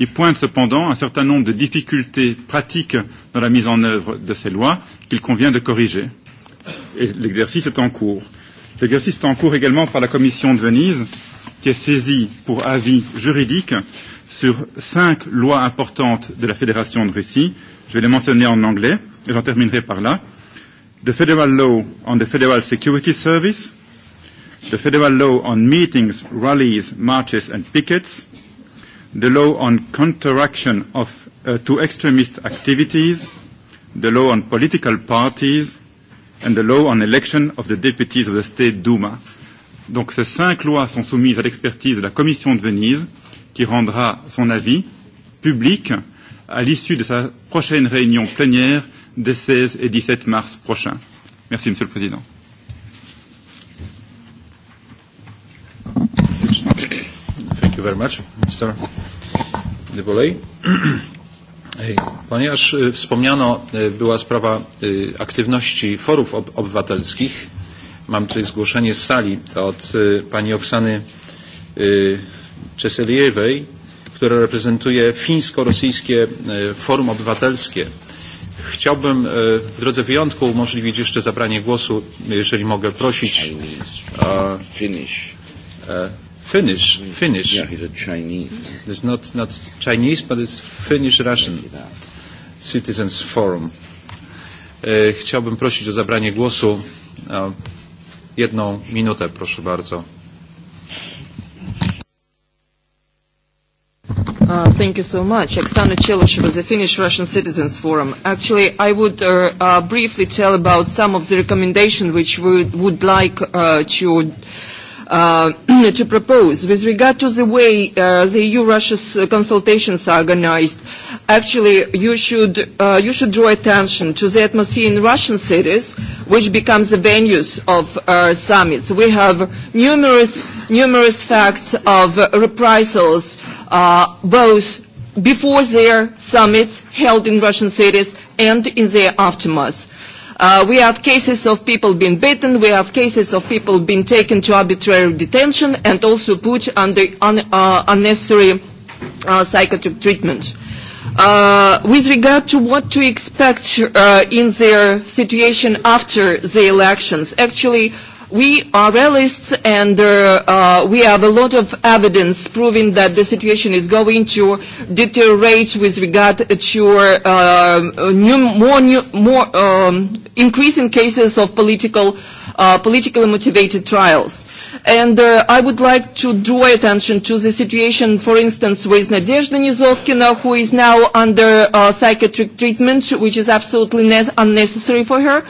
Il pointe cependant un certain nombre de difficultés pratiques dans la mise en œuvre de ces lois qu'il convient de corriger. Et l'exercice est en cours. L'exercice est en cours également par la Commission de Venise, qui est saisie pour avis juridique sur cinq lois importantes de la Fédération de Russie. Je vais les mentionner en anglais et j'en terminerai par là. The Federal Law on the Federal Security Service, the Federal Law on Meetings, Rallies, Marches and Pickets, the law on counteraction of, uh, to extremist activities, the law on political parties, and the law on election of the deputies of the State Duma. Donc ces cinq lois sont soumises à l'expertise de la Commission de Venise, qui rendra son avis public à l'issue de sa prochaine réunion plénière des 16 et 17 mars prochains. Merci, Monsieur le Président. you very much, Mr. De Ponieważ wspomniano, była sprawa aktywności forów ob obywatelskich, mam tutaj zgłoszenie z sali od pani Oksany Czeseliewej, która reprezentuje fińsko-rosyjskie forum obywatelskie. Chciałbym w drodze wyjątku umożliwić jeszcze zabranie głosu, jeżeli mogę prosić. Finish. E, Finnish, Finnish. Yeah, he's a Chinese. It's not, not Chinese, but it's Finnish-Russian Citizens Forum. E, chciałbym prosić o zabranie głosu. E, jedną minutę, proszę bardzo. Uh, thank you so much. Oksana Chelisheva, the Finnish Russian Citizens Forum. Actually, I would uh, uh, briefly tell about some of the recommendations which we would like uh, to uh, to propose. With regard to the way uh, the EU-Russia consultations are organized, actually you should, uh, you should draw attention to the atmosphere in Russian cities, which becomes the venues of uh, summits. We have numerous, numerous facts of uh, reprisals, uh, both before their summits held in Russian cities and in their aftermath. Uh, we have cases of people being beaten, we have cases of people being taken to arbitrary detention and also put under un, uh, unnecessary uh, psychiatric treatment. Uh, with regard to what to expect uh, in their situation after the elections, actually We are realists and uh, uh, we have a lot of evidence proving that the situation is going to deteriorate with regard to um, uh, new, more, new, more um, increasing cases of political, uh, politically motivated trials. And uh, I would like to draw attention to the situation, for instance, with Nadezhda Nizovkina, who is now under uh, psychiatric treatment, which is absolutely unnecessary for her,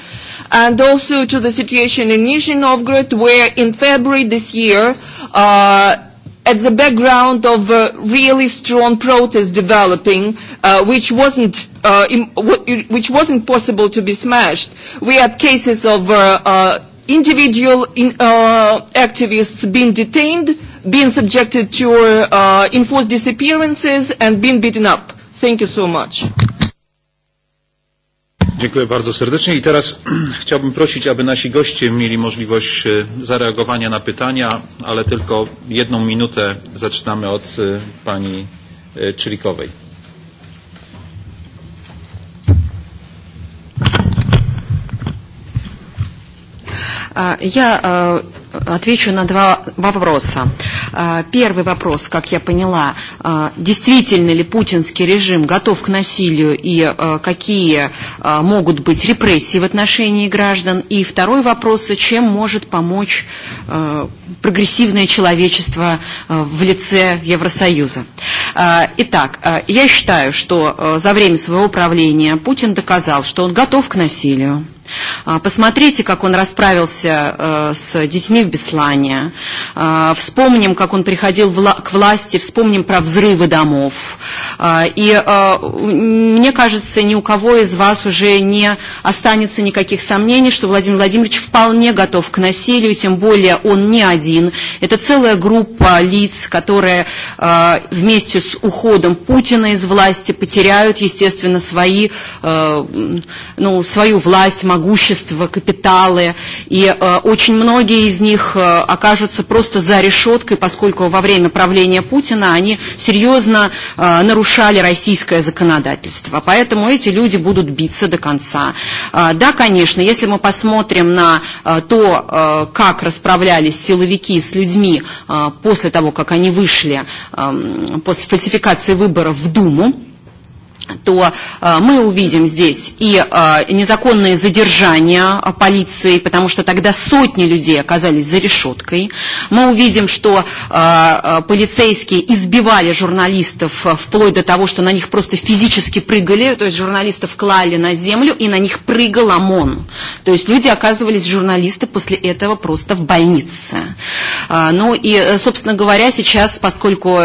and also to the situation in Nizhino Novgorod, where in February this year, uh, at the background of a really strong protest developing, uh, which wasn't uh, in, which wasn't possible to be smashed. We had cases of uh, uh, individual in, uh, activists being detained, being subjected to uh, enforced disappearances, and being beaten up. Thank you so much. Dziękuję bardzo serdecznie i teraz chciałbym prosić, aby nasi goście mieli możliwość e, zareagowania na pytania, ale tylko jedną minutę zaczynamy od e, pani e, Czylikowej. Ja отвечу на два вопроса. Первый вопрос, как я поняла, действительно ли путинский режим готов к насилию и какие могут быть репрессии в отношении граждан? И второй вопрос, чем может помочь прогрессивное человечество в лице Евросоюза? Итак, я считаю, что за время своего правления Путин доказал, что он готов к насилию Посмотрите, как он расправился э, с детьми в Беслане. Вспомним, как он приходил к власти, вспомним про взрывы домов. И э, мне кажется, ни у кого из вас уже не останется никаких сомнений, что Владимир Владимирович вполне готов к насилию, тем более он не один. Это целая группа лиц, которые э, вместе с уходом Путина из власти потеряют, естественно, свои, ну, свою власть, могу могущество, капиталы, и э, очень многие из них э, окажутся просто за решеткой, поскольку во время правления Путина они серьезно э, нарушали российское законодательство. Поэтому эти люди будут биться до конца. Э, да, конечно, если мы посмотрим на э, то, э, как расправлялись силовики с людьми э, после того, как они вышли, э, после фальсификации выборов в Думу, то э, мы увидим здесь и э, незаконные задержания э, полиции, потому что тогда сотни людей оказались за решеткой. Мы увидим, что полицейские избивали журналистов вплоть до того, что на них просто физически прыгали, то есть журналистов клали на землю и на них прыгал ОМОН. То есть люди оказывались, журналисты, после этого просто в больнице. ну и, собственно говоря, сейчас, поскольку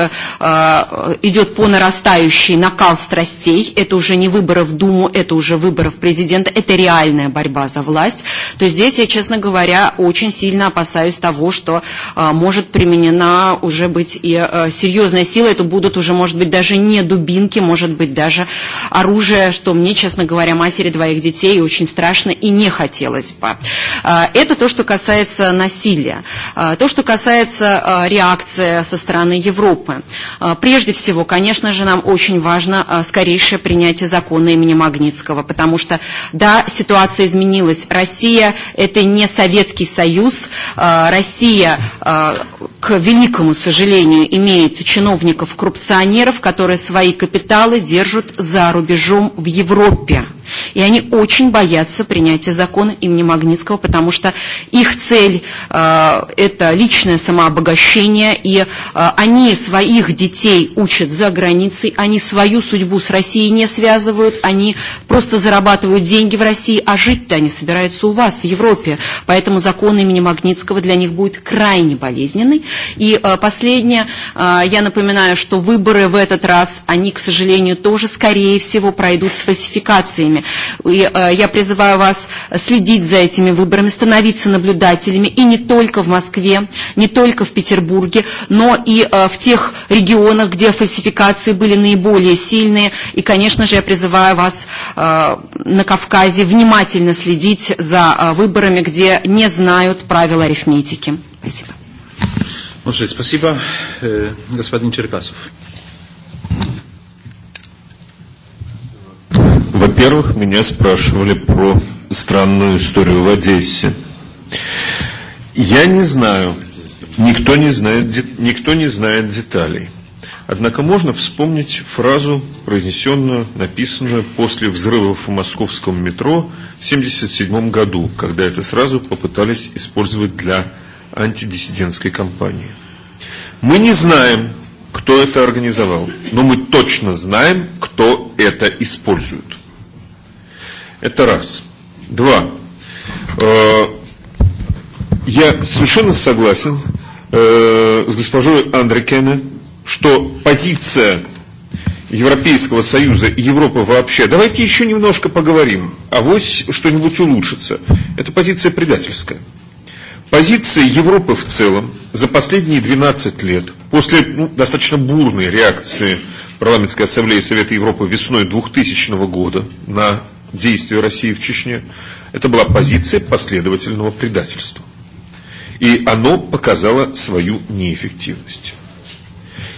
идет по нарастающей накал страстей, людей, это уже не выборы в Думу, это уже выборы в президента, это реальная борьба за власть, то здесь я, честно говоря, очень сильно опасаюсь того, что а, может применена уже быть и а, серьезная сила, это будут уже, может быть, даже не дубинки, может быть, даже оружие, что мне, честно говоря, матери двоих детей очень страшно и не хотелось бы. А, это то, что касается насилия. А, то, что касается а, реакции со стороны Европы. А, прежде всего, конечно же, нам очень важно а, скорее дальнейшее принятие закона имени Магнитского, потому что, да, ситуация изменилась. Россия – это не Советский Союз, Россия к великому сожалению, имеет чиновников-коррупционеров, которые свои капиталы держат за рубежом в Европе. И они очень боятся принятия закона имени Магнитского, потому что их цель э, – это личное самообогащение, и э, они своих детей учат за границей, они свою судьбу с Россией не связывают, они просто зарабатывают деньги в России, а жить-то они собираются у вас, в Европе. Поэтому закон имени Магнитского для них будет крайне болезненный. И э, последнее, э, я напоминаю, что выборы в этот раз, они, к сожалению, тоже, скорее всего, пройдут с фальсификациями. И э, я призываю вас следить за этими выборами, становиться наблюдателями, и не только в Москве, не только в Петербурге, но и в тех регионах, где фальсификации были наиболее сильные. И, конечно же, я призываю вас на Кавказе внимательно следить за выборами, где не знают правила арифметики. Спасибо. Może, спасибо, господин Черкасов. Во-первых, меня спрашивали про странную историю в Одессе. Я не знаю, никто не знает, никто не знает деталей. Однако можно вспомнить фразу, произнесенную, написанную после взрывов в московском метро в 1977 году, когда это сразу попытались использовать для антидиссидентской кампании. Мы не знаем, кто это организовал, но мы точно знаем, кто это использует. Это раз. Два. Э, я совершенно согласен э, с госпожой Андрекене, что позиция Европейского Союза и Европы вообще, давайте еще немножко поговорим, а вот что-нибудь улучшится. Это позиция предательская. Позиции Европы в целом за последние 12 лет, после ну, достаточно бурной реакции Парламентской ассамблеи Совета Европы весной 2000 года на действия России в Чечне, это была позиция последовательного предательства. И оно показало свою неэффективность.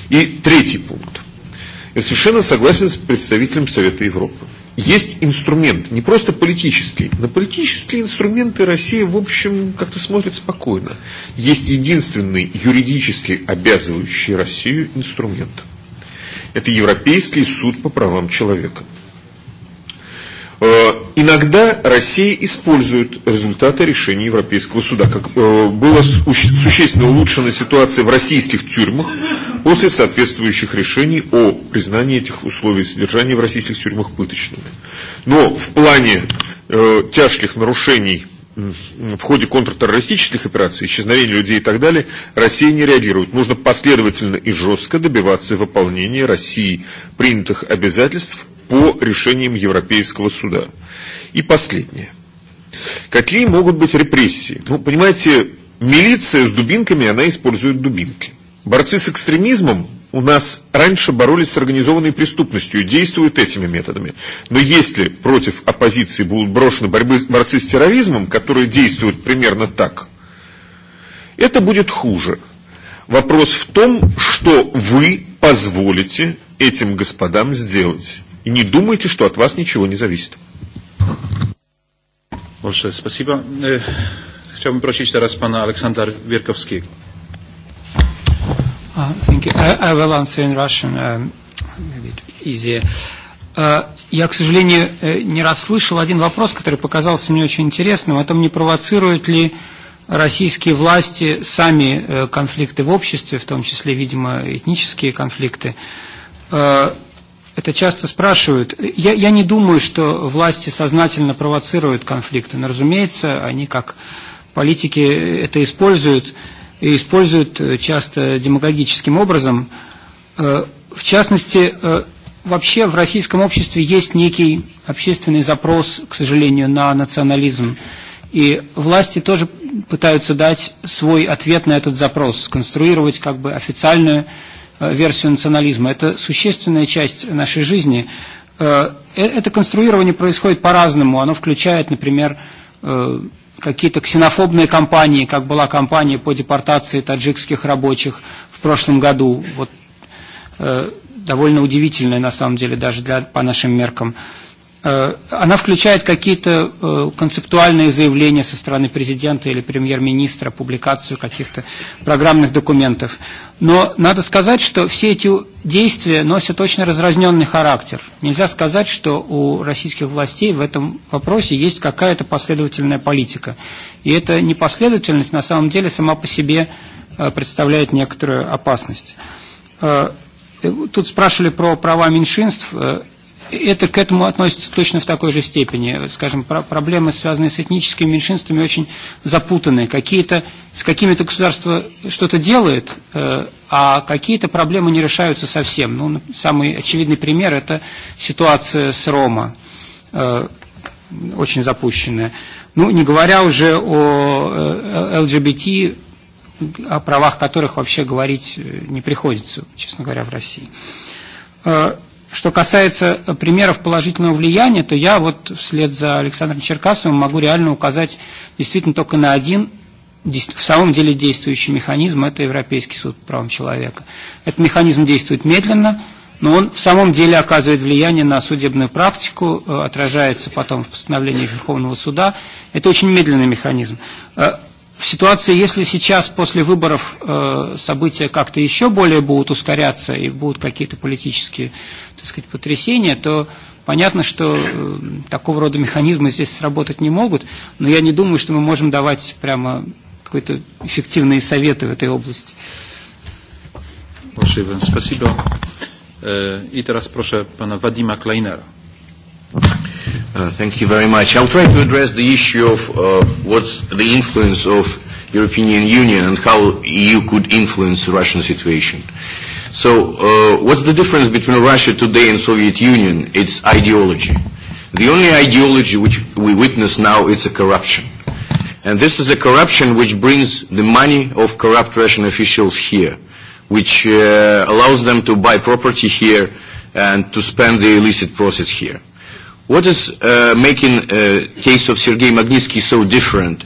И третий пункт. Я совершенно согласен с представителем Совета Европы есть инструмент, не просто политический. На политические инструменты Россия, в общем, как-то смотрит спокойно. Есть единственный юридически обязывающий Россию инструмент. Это Европейский суд по правам человека – Э, иногда Россия использует результаты решений Европейского суда. Как э, была существенно улучшена ситуация в российских тюрьмах после соответствующих решений о признании этих условий содержания в российских тюрьмах пыточными. Но в плане э, тяжких нарушений в ходе контртеррористических операций, исчезновения людей и так далее, Россия не реагирует. Нужно последовательно и жестко добиваться выполнения России принятых обязательств по решениям Европейского суда. И последнее. Какие могут быть репрессии? Ну, понимаете, милиция с дубинками, она использует дубинки. Борцы с экстремизмом у нас раньше боролись с организованной преступностью и действуют этими методами. Но если против оппозиции будут брошены борьбы, борцы с терроризмом, которые действуют примерно так, это будет хуже. Вопрос в том, что вы позволите этим господам сделать. И не думайте, что от вас ничего не зависит. Большое спасибо. Э, бы просить сейчас пана Александра Wierkowskiego. Uh, thank you. I, I will answer in Russian, um, maybe easier. Uh, я, к сожалению, э, не расслышал один вопрос, который показался мне очень интересным, о том, не провоцируют ли российские власти сами э, конфликты в обществе, в том числе, видимо, этнические конфликты. Uh, это часто спрашивают. Я, я не думаю, что власти сознательно провоцируют конфликты, но, разумеется, они как политики это используют, и используют э, часто демагогическим образом. Э, в частности, э, вообще в российском обществе есть некий общественный запрос, к сожалению, на национализм. И власти тоже пытаются дать свой ответ на этот запрос, сконструировать как бы официальную Э, версию национализма. Это существенная часть нашей жизни. Э, э, это конструирование происходит по-разному. Оно включает, например, какие-то ксенофобные кампании, как была кампания по депортации таджикских рабочих в прошлом году. Вот, довольно удивительная, на самом деле, даже для, по нашим меркам. Э, она включает какие-то э, концептуальные заявления со стороны президента или премьер-министра, публикацию каких-то программных документов. Но надо сказать, что все эти действия носят очень разразненный характер. Нельзя сказать, что у российских властей в этом вопросе есть какая-то последовательная политика. И эта непоследовательность на самом деле сама по себе э, представляет некоторую опасность. Тут спрашивали про права меньшинств это к этому относится точно в такой же степени. Скажем, про проблемы, связанные с этническими меньшинствами, очень запутанные. Какие-то, с какими-то государства что-то делают, э, а какие-то проблемы не решаются совсем. Ну, самый очевидный пример – это ситуация с Рома, э, очень запущенная. Ну, не говоря уже о э, ЛГБТ, о правах которых вообще говорить э, не приходится, честно говоря, в России. Э, Что касается э, примеров положительного влияния, то я вот вслед за Александром Черкасовым могу реально указать действительно только на один в самом деле действующий механизм – это Европейский суд по правам человека. Этот механизм действует медленно, но он в самом деле оказывает влияние на судебную практику, э, отражается потом в постановлении Верховного суда. Это очень медленный механизм. Э, в ситуации, если сейчас после выборов э, события как-то еще более будут ускоряться и будут какие-то политические, так сказать, потрясения, то понятно, что э, такого рода механизмы здесь сработать не могут, но я не думаю, что мы можем давать прямо какие-то эффективные советы в этой области. Большое спасибо. И теперь прошу пана Вадима Kleinera. Uh, thank you very much. I'll try to address the issue of uh, what's the influence of European Union and how EU could influence the Russian situation. So uh, what's the difference between Russia today and Soviet Union? It's ideology. The only ideology which we witness now is a corruption. And this is a corruption which brings the money of corrupt Russian officials here, which uh, allows them to buy property here and to spend the illicit process here. What is uh, making uh, case of Sergei Magnitsky so different?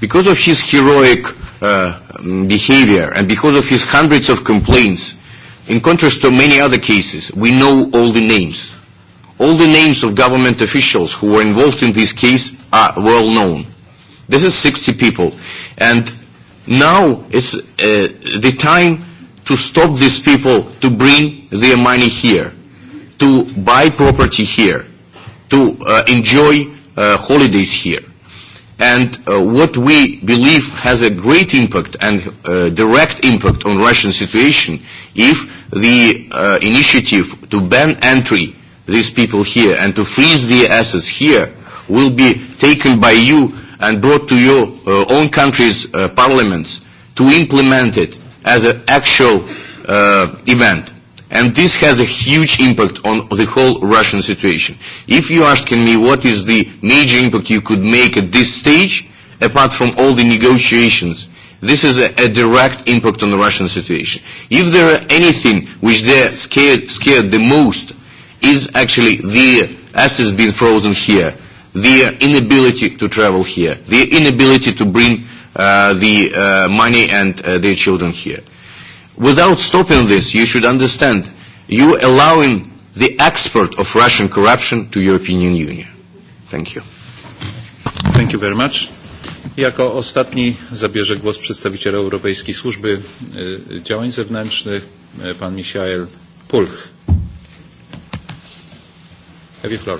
Because of his heroic uh, mm, behavior and because of his hundreds of complaints, in contrast to many other cases, we know all the names. All the names of government officials who were involved in this case are well known. This is 60 people. And now it's uh, the time to stop these people to bring their money here, to buy property here, to uh, enjoy uh, holidays here. And uh, what we believe has a great impact and uh, direct impact on Russian situation if the uh, initiative to ban entry these people here and to freeze the assets here will be taken by you and brought to your uh, own country's uh, parliaments to implement it as an actual uh, event. And this has a huge impact on the whole Russian situation. If you ask me what is the major impact you could make at this stage, apart from all the negotiations, this is a, a direct impact on the Russian situation. If there are anything which they're scared, scared the most is actually the assets being frozen here, their inability to travel here, their inability to bring uh, the uh, money and uh, their children here. Without stopping this, you should understand, you allowing the export of Russian corruption to European Union. Thank you. Thank you very much. Jako ostatni zabierze głos przedstawiciel Europejskiej Służby e, Działań Zewnętrznych, e, pan Michael Pulch. Have you floor.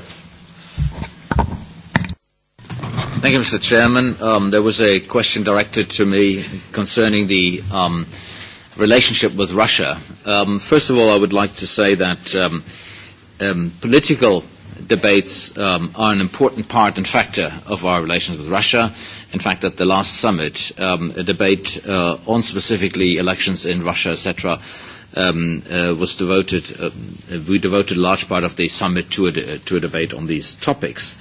Thank you, Mr. Chairman. Um, there was a question directed to me concerning the um, relationship with Russia. Um, first of all, I would like to say that um, um, political debates um, are an important part and factor of our relations with Russia. In fact, at the last summit, um, a debate uh, on specifically elections in Russia, etc., um, uh, was devoted, uh, we devoted a large part of the summit to a, de to a debate on these topics.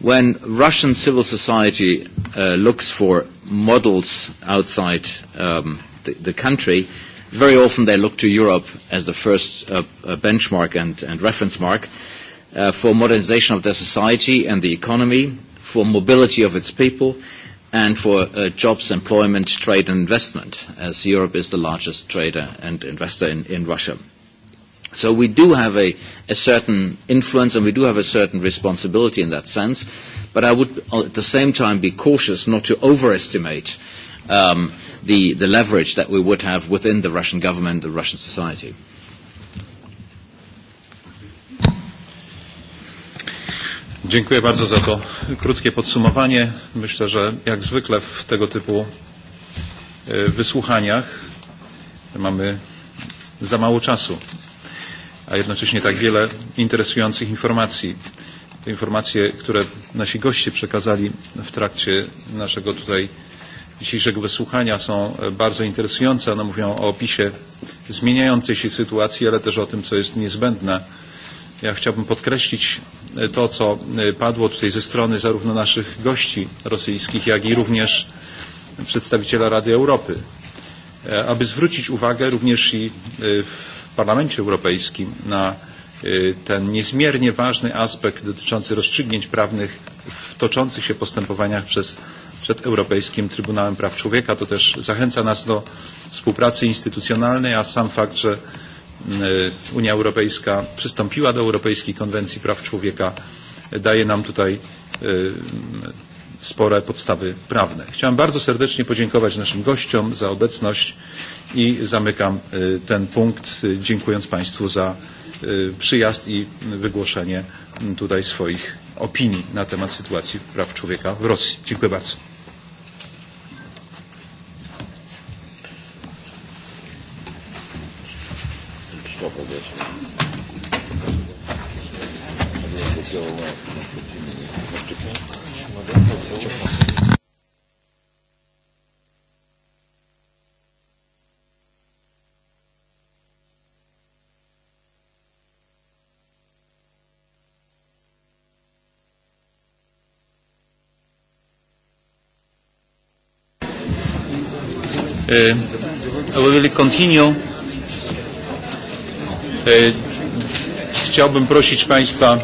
When Russian civil society uh, looks for models outside um, the, the country, very often they look to Europe as the first uh, uh, benchmark and, and reference mark uh, for modernization of their society and the economy, for mobility of its people, and for uh, jobs, employment, trade and investment, as Europe is the largest trader and investor in, in Russia. So we do have a, a certain influence and we do have a certain responsibility in that sense, but I would uh, at the same time be cautious not to overestimate uh, um, the, the leverage that we would have within the Russian government, the Russian society. Dziękuję bardzo za to krótkie podsumowanie. Myślę, że jak zwykle w tego typu e, wysłuchaniach mamy za mało czasu, a jednocześnie tak wiele interesujących informacji. Te informacje, które nasi goście przekazali w trakcie naszego tutaj dzisiejszego wysłuchania są e, bardzo interesujące. One mówią o opisie zmieniającej się sytuacji, ale też o tym, co jest niezbędne. Ja chciałbym podkreślić e, to, co e, padło tutaj ze strony zarówno naszych gości rosyjskich, jak i również przedstawiciela Rady Europy, aby zwrócić uwagę również i w Parlamencie Europejskim na ten niezmiernie ważny aspekt dotyczący rozstrzygnięć prawnych w toczących się postępowaniach przez przed Europejskim Trybunałem Praw Człowieka. To też zachęca nas do współpracy instytucjonalnej, a sam fakt, że Unia Europejska przystąpiła do Europejskiej Konwencji Praw Człowieka daje nam tutaj spore podstawy prawne. Chciałem bardzo serdecznie podziękować naszym gościom za obecność i zamykam ten punkt, dziękując Państwu za przyjazd i wygłoszenie tutaj swoich opinii na temat sytuacji praw człowieka w Rosji. Dziękuję bardzo. Stop Uh, we will continue. Uh, Chciałbym prosić Państwa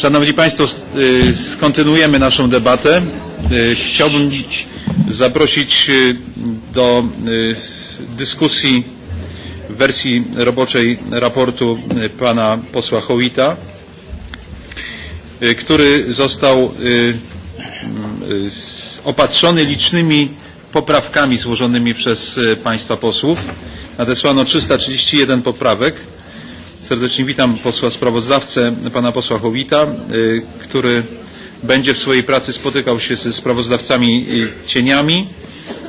Szanowni Państwo, kontynuujemy naszą debatę. Chciałbym zaprosić do dyskusji w wersji roboczej raportu pana posła Hołita, który został opatrzony licznymi poprawkami złożonymi przez państwa posłów. Nadesłano 331 poprawek Serdecznie witam posła sprawozdawcę, pana posła Howita, który będzie w swojej pracy spotykał się ze sprawozdawcami cieniami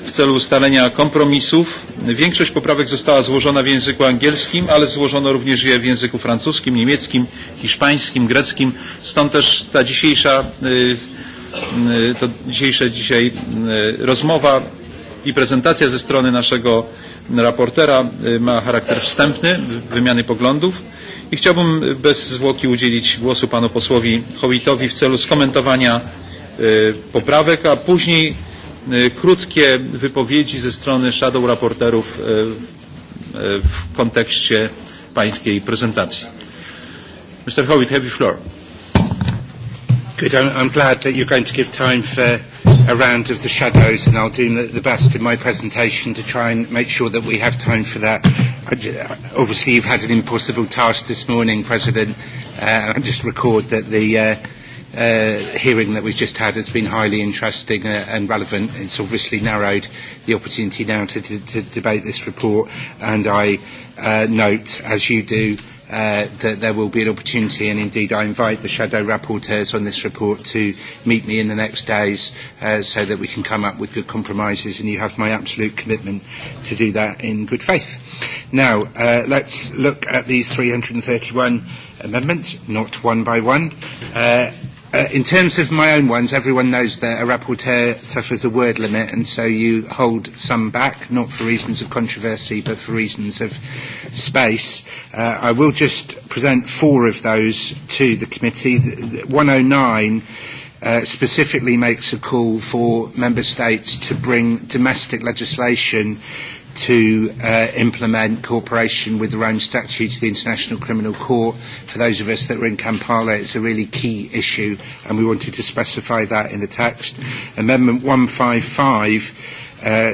w celu ustalenia kompromisów. Większość poprawek została złożona w języku angielskim, ale złożono również je w języku francuskim, niemieckim, hiszpańskim, greckim. Stąd też ta dzisiejsza, to dzisiejsza dzisiaj rozmowa i prezentacja ze strony naszego raportera ma charakter wstępny wymiany poglądów i chciałbym bez zwłoki udzielić głosu panu posłowi Howitowi w celu skomentowania poprawek, a później krótkie wypowiedzi ze strony shadow raporterów w kontekście pańskiej prezentacji. Mr. Howitt, have you floor. Good, I'm, I'm glad that you're going to give time for a round of the shadows and I'll do the best in my presentation to try and make sure that we have time for that. Obviously you've had an impossible task this morning, President. Uh, I just record that the uh, uh, hearing that we've just had has been highly interesting uh, and relevant. It's obviously narrowed the opportunity now to, to, to debate this report and I uh, note, as you do, uh, that there will be an opportunity and indeed I invite the shadow rapporteurs on this report to meet me in the next days uh, so that we can come up with good compromises and you have my absolute commitment to do that in good faith. Now uh, let's look at these 331 amendments, not one by one. Uh, Uh, in terms of my own ones, everyone knows that a rapporteur suffers a word limit, and so you hold some back, not for reasons of controversy, but for reasons of space. Uh, I will just present four of those to the committee. The, the 109 uh, specifically makes a call for member states to bring domestic legislation to uh, implement cooperation with the Rome Statute to the International Criminal Court. For those of us that were in Kampala, it's a really key issue, and we wanted to specify that in the text. Amendment 155 uh,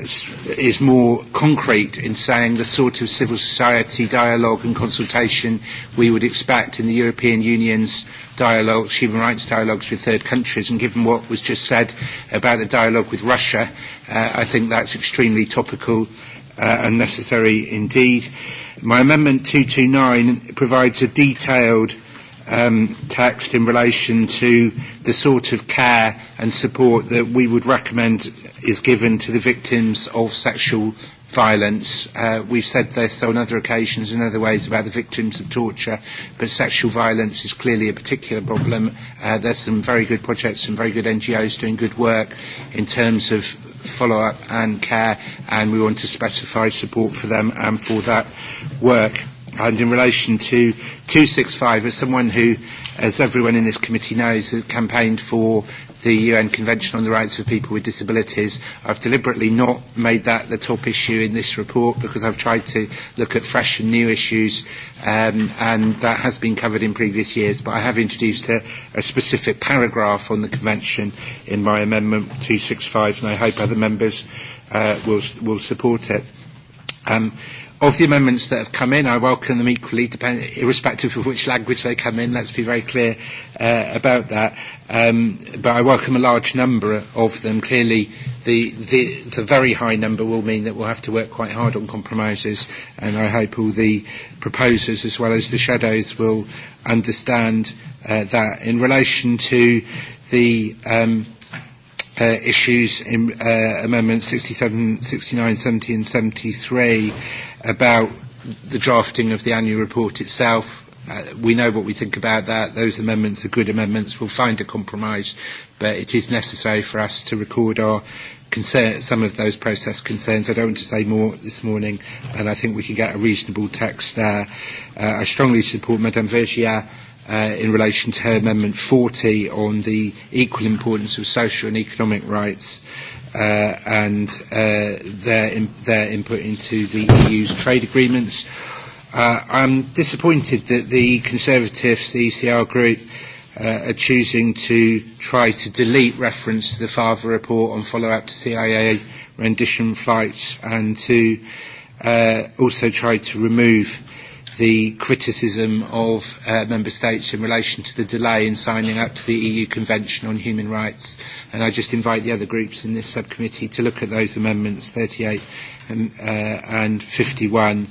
is more concrete in saying the sort of civil society dialogue and consultation we would expect in the European Union's dialogues, human rights dialogues with third countries. And given what was just said about the dialogue with Russia, uh, I think that's extremely topical uh, and necessary indeed. My Amendment 229 provides a detailed um, text in relation to the sort of care and support that we would recommend is given to the victims of sexual violence. Uh, we've said this on other occasions in other ways about the victims of torture, but sexual violence is clearly a particular problem. Uh, there's some very good projects and very good NGOs doing good work in terms of follow-up and care, and we want to specify support for them and for that work. And in relation to 265, as someone who, as everyone in this committee knows, has campaigned for the UN Convention on the Rights of People with Disabilities. I've deliberately not made that the top issue in this report because I've tried to look at fresh and new issues um, and that has been covered in previous years but I have introduced a, a specific paragraph on the Convention in my Amendment 265 and I hope other members uh, will, will support it. Um, of the amendments that have come in, I welcome them equally, depend, irrespective of which language they come in. Let's be very clear uh, about that. Um, but I welcome a large number of them. Clearly, the, the, the very high number will mean that we'll have to work quite hard on compromises, and I hope all the proposers, as well as the shadows, will understand uh, that. In relation to the um, uh, issues in uh, Amendments 67, 69, 70 and 73, about the drafting of the annual report itself. Uh, we know what we think about that. Those amendments are good amendments. We'll find a compromise, but it is necessary for us to record our concern, some of those process concerns. I don't want to say more this morning, and I think we can get a reasonable text there. Uh, I strongly support Madame Vergia uh, in relation to her Amendment 40 on the equal importance of social and economic rights uh, and uh, their, in, their input into the EU's trade agreements. Uh, I'm disappointed that the Conservatives, the ECR group, uh, are choosing to try to delete reference to the FAVA report on follow-up to CIA rendition flights and to uh, also try to remove the criticism of uh, member states in relation to the delay in signing up to the EU Convention on Human Rights. And I just invite the other groups in this subcommittee to look at those amendments 38 and, uh, and 51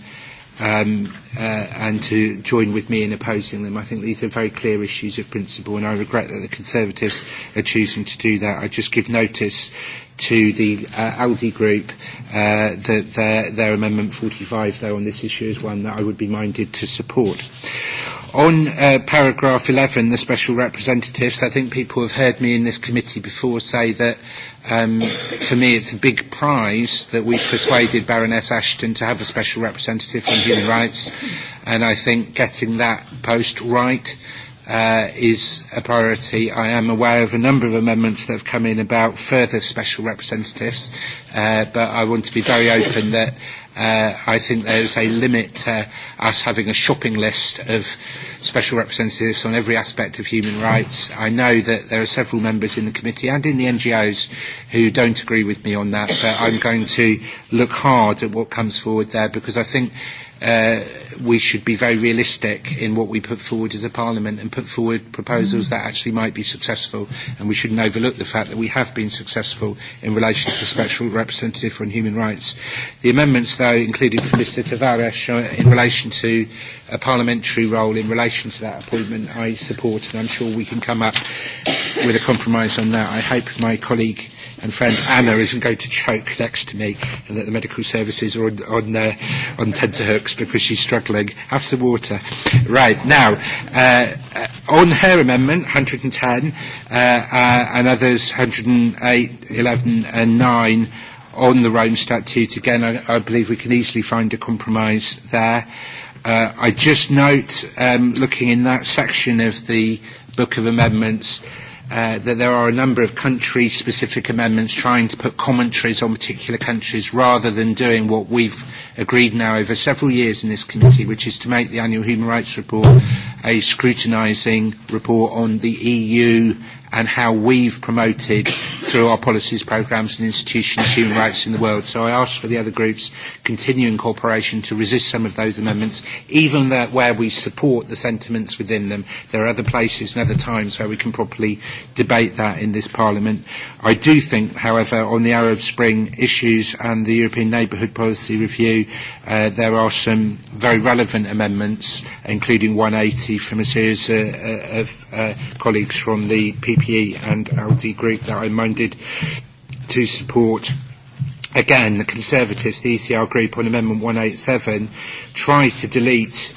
um, uh, and to join with me in opposing them. I think these are very clear issues of principle, and I regret that the Conservatives are choosing to do that. I just give notice to the uh, ALDE group uh, that their, their Amendment 45, though, on this issue is one that I would be minded to support. Uh, On uh, paragraph 11, the special representatives, I think people have heard me in this committee before say that um, for me it's a big prize that we persuaded Baroness Ashton to have a special representative on human rights, and I think getting that post right uh, is a priority. I am aware of a number of amendments that have come in about further special representatives, uh, but I want to be very open that Uh, I think there's a limit to us having a shopping list of special representatives on every aspect of human rights. I know that there are several members in the committee and in the NGOs who don't agree with me on that, but I'm going to look hard at what comes forward there because I think uh, we should be very realistic in what we put forward as a parliament and put forward proposals that actually might be successful and we shouldn't overlook the fact that we have been successful in relation to the special representative on human rights. The amendments though including for Mr Tavares uh, in relation to a parliamentary role in relation to that appointment I support and I'm sure we can come up with a compromise on that. I hope my colleague and friend Anna isn't going to choke next to me and that the medical services are on, on, uh, on tenterhooks because she's struggling. Have some water. Right, now, uh, uh on her amendment, 110, uh, uh, and others, 108, 11 and 9, on the Rome Statute. Again, I, I believe we can easily find a compromise there. Uh, I just note, um, looking in that section of the Book of Amendments, uh, that there are a number of country-specific amendments trying to put commentaries on particular countries rather than doing what we've agreed now over several years in this committee, which is to make the annual human rights report a scrutinising report on the EU and how we've promoted through our policies, programmes and institutions human rights in the world. So I ask for the other groups continuing cooperation to resist some of those amendments, even that where we support the sentiments within them. There are other places and other times where we can properly debate that in this Parliament. I do think, however, on the Arab Spring issues and the European Neighbourhood Policy Review, Uh, there are some very relevant amendments, including 180 from a series uh, uh, of uh, colleagues from the PPE and LD group that I'm minded to support. Again, the Conservatives, the ECR group on Amendment 187, try to delete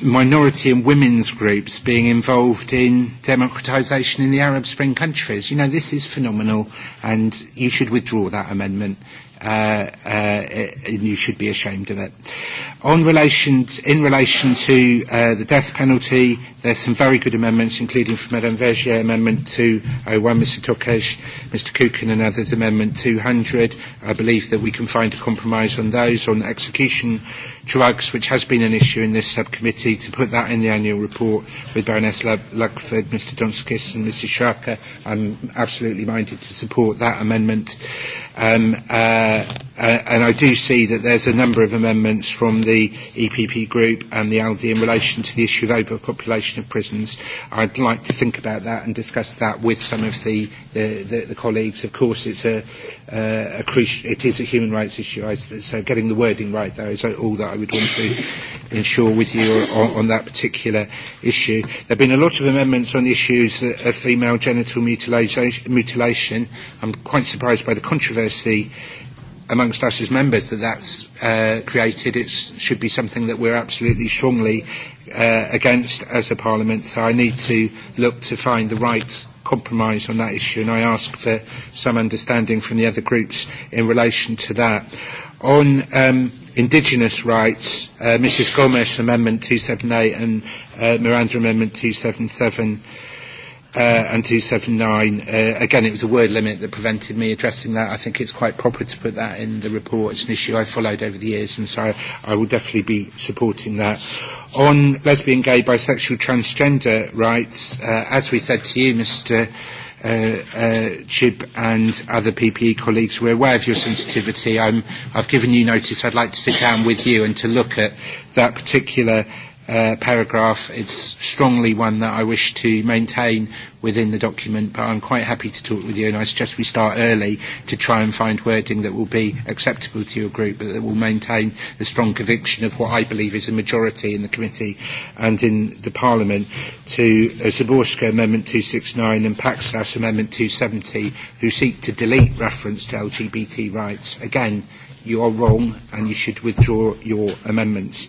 minority and women's groups being involved in democratisation in the Arab Spring countries. You know, this is phenomenal and you should withdraw that amendment uh, uh, and you should be ashamed of it. On relation, in relation to uh, the death penalty, there's some very good amendments, including from Madame Vergier, Amendment 201, Mr. Tokesh, Mr. Kukin and others, Amendment 200. I believe that we can find a compromise on those, on execution drugs, which has been an issue in this subcommittee, to put that in the annual report with Baroness Luckford, Mr. Donskis and Mrs. Sharker. I'm absolutely minded to support that amendment. Um, uh, Uh, and I do see that there's a number of amendments from the EPP group and the ALDE in relation to the issue of overpopulation of prisons. I'd like to think about that and discuss that with some of the, the, the, the colleagues. Of course, it's a, uh, a cruci- it is a human rights issue, I, so getting the wording right, though, is all that I would want to ensure with you on, on that particular issue. There have been a lot of amendments on the issues of female genital mutilation. mutilation. I'm quite surprised by the controversy amongst us as members that that's uh, created, it should be something that we're absolutely strongly uh, against as a parliament. So I need to look to find the right compromise on that issue, and I ask for some understanding from the other groups in relation to that. On um, indigenous rights, uh, Mrs. Gomez Amendment 278 and uh, Miranda Amendment 277 uh, and 279. Uh, again, it was a word limit that prevented me addressing that. I think it's quite proper to put that in the report. It's an issue I followed over the years, and so I, I will definitely be supporting that. On lesbian, gay, bisexual, transgender rights, uh, as we said to you, Mr. Uh, uh, Chib and other PPE colleagues, we're aware of your sensitivity. I'm, I've given you notice I'd like to sit down with you and to look at that particular uh, paragraph. It's strongly one that I wish to maintain within the document, but I'm quite happy to talk with you, and I suggest we start early to try and find wording that will be acceptable to your group, but that will maintain the strong conviction of what I believe is a majority in the committee and in the Parliament to uh, Zaborska Amendment 269 and Paxas Amendment 270, who seek to delete reference to LGBT rights. Again, you are wrong and you should withdraw your amendments.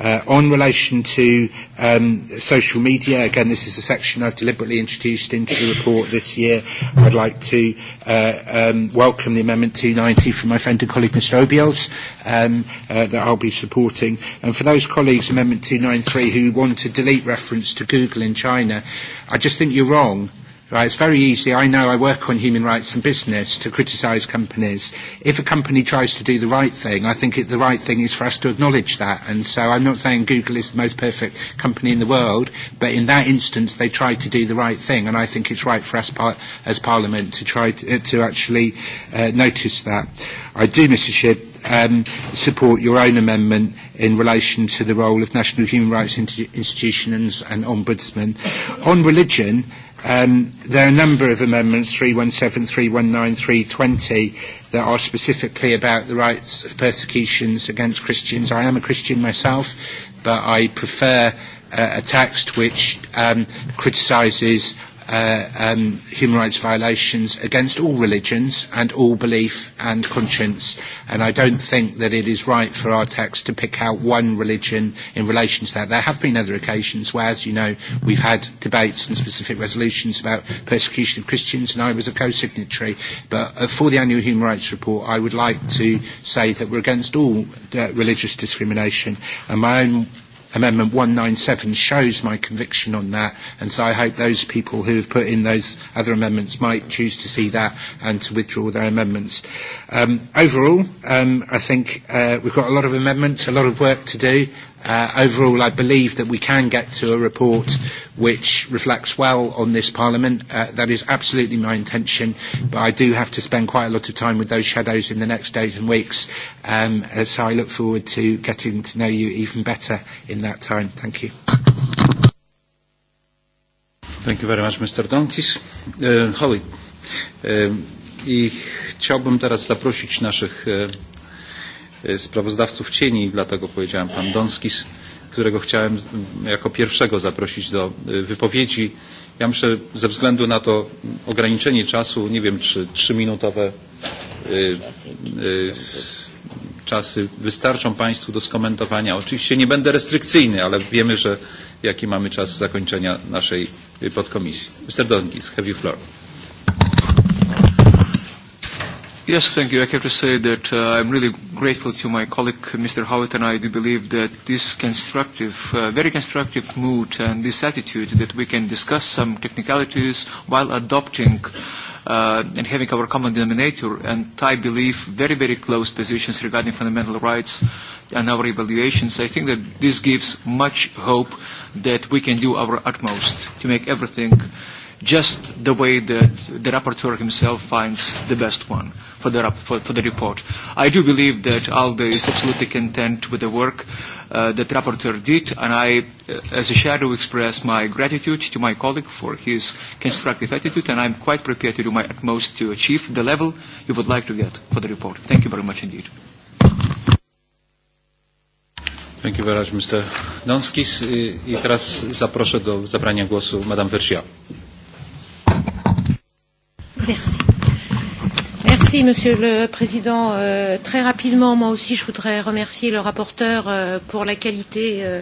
Uh, on relation to um, social media, again, this is a section I've deliberately introduced into the report this year. I'd like to uh, um, welcome the Amendment 290 from my friend and colleague Mr. Obiels um, uh, that I'll be supporting. And for those colleagues, Amendment 293, who want to delete reference to Google in China, I just think you're wrong Right, it's very easy. I know I work on human rights and business to criticise companies. If a company tries to do the right thing, I think it, the right thing is for us to acknowledge that. And so I'm not saying Google is the most perfect company in the world, but in that instance, they tried to do the right thing, and I think it's right for us par as Parliament to try to, uh, to actually uh, notice that. I do, Mr. Shipp, um, support your own amendment in relation to the role of national human rights institutions and ombudsmen. On religion, Um, there are a number of amendments, 317, 319, 320, that are specifically about the rights of persecutions against Christians. I am a Christian myself, but I prefer uh, a text which um, criticises uh, um, human rights violations against all religions and all belief and conscience. And I don't think that it is right for our text to pick out one religion in relation to that. There have been other occasions where, as you know, we've had debates and specific resolutions about persecution of Christians, and I was a co-signatory. But uh, for the annual human rights report, I would like to say that we're against all uh, religious discrimination. And my own Amendment 197 shows my conviction on that, and so I hope those people who have put in those other amendments might choose to see that and to withdraw their amendments. Um, overall, um, I think uh, we've got a lot of amendments, a lot of work to do. Uh, overall, I believe that we can get to a report which reflects well on this Parliament. Uh, that is absolutely my intention, but I do have to spend quite a lot of time with those shadows in the next days and weeks, um, uh, so I look forward to getting to know you even better in that time. Thank you. Thank you very much, Mr. Dontis. Uh, Holly, uh, i chciałbym teraz zaprosić naszych uh, sprawozdawców cieni, dlatego powiedziałem pan Donskis, którego chciałem jako pierwszego zaprosić do wypowiedzi. Ja myślę, ze względu na to ograniczenie czasu, nie wiem, czy trzyminutowe y, y, czasy wystarczą Państwu do skomentowania. Oczywiście nie będę restrykcyjny, ale wiemy, że jaki mamy czas zakończenia naszej podkomisji. Mr. Donkis, have you floor. Yes, thank you. I have to say that uh, I'm really grateful to my colleague, Mr. Howitt, and I do believe that this constructive, uh, very constructive mood and this attitude that we can discuss some technicalities while adopting uh, and having our common denominator and I believe very, very close positions regarding fundamental rights and our evaluations. I think that this gives much hope that we can do our utmost to make everything just the way that the rapporteur himself finds the best one for the, for, for the report. I do believe that ALDE is absolutely content with the work uh, that the rapporteur did, and I, uh, as a shadow, express my gratitude to my colleague for his constructive attitude, and I'm quite prepared to do my utmost to achieve the level you would like to get for the report. Thank you very much indeed. Thank you very much, Mr. Donskis. I teraz zaproszę do zabrania głosu Madame Versia. Merci. Merci, Monsieur le Président. Euh, très rapidement, moi aussi, je voudrais remercier le rapporteur euh, pour la qualité euh,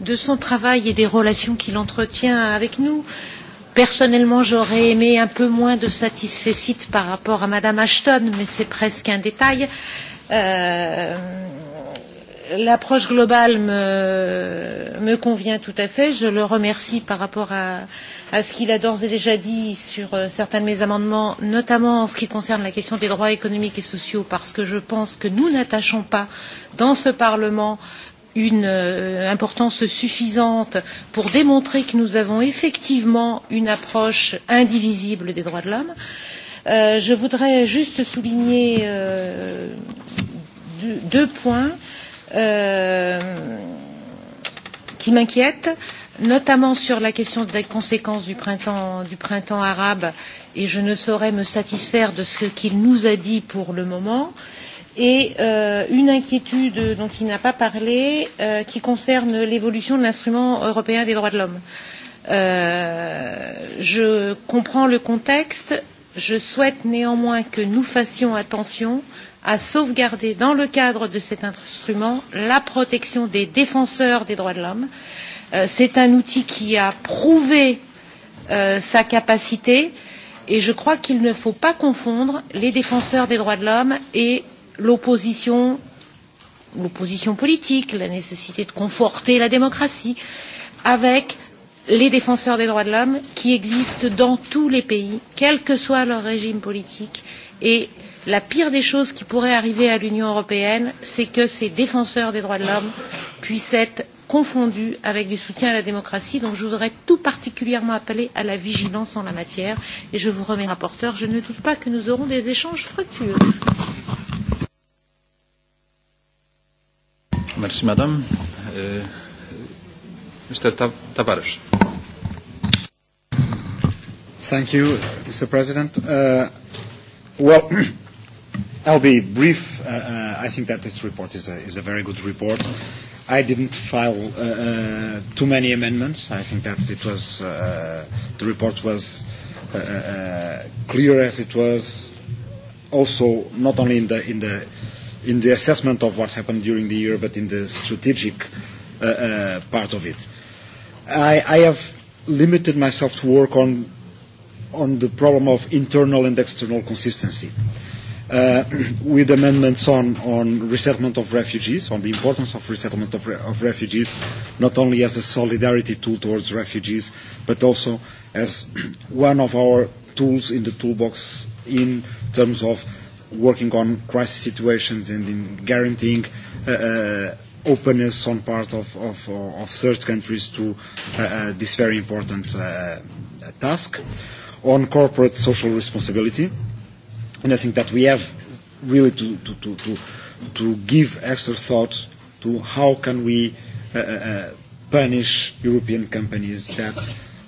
de son travail et des relations qu'il entretient avec nous. Personnellement, j'aurais aimé un peu moins de satisfaits par rapport à Madame Ashton, mais c'est presque un détail. Euh, l'approche globale me, me convient tout à fait. Je le remercie par rapport à, à ce qu'il a d'ores et déjà dit sur euh, certains de mes amendements, notamment en ce qui concerne la question des droits économiques et sociaux, parce que je pense que nous n'attachons pas dans ce Parlement une euh, importance suffisante pour démontrer que nous avons effectivement une approche indivisible des droits de l'homme. Euh, je voudrais juste souligner euh, deux, deux points. Euh, Euh, qui m'inquiète, notamment sur la question des conséquences du printemps, du printemps arabe, et je ne saurais me satisfaire de ce qu'il nous a dit pour le moment, et euh, une inquiétude dont il n'a pas parlé, euh, qui concerne l'évolution de l'instrument européen des droits de l'homme. Euh, je comprends le contexte, je souhaite néanmoins que nous fassions attention euh, à sauvegarder dans le cadre de cet instrument la protection des défenseurs des droits de l'homme. Euh, C'est un outil qui a prouvé euh, sa capacité et je crois qu'il ne faut pas confondre les défenseurs des droits de l'homme et l'opposition l'opposition politique, la nécessité de conforter la démocratie, avec les défenseurs des droits de l'homme qui existent dans tous les pays, quel que soit leur régime politique, et La pire des choses qui pourrait arriver à l'Union européenne, c'est que ces défenseurs des droits de l'homme puissent être confondus avec du soutien à la démocratie. Donc je voudrais tout particulièrement appeler à la vigilance en la matière. Et je vous remets rapporteur. Je ne doute pas que nous aurons des échanges fructueux. Merci, madame. Euh, Mr. Tavares. Thank you, Mr. President. Uh, well, I'll be brief. Uh, uh, I think that this report is a, is a very good report. I didn't file uh, uh, too many amendments. I think that it was, uh, the report was uh, uh, uh, clear as it was also not only in the, in the, in the assessment of what happened during the year, but in the strategic uh, uh, part of it. I, I have limited myself to work on, on the problem of internal and external consistency. Uh, uh, with amendments on, on resettlement of refugees, on the importance of resettlement of, re of refugees, not only as a solidarity tool towards refugees, but also as one of our tools in the toolbox in terms of working on crisis situations and in guaranteeing uh, uh, openness on part of, of, of third countries to uh, uh, this very important uh, task. On corporate social responsibility, uh, And I think that we have really to, to, to, to, to give extra thought to how can we uh, uh, uh punish European companies that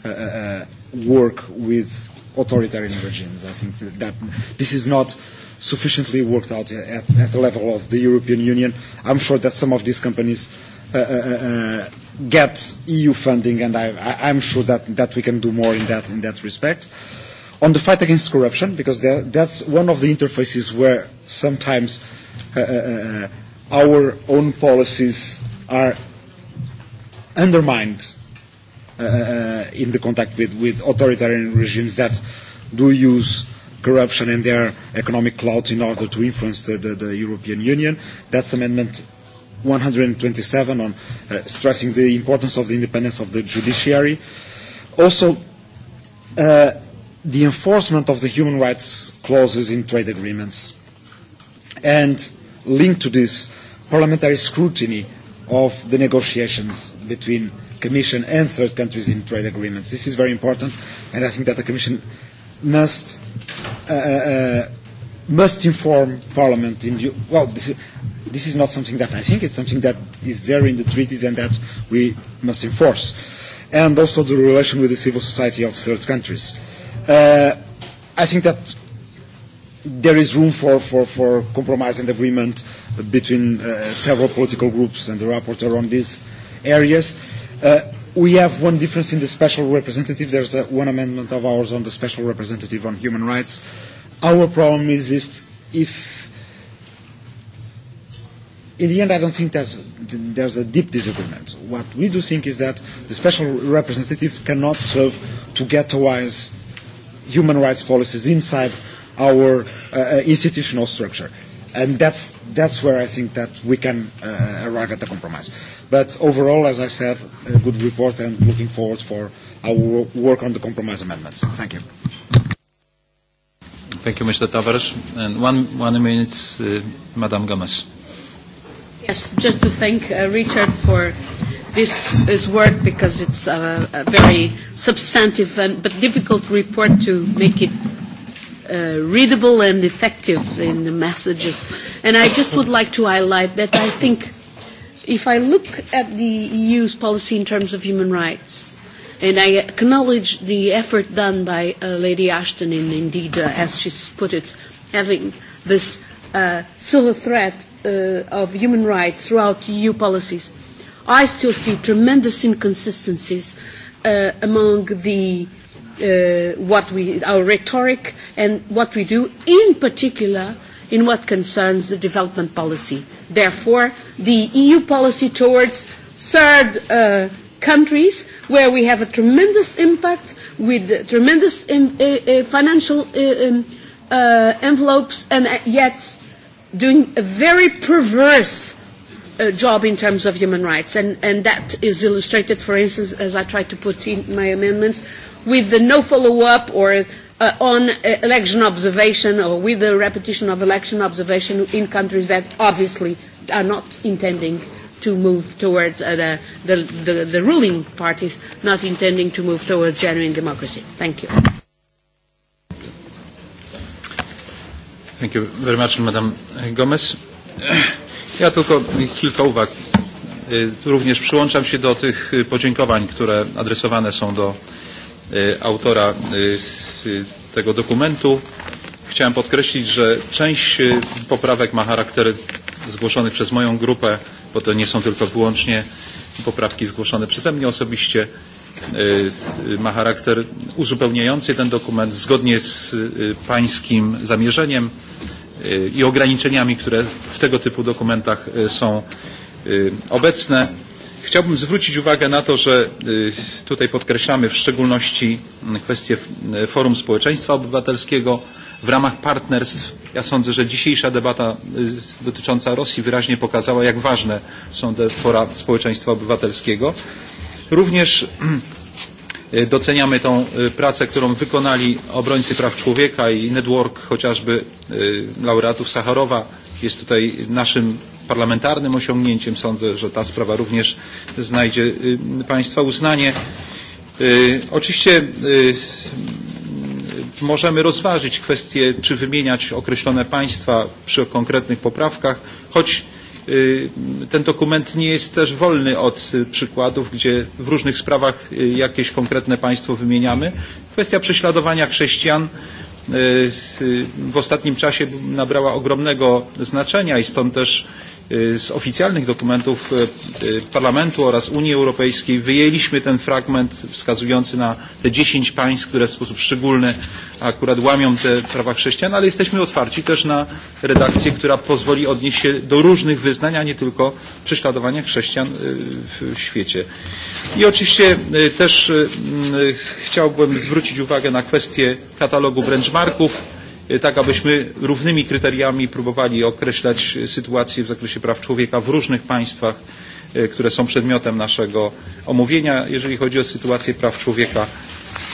uh, uh, uh, work with authoritarian regimes. I think that this is not sufficiently worked out at, at the level of the European Union. I'm sure that some of these companies uh, uh, uh, get EU funding, and I, I, I'm sure that, that we can do more in that, in that respect. Uh, On the fight against corruption, because that, that's one of the interfaces where sometimes uh, uh, uh, uh our own policies are undermined uh, uh, in the contact with, with authoritarian regimes that do use corruption and their economic clout in order to influence the, the, the European Union. That's Amendment 127 on uh, stressing the importance of the independence of the judiciary. Also, uh, the enforcement of the human rights clauses in trade agreements and linked to this parliamentary scrutiny of the negotiations between Commission and third countries in trade agreements. This is very important and I think that the Commission must uh, uh, must inform Parliament in due, well this is, this is not something that I think it's something that is there in the treaties and that we must enforce and also the relation with the civil society of third countries Uh, I think that there is room for, for, for compromise and agreement between uh, several political groups and the rapporteur on these areas. Uh, we have one difference in the special representative. There's a, uh, one amendment of ours on the special representative on human rights. Our problem is if, if in the end, I don't think there's, there's a deep disagreement. What we do think is that the special representative cannot serve to ghettoize human rights policies inside our uh, uh, institutional structure. And that's, that's where I think that we can uh, arrive at a compromise. But overall, as I said, a good report and looking forward for our work on the compromise amendments. Thank you. Thank you, Mr. Tavares. And one, one minute, uh, Madam Gomez. Yes, just to thank uh, Richard for this is work because it's a, a very substantive and, but difficult report to make it uh, readable and effective in the messages. And I just would like to highlight that I think if I look at the EU's policy in terms of human rights, and I acknowledge the effort done by uh, Lady Ashton in, indeed, uh, as she's put it, having this uh, silver threat uh, of human rights throughout EU policies. I still see tremendous inconsistencies uh, among the uh, what we, our rhetoric and what we do, in particular in what concerns the development policy. Therefore, the EU policy towards third uh, countries where we have a tremendous impact with tremendous in, um, uh, uh, financial uh, um, uh, envelopes and uh, yet doing a very perverse uh, job in terms of human rights. And, and that is illustrated, for instance, as I tried to put in my amendments, with the no follow-up or uh, on uh, election observation or with the repetition of election observation in countries that obviously are not intending to move towards uh, the, the, the, the ruling parties not intending to move towards genuine democracy. Thank you. Thank you very much, Madam Gomez. Ja tylko kilka uwag. Również przyłączam się do tych podziękowań, które adresowane są do autora tego dokumentu. Chciałem podkreślić, że część poprawek ma charakter zgłoszony przez moją grupę, bo to nie są tylko wyłącznie poprawki zgłoszone przeze mnie osobiście. Ma charakter uzupełniający ten dokument zgodnie z pańskim zamierzeniem i ograniczeniami, które w tego typu dokumentach e, są e, obecne. Chciałbym zwrócić uwagę na to, że e, tutaj podkreślamy w szczególności kwestię Forum Społeczeństwa Obywatelskiego w ramach partnerstw. Ja sądzę, że dzisiejsza debata dotycząca Rosji wyraźnie pokazała, jak ważne są te fora społeczeństwa obywatelskiego. Również E, doceniamy tą e, pracę, którą wykonali obrońcy praw człowieka i network chociażby e, laureatów Sacharowa jest tutaj naszym parlamentarnym osiągnięciem. Sądzę, że ta sprawa również znajdzie Państwa uznanie. Oczywiście możemy rozważyć kwestię, czy wymieniać określone państwa przy konkretnych poprawkach, choć ten dokument nie jest też wolny od przykładów, gdzie w różnych sprawach jakieś konkretne państwo wymieniamy. Kwestia prześladowania chrześcijan w ostatnim czasie nabrała ogromnego znaczenia i stąd też z oficjalnych dokumentów Parlamentu oraz Unii Europejskiej wyjęliśmy ten fragment wskazujący na te 10 państw, które w sposób szczególny akurat łamią te prawa chrześcijan, ale jesteśmy otwarci też na redakcję, która pozwoli odnieść się do różnych wyznań, a nie tylko prześladowania chrześcijan w świecie. I oczywiście też chciałbym zwrócić uwagę na kwestię katalogu benchmarków tak abyśmy równymi kryteriami próbowali określać sytuację w zakresie praw człowieka w różnych państwach, które są przedmiotem naszego omówienia, jeżeli chodzi o sytuację praw człowieka.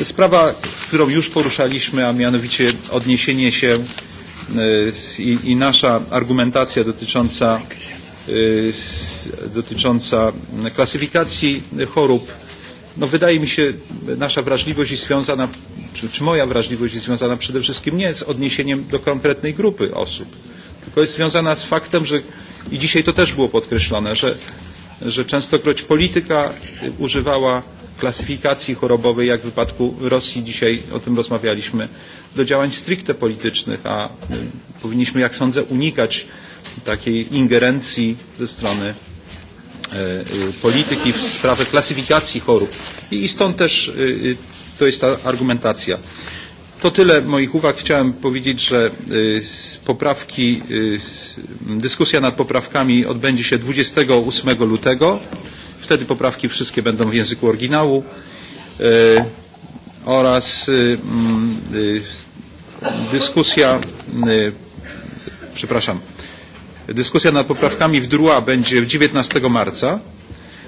Sprawa, którą już poruszaliśmy, a mianowicie odniesienie się i, i nasza argumentacja dotycząca, dotycząca klasyfikacji chorób, no wydaje mi się nasza wrażliwość jest związana czy, czy moja wrażliwość jest związana przede wszystkim nie z odniesieniem do konkretnej grupy osób, tylko jest związana z faktem, że i dzisiaj to też było podkreślone, że, że częstokroć polityka używała klasyfikacji chorobowej, jak w wypadku Rosji dzisiaj o tym rozmawialiśmy, do działań stricte politycznych, a powinniśmy, jak sądzę, unikać takiej ingerencji ze strony polityki w sprawę klasyfikacji chorób. I stąd też to jest ta argumentacja. To tyle moich uwag. Chciałem powiedzieć, że poprawki, dyskusja nad poprawkami odbędzie się 28 lutego. Wtedy poprawki wszystkie będą w języku oryginału oraz mm, dyskusja, przepraszam, dyskusja nad poprawkami w DRUA będzie 19 marca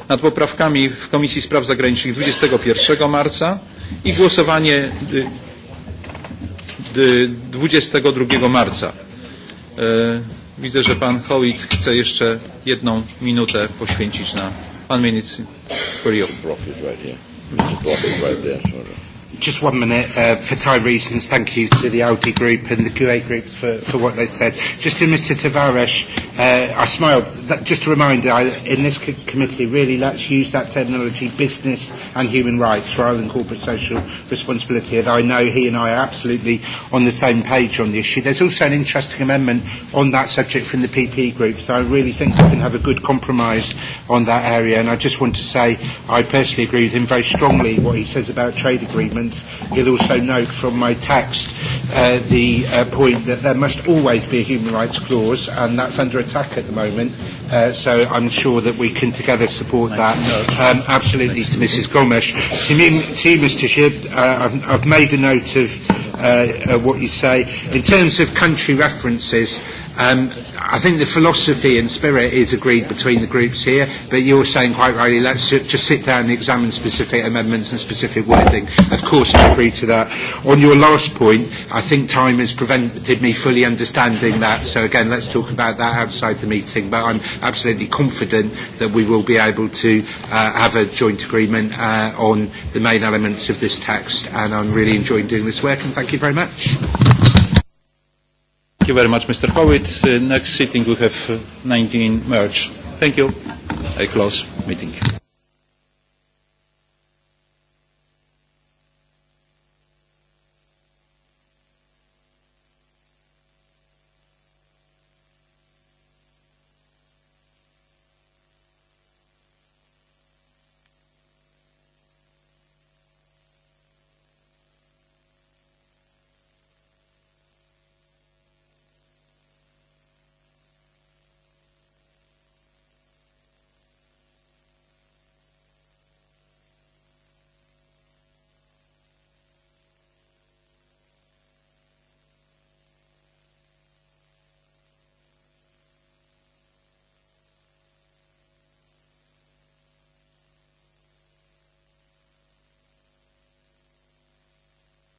nad poprawkami w Komisji Spraw Zagranicznych 21 marca i głosowanie 22 marca. E, widzę, że pan Howitt chce jeszcze jedną minutę poświęcić na pan minister. right right Just one minute. Uh, for time reasons, thank you to the Audi group and the QA groups for, for what they said. Just to Mr. Tavares, uh, I smiled. That, just a reminder, I, in this co committee, really let's use that terminology business and human rights rather than corporate social responsibility. And I know he and I are absolutely on the same page on the issue. There's also an interesting amendment on that subject from the PP e group, so I really think we can have a good compromise on that area. And I just want to say I personally agree with him very strongly what he says about trade agreements and you'll also note from my text uh, the uh, point that there must always be a human rights clause, and that's under attack at the moment. Uh, so I'm sure that we can together support that. Um, absolutely, to Mrs. Gomes. To me, to Mr. Shib, uh, I've, I've made a note of uh, uh, what you say. In terms of country references, Um, I think the philosophy and spirit is agreed between the groups here, but you're saying quite rightly, let's just sit down and examine specific amendments and specific wording. Of course, I agree to that. On your last point, I think time has prevented me fully understanding that, so again, let's talk about that outside the meeting, but I'm absolutely confident that we will be able to uh, have a joint agreement uh, on the main elements of this text, and I'm really enjoying doing this work, and thank you very much. Thank you very much, Mr. Howitt. Uh, next sitting we have 19 uh, March. Thank you. I close meeting.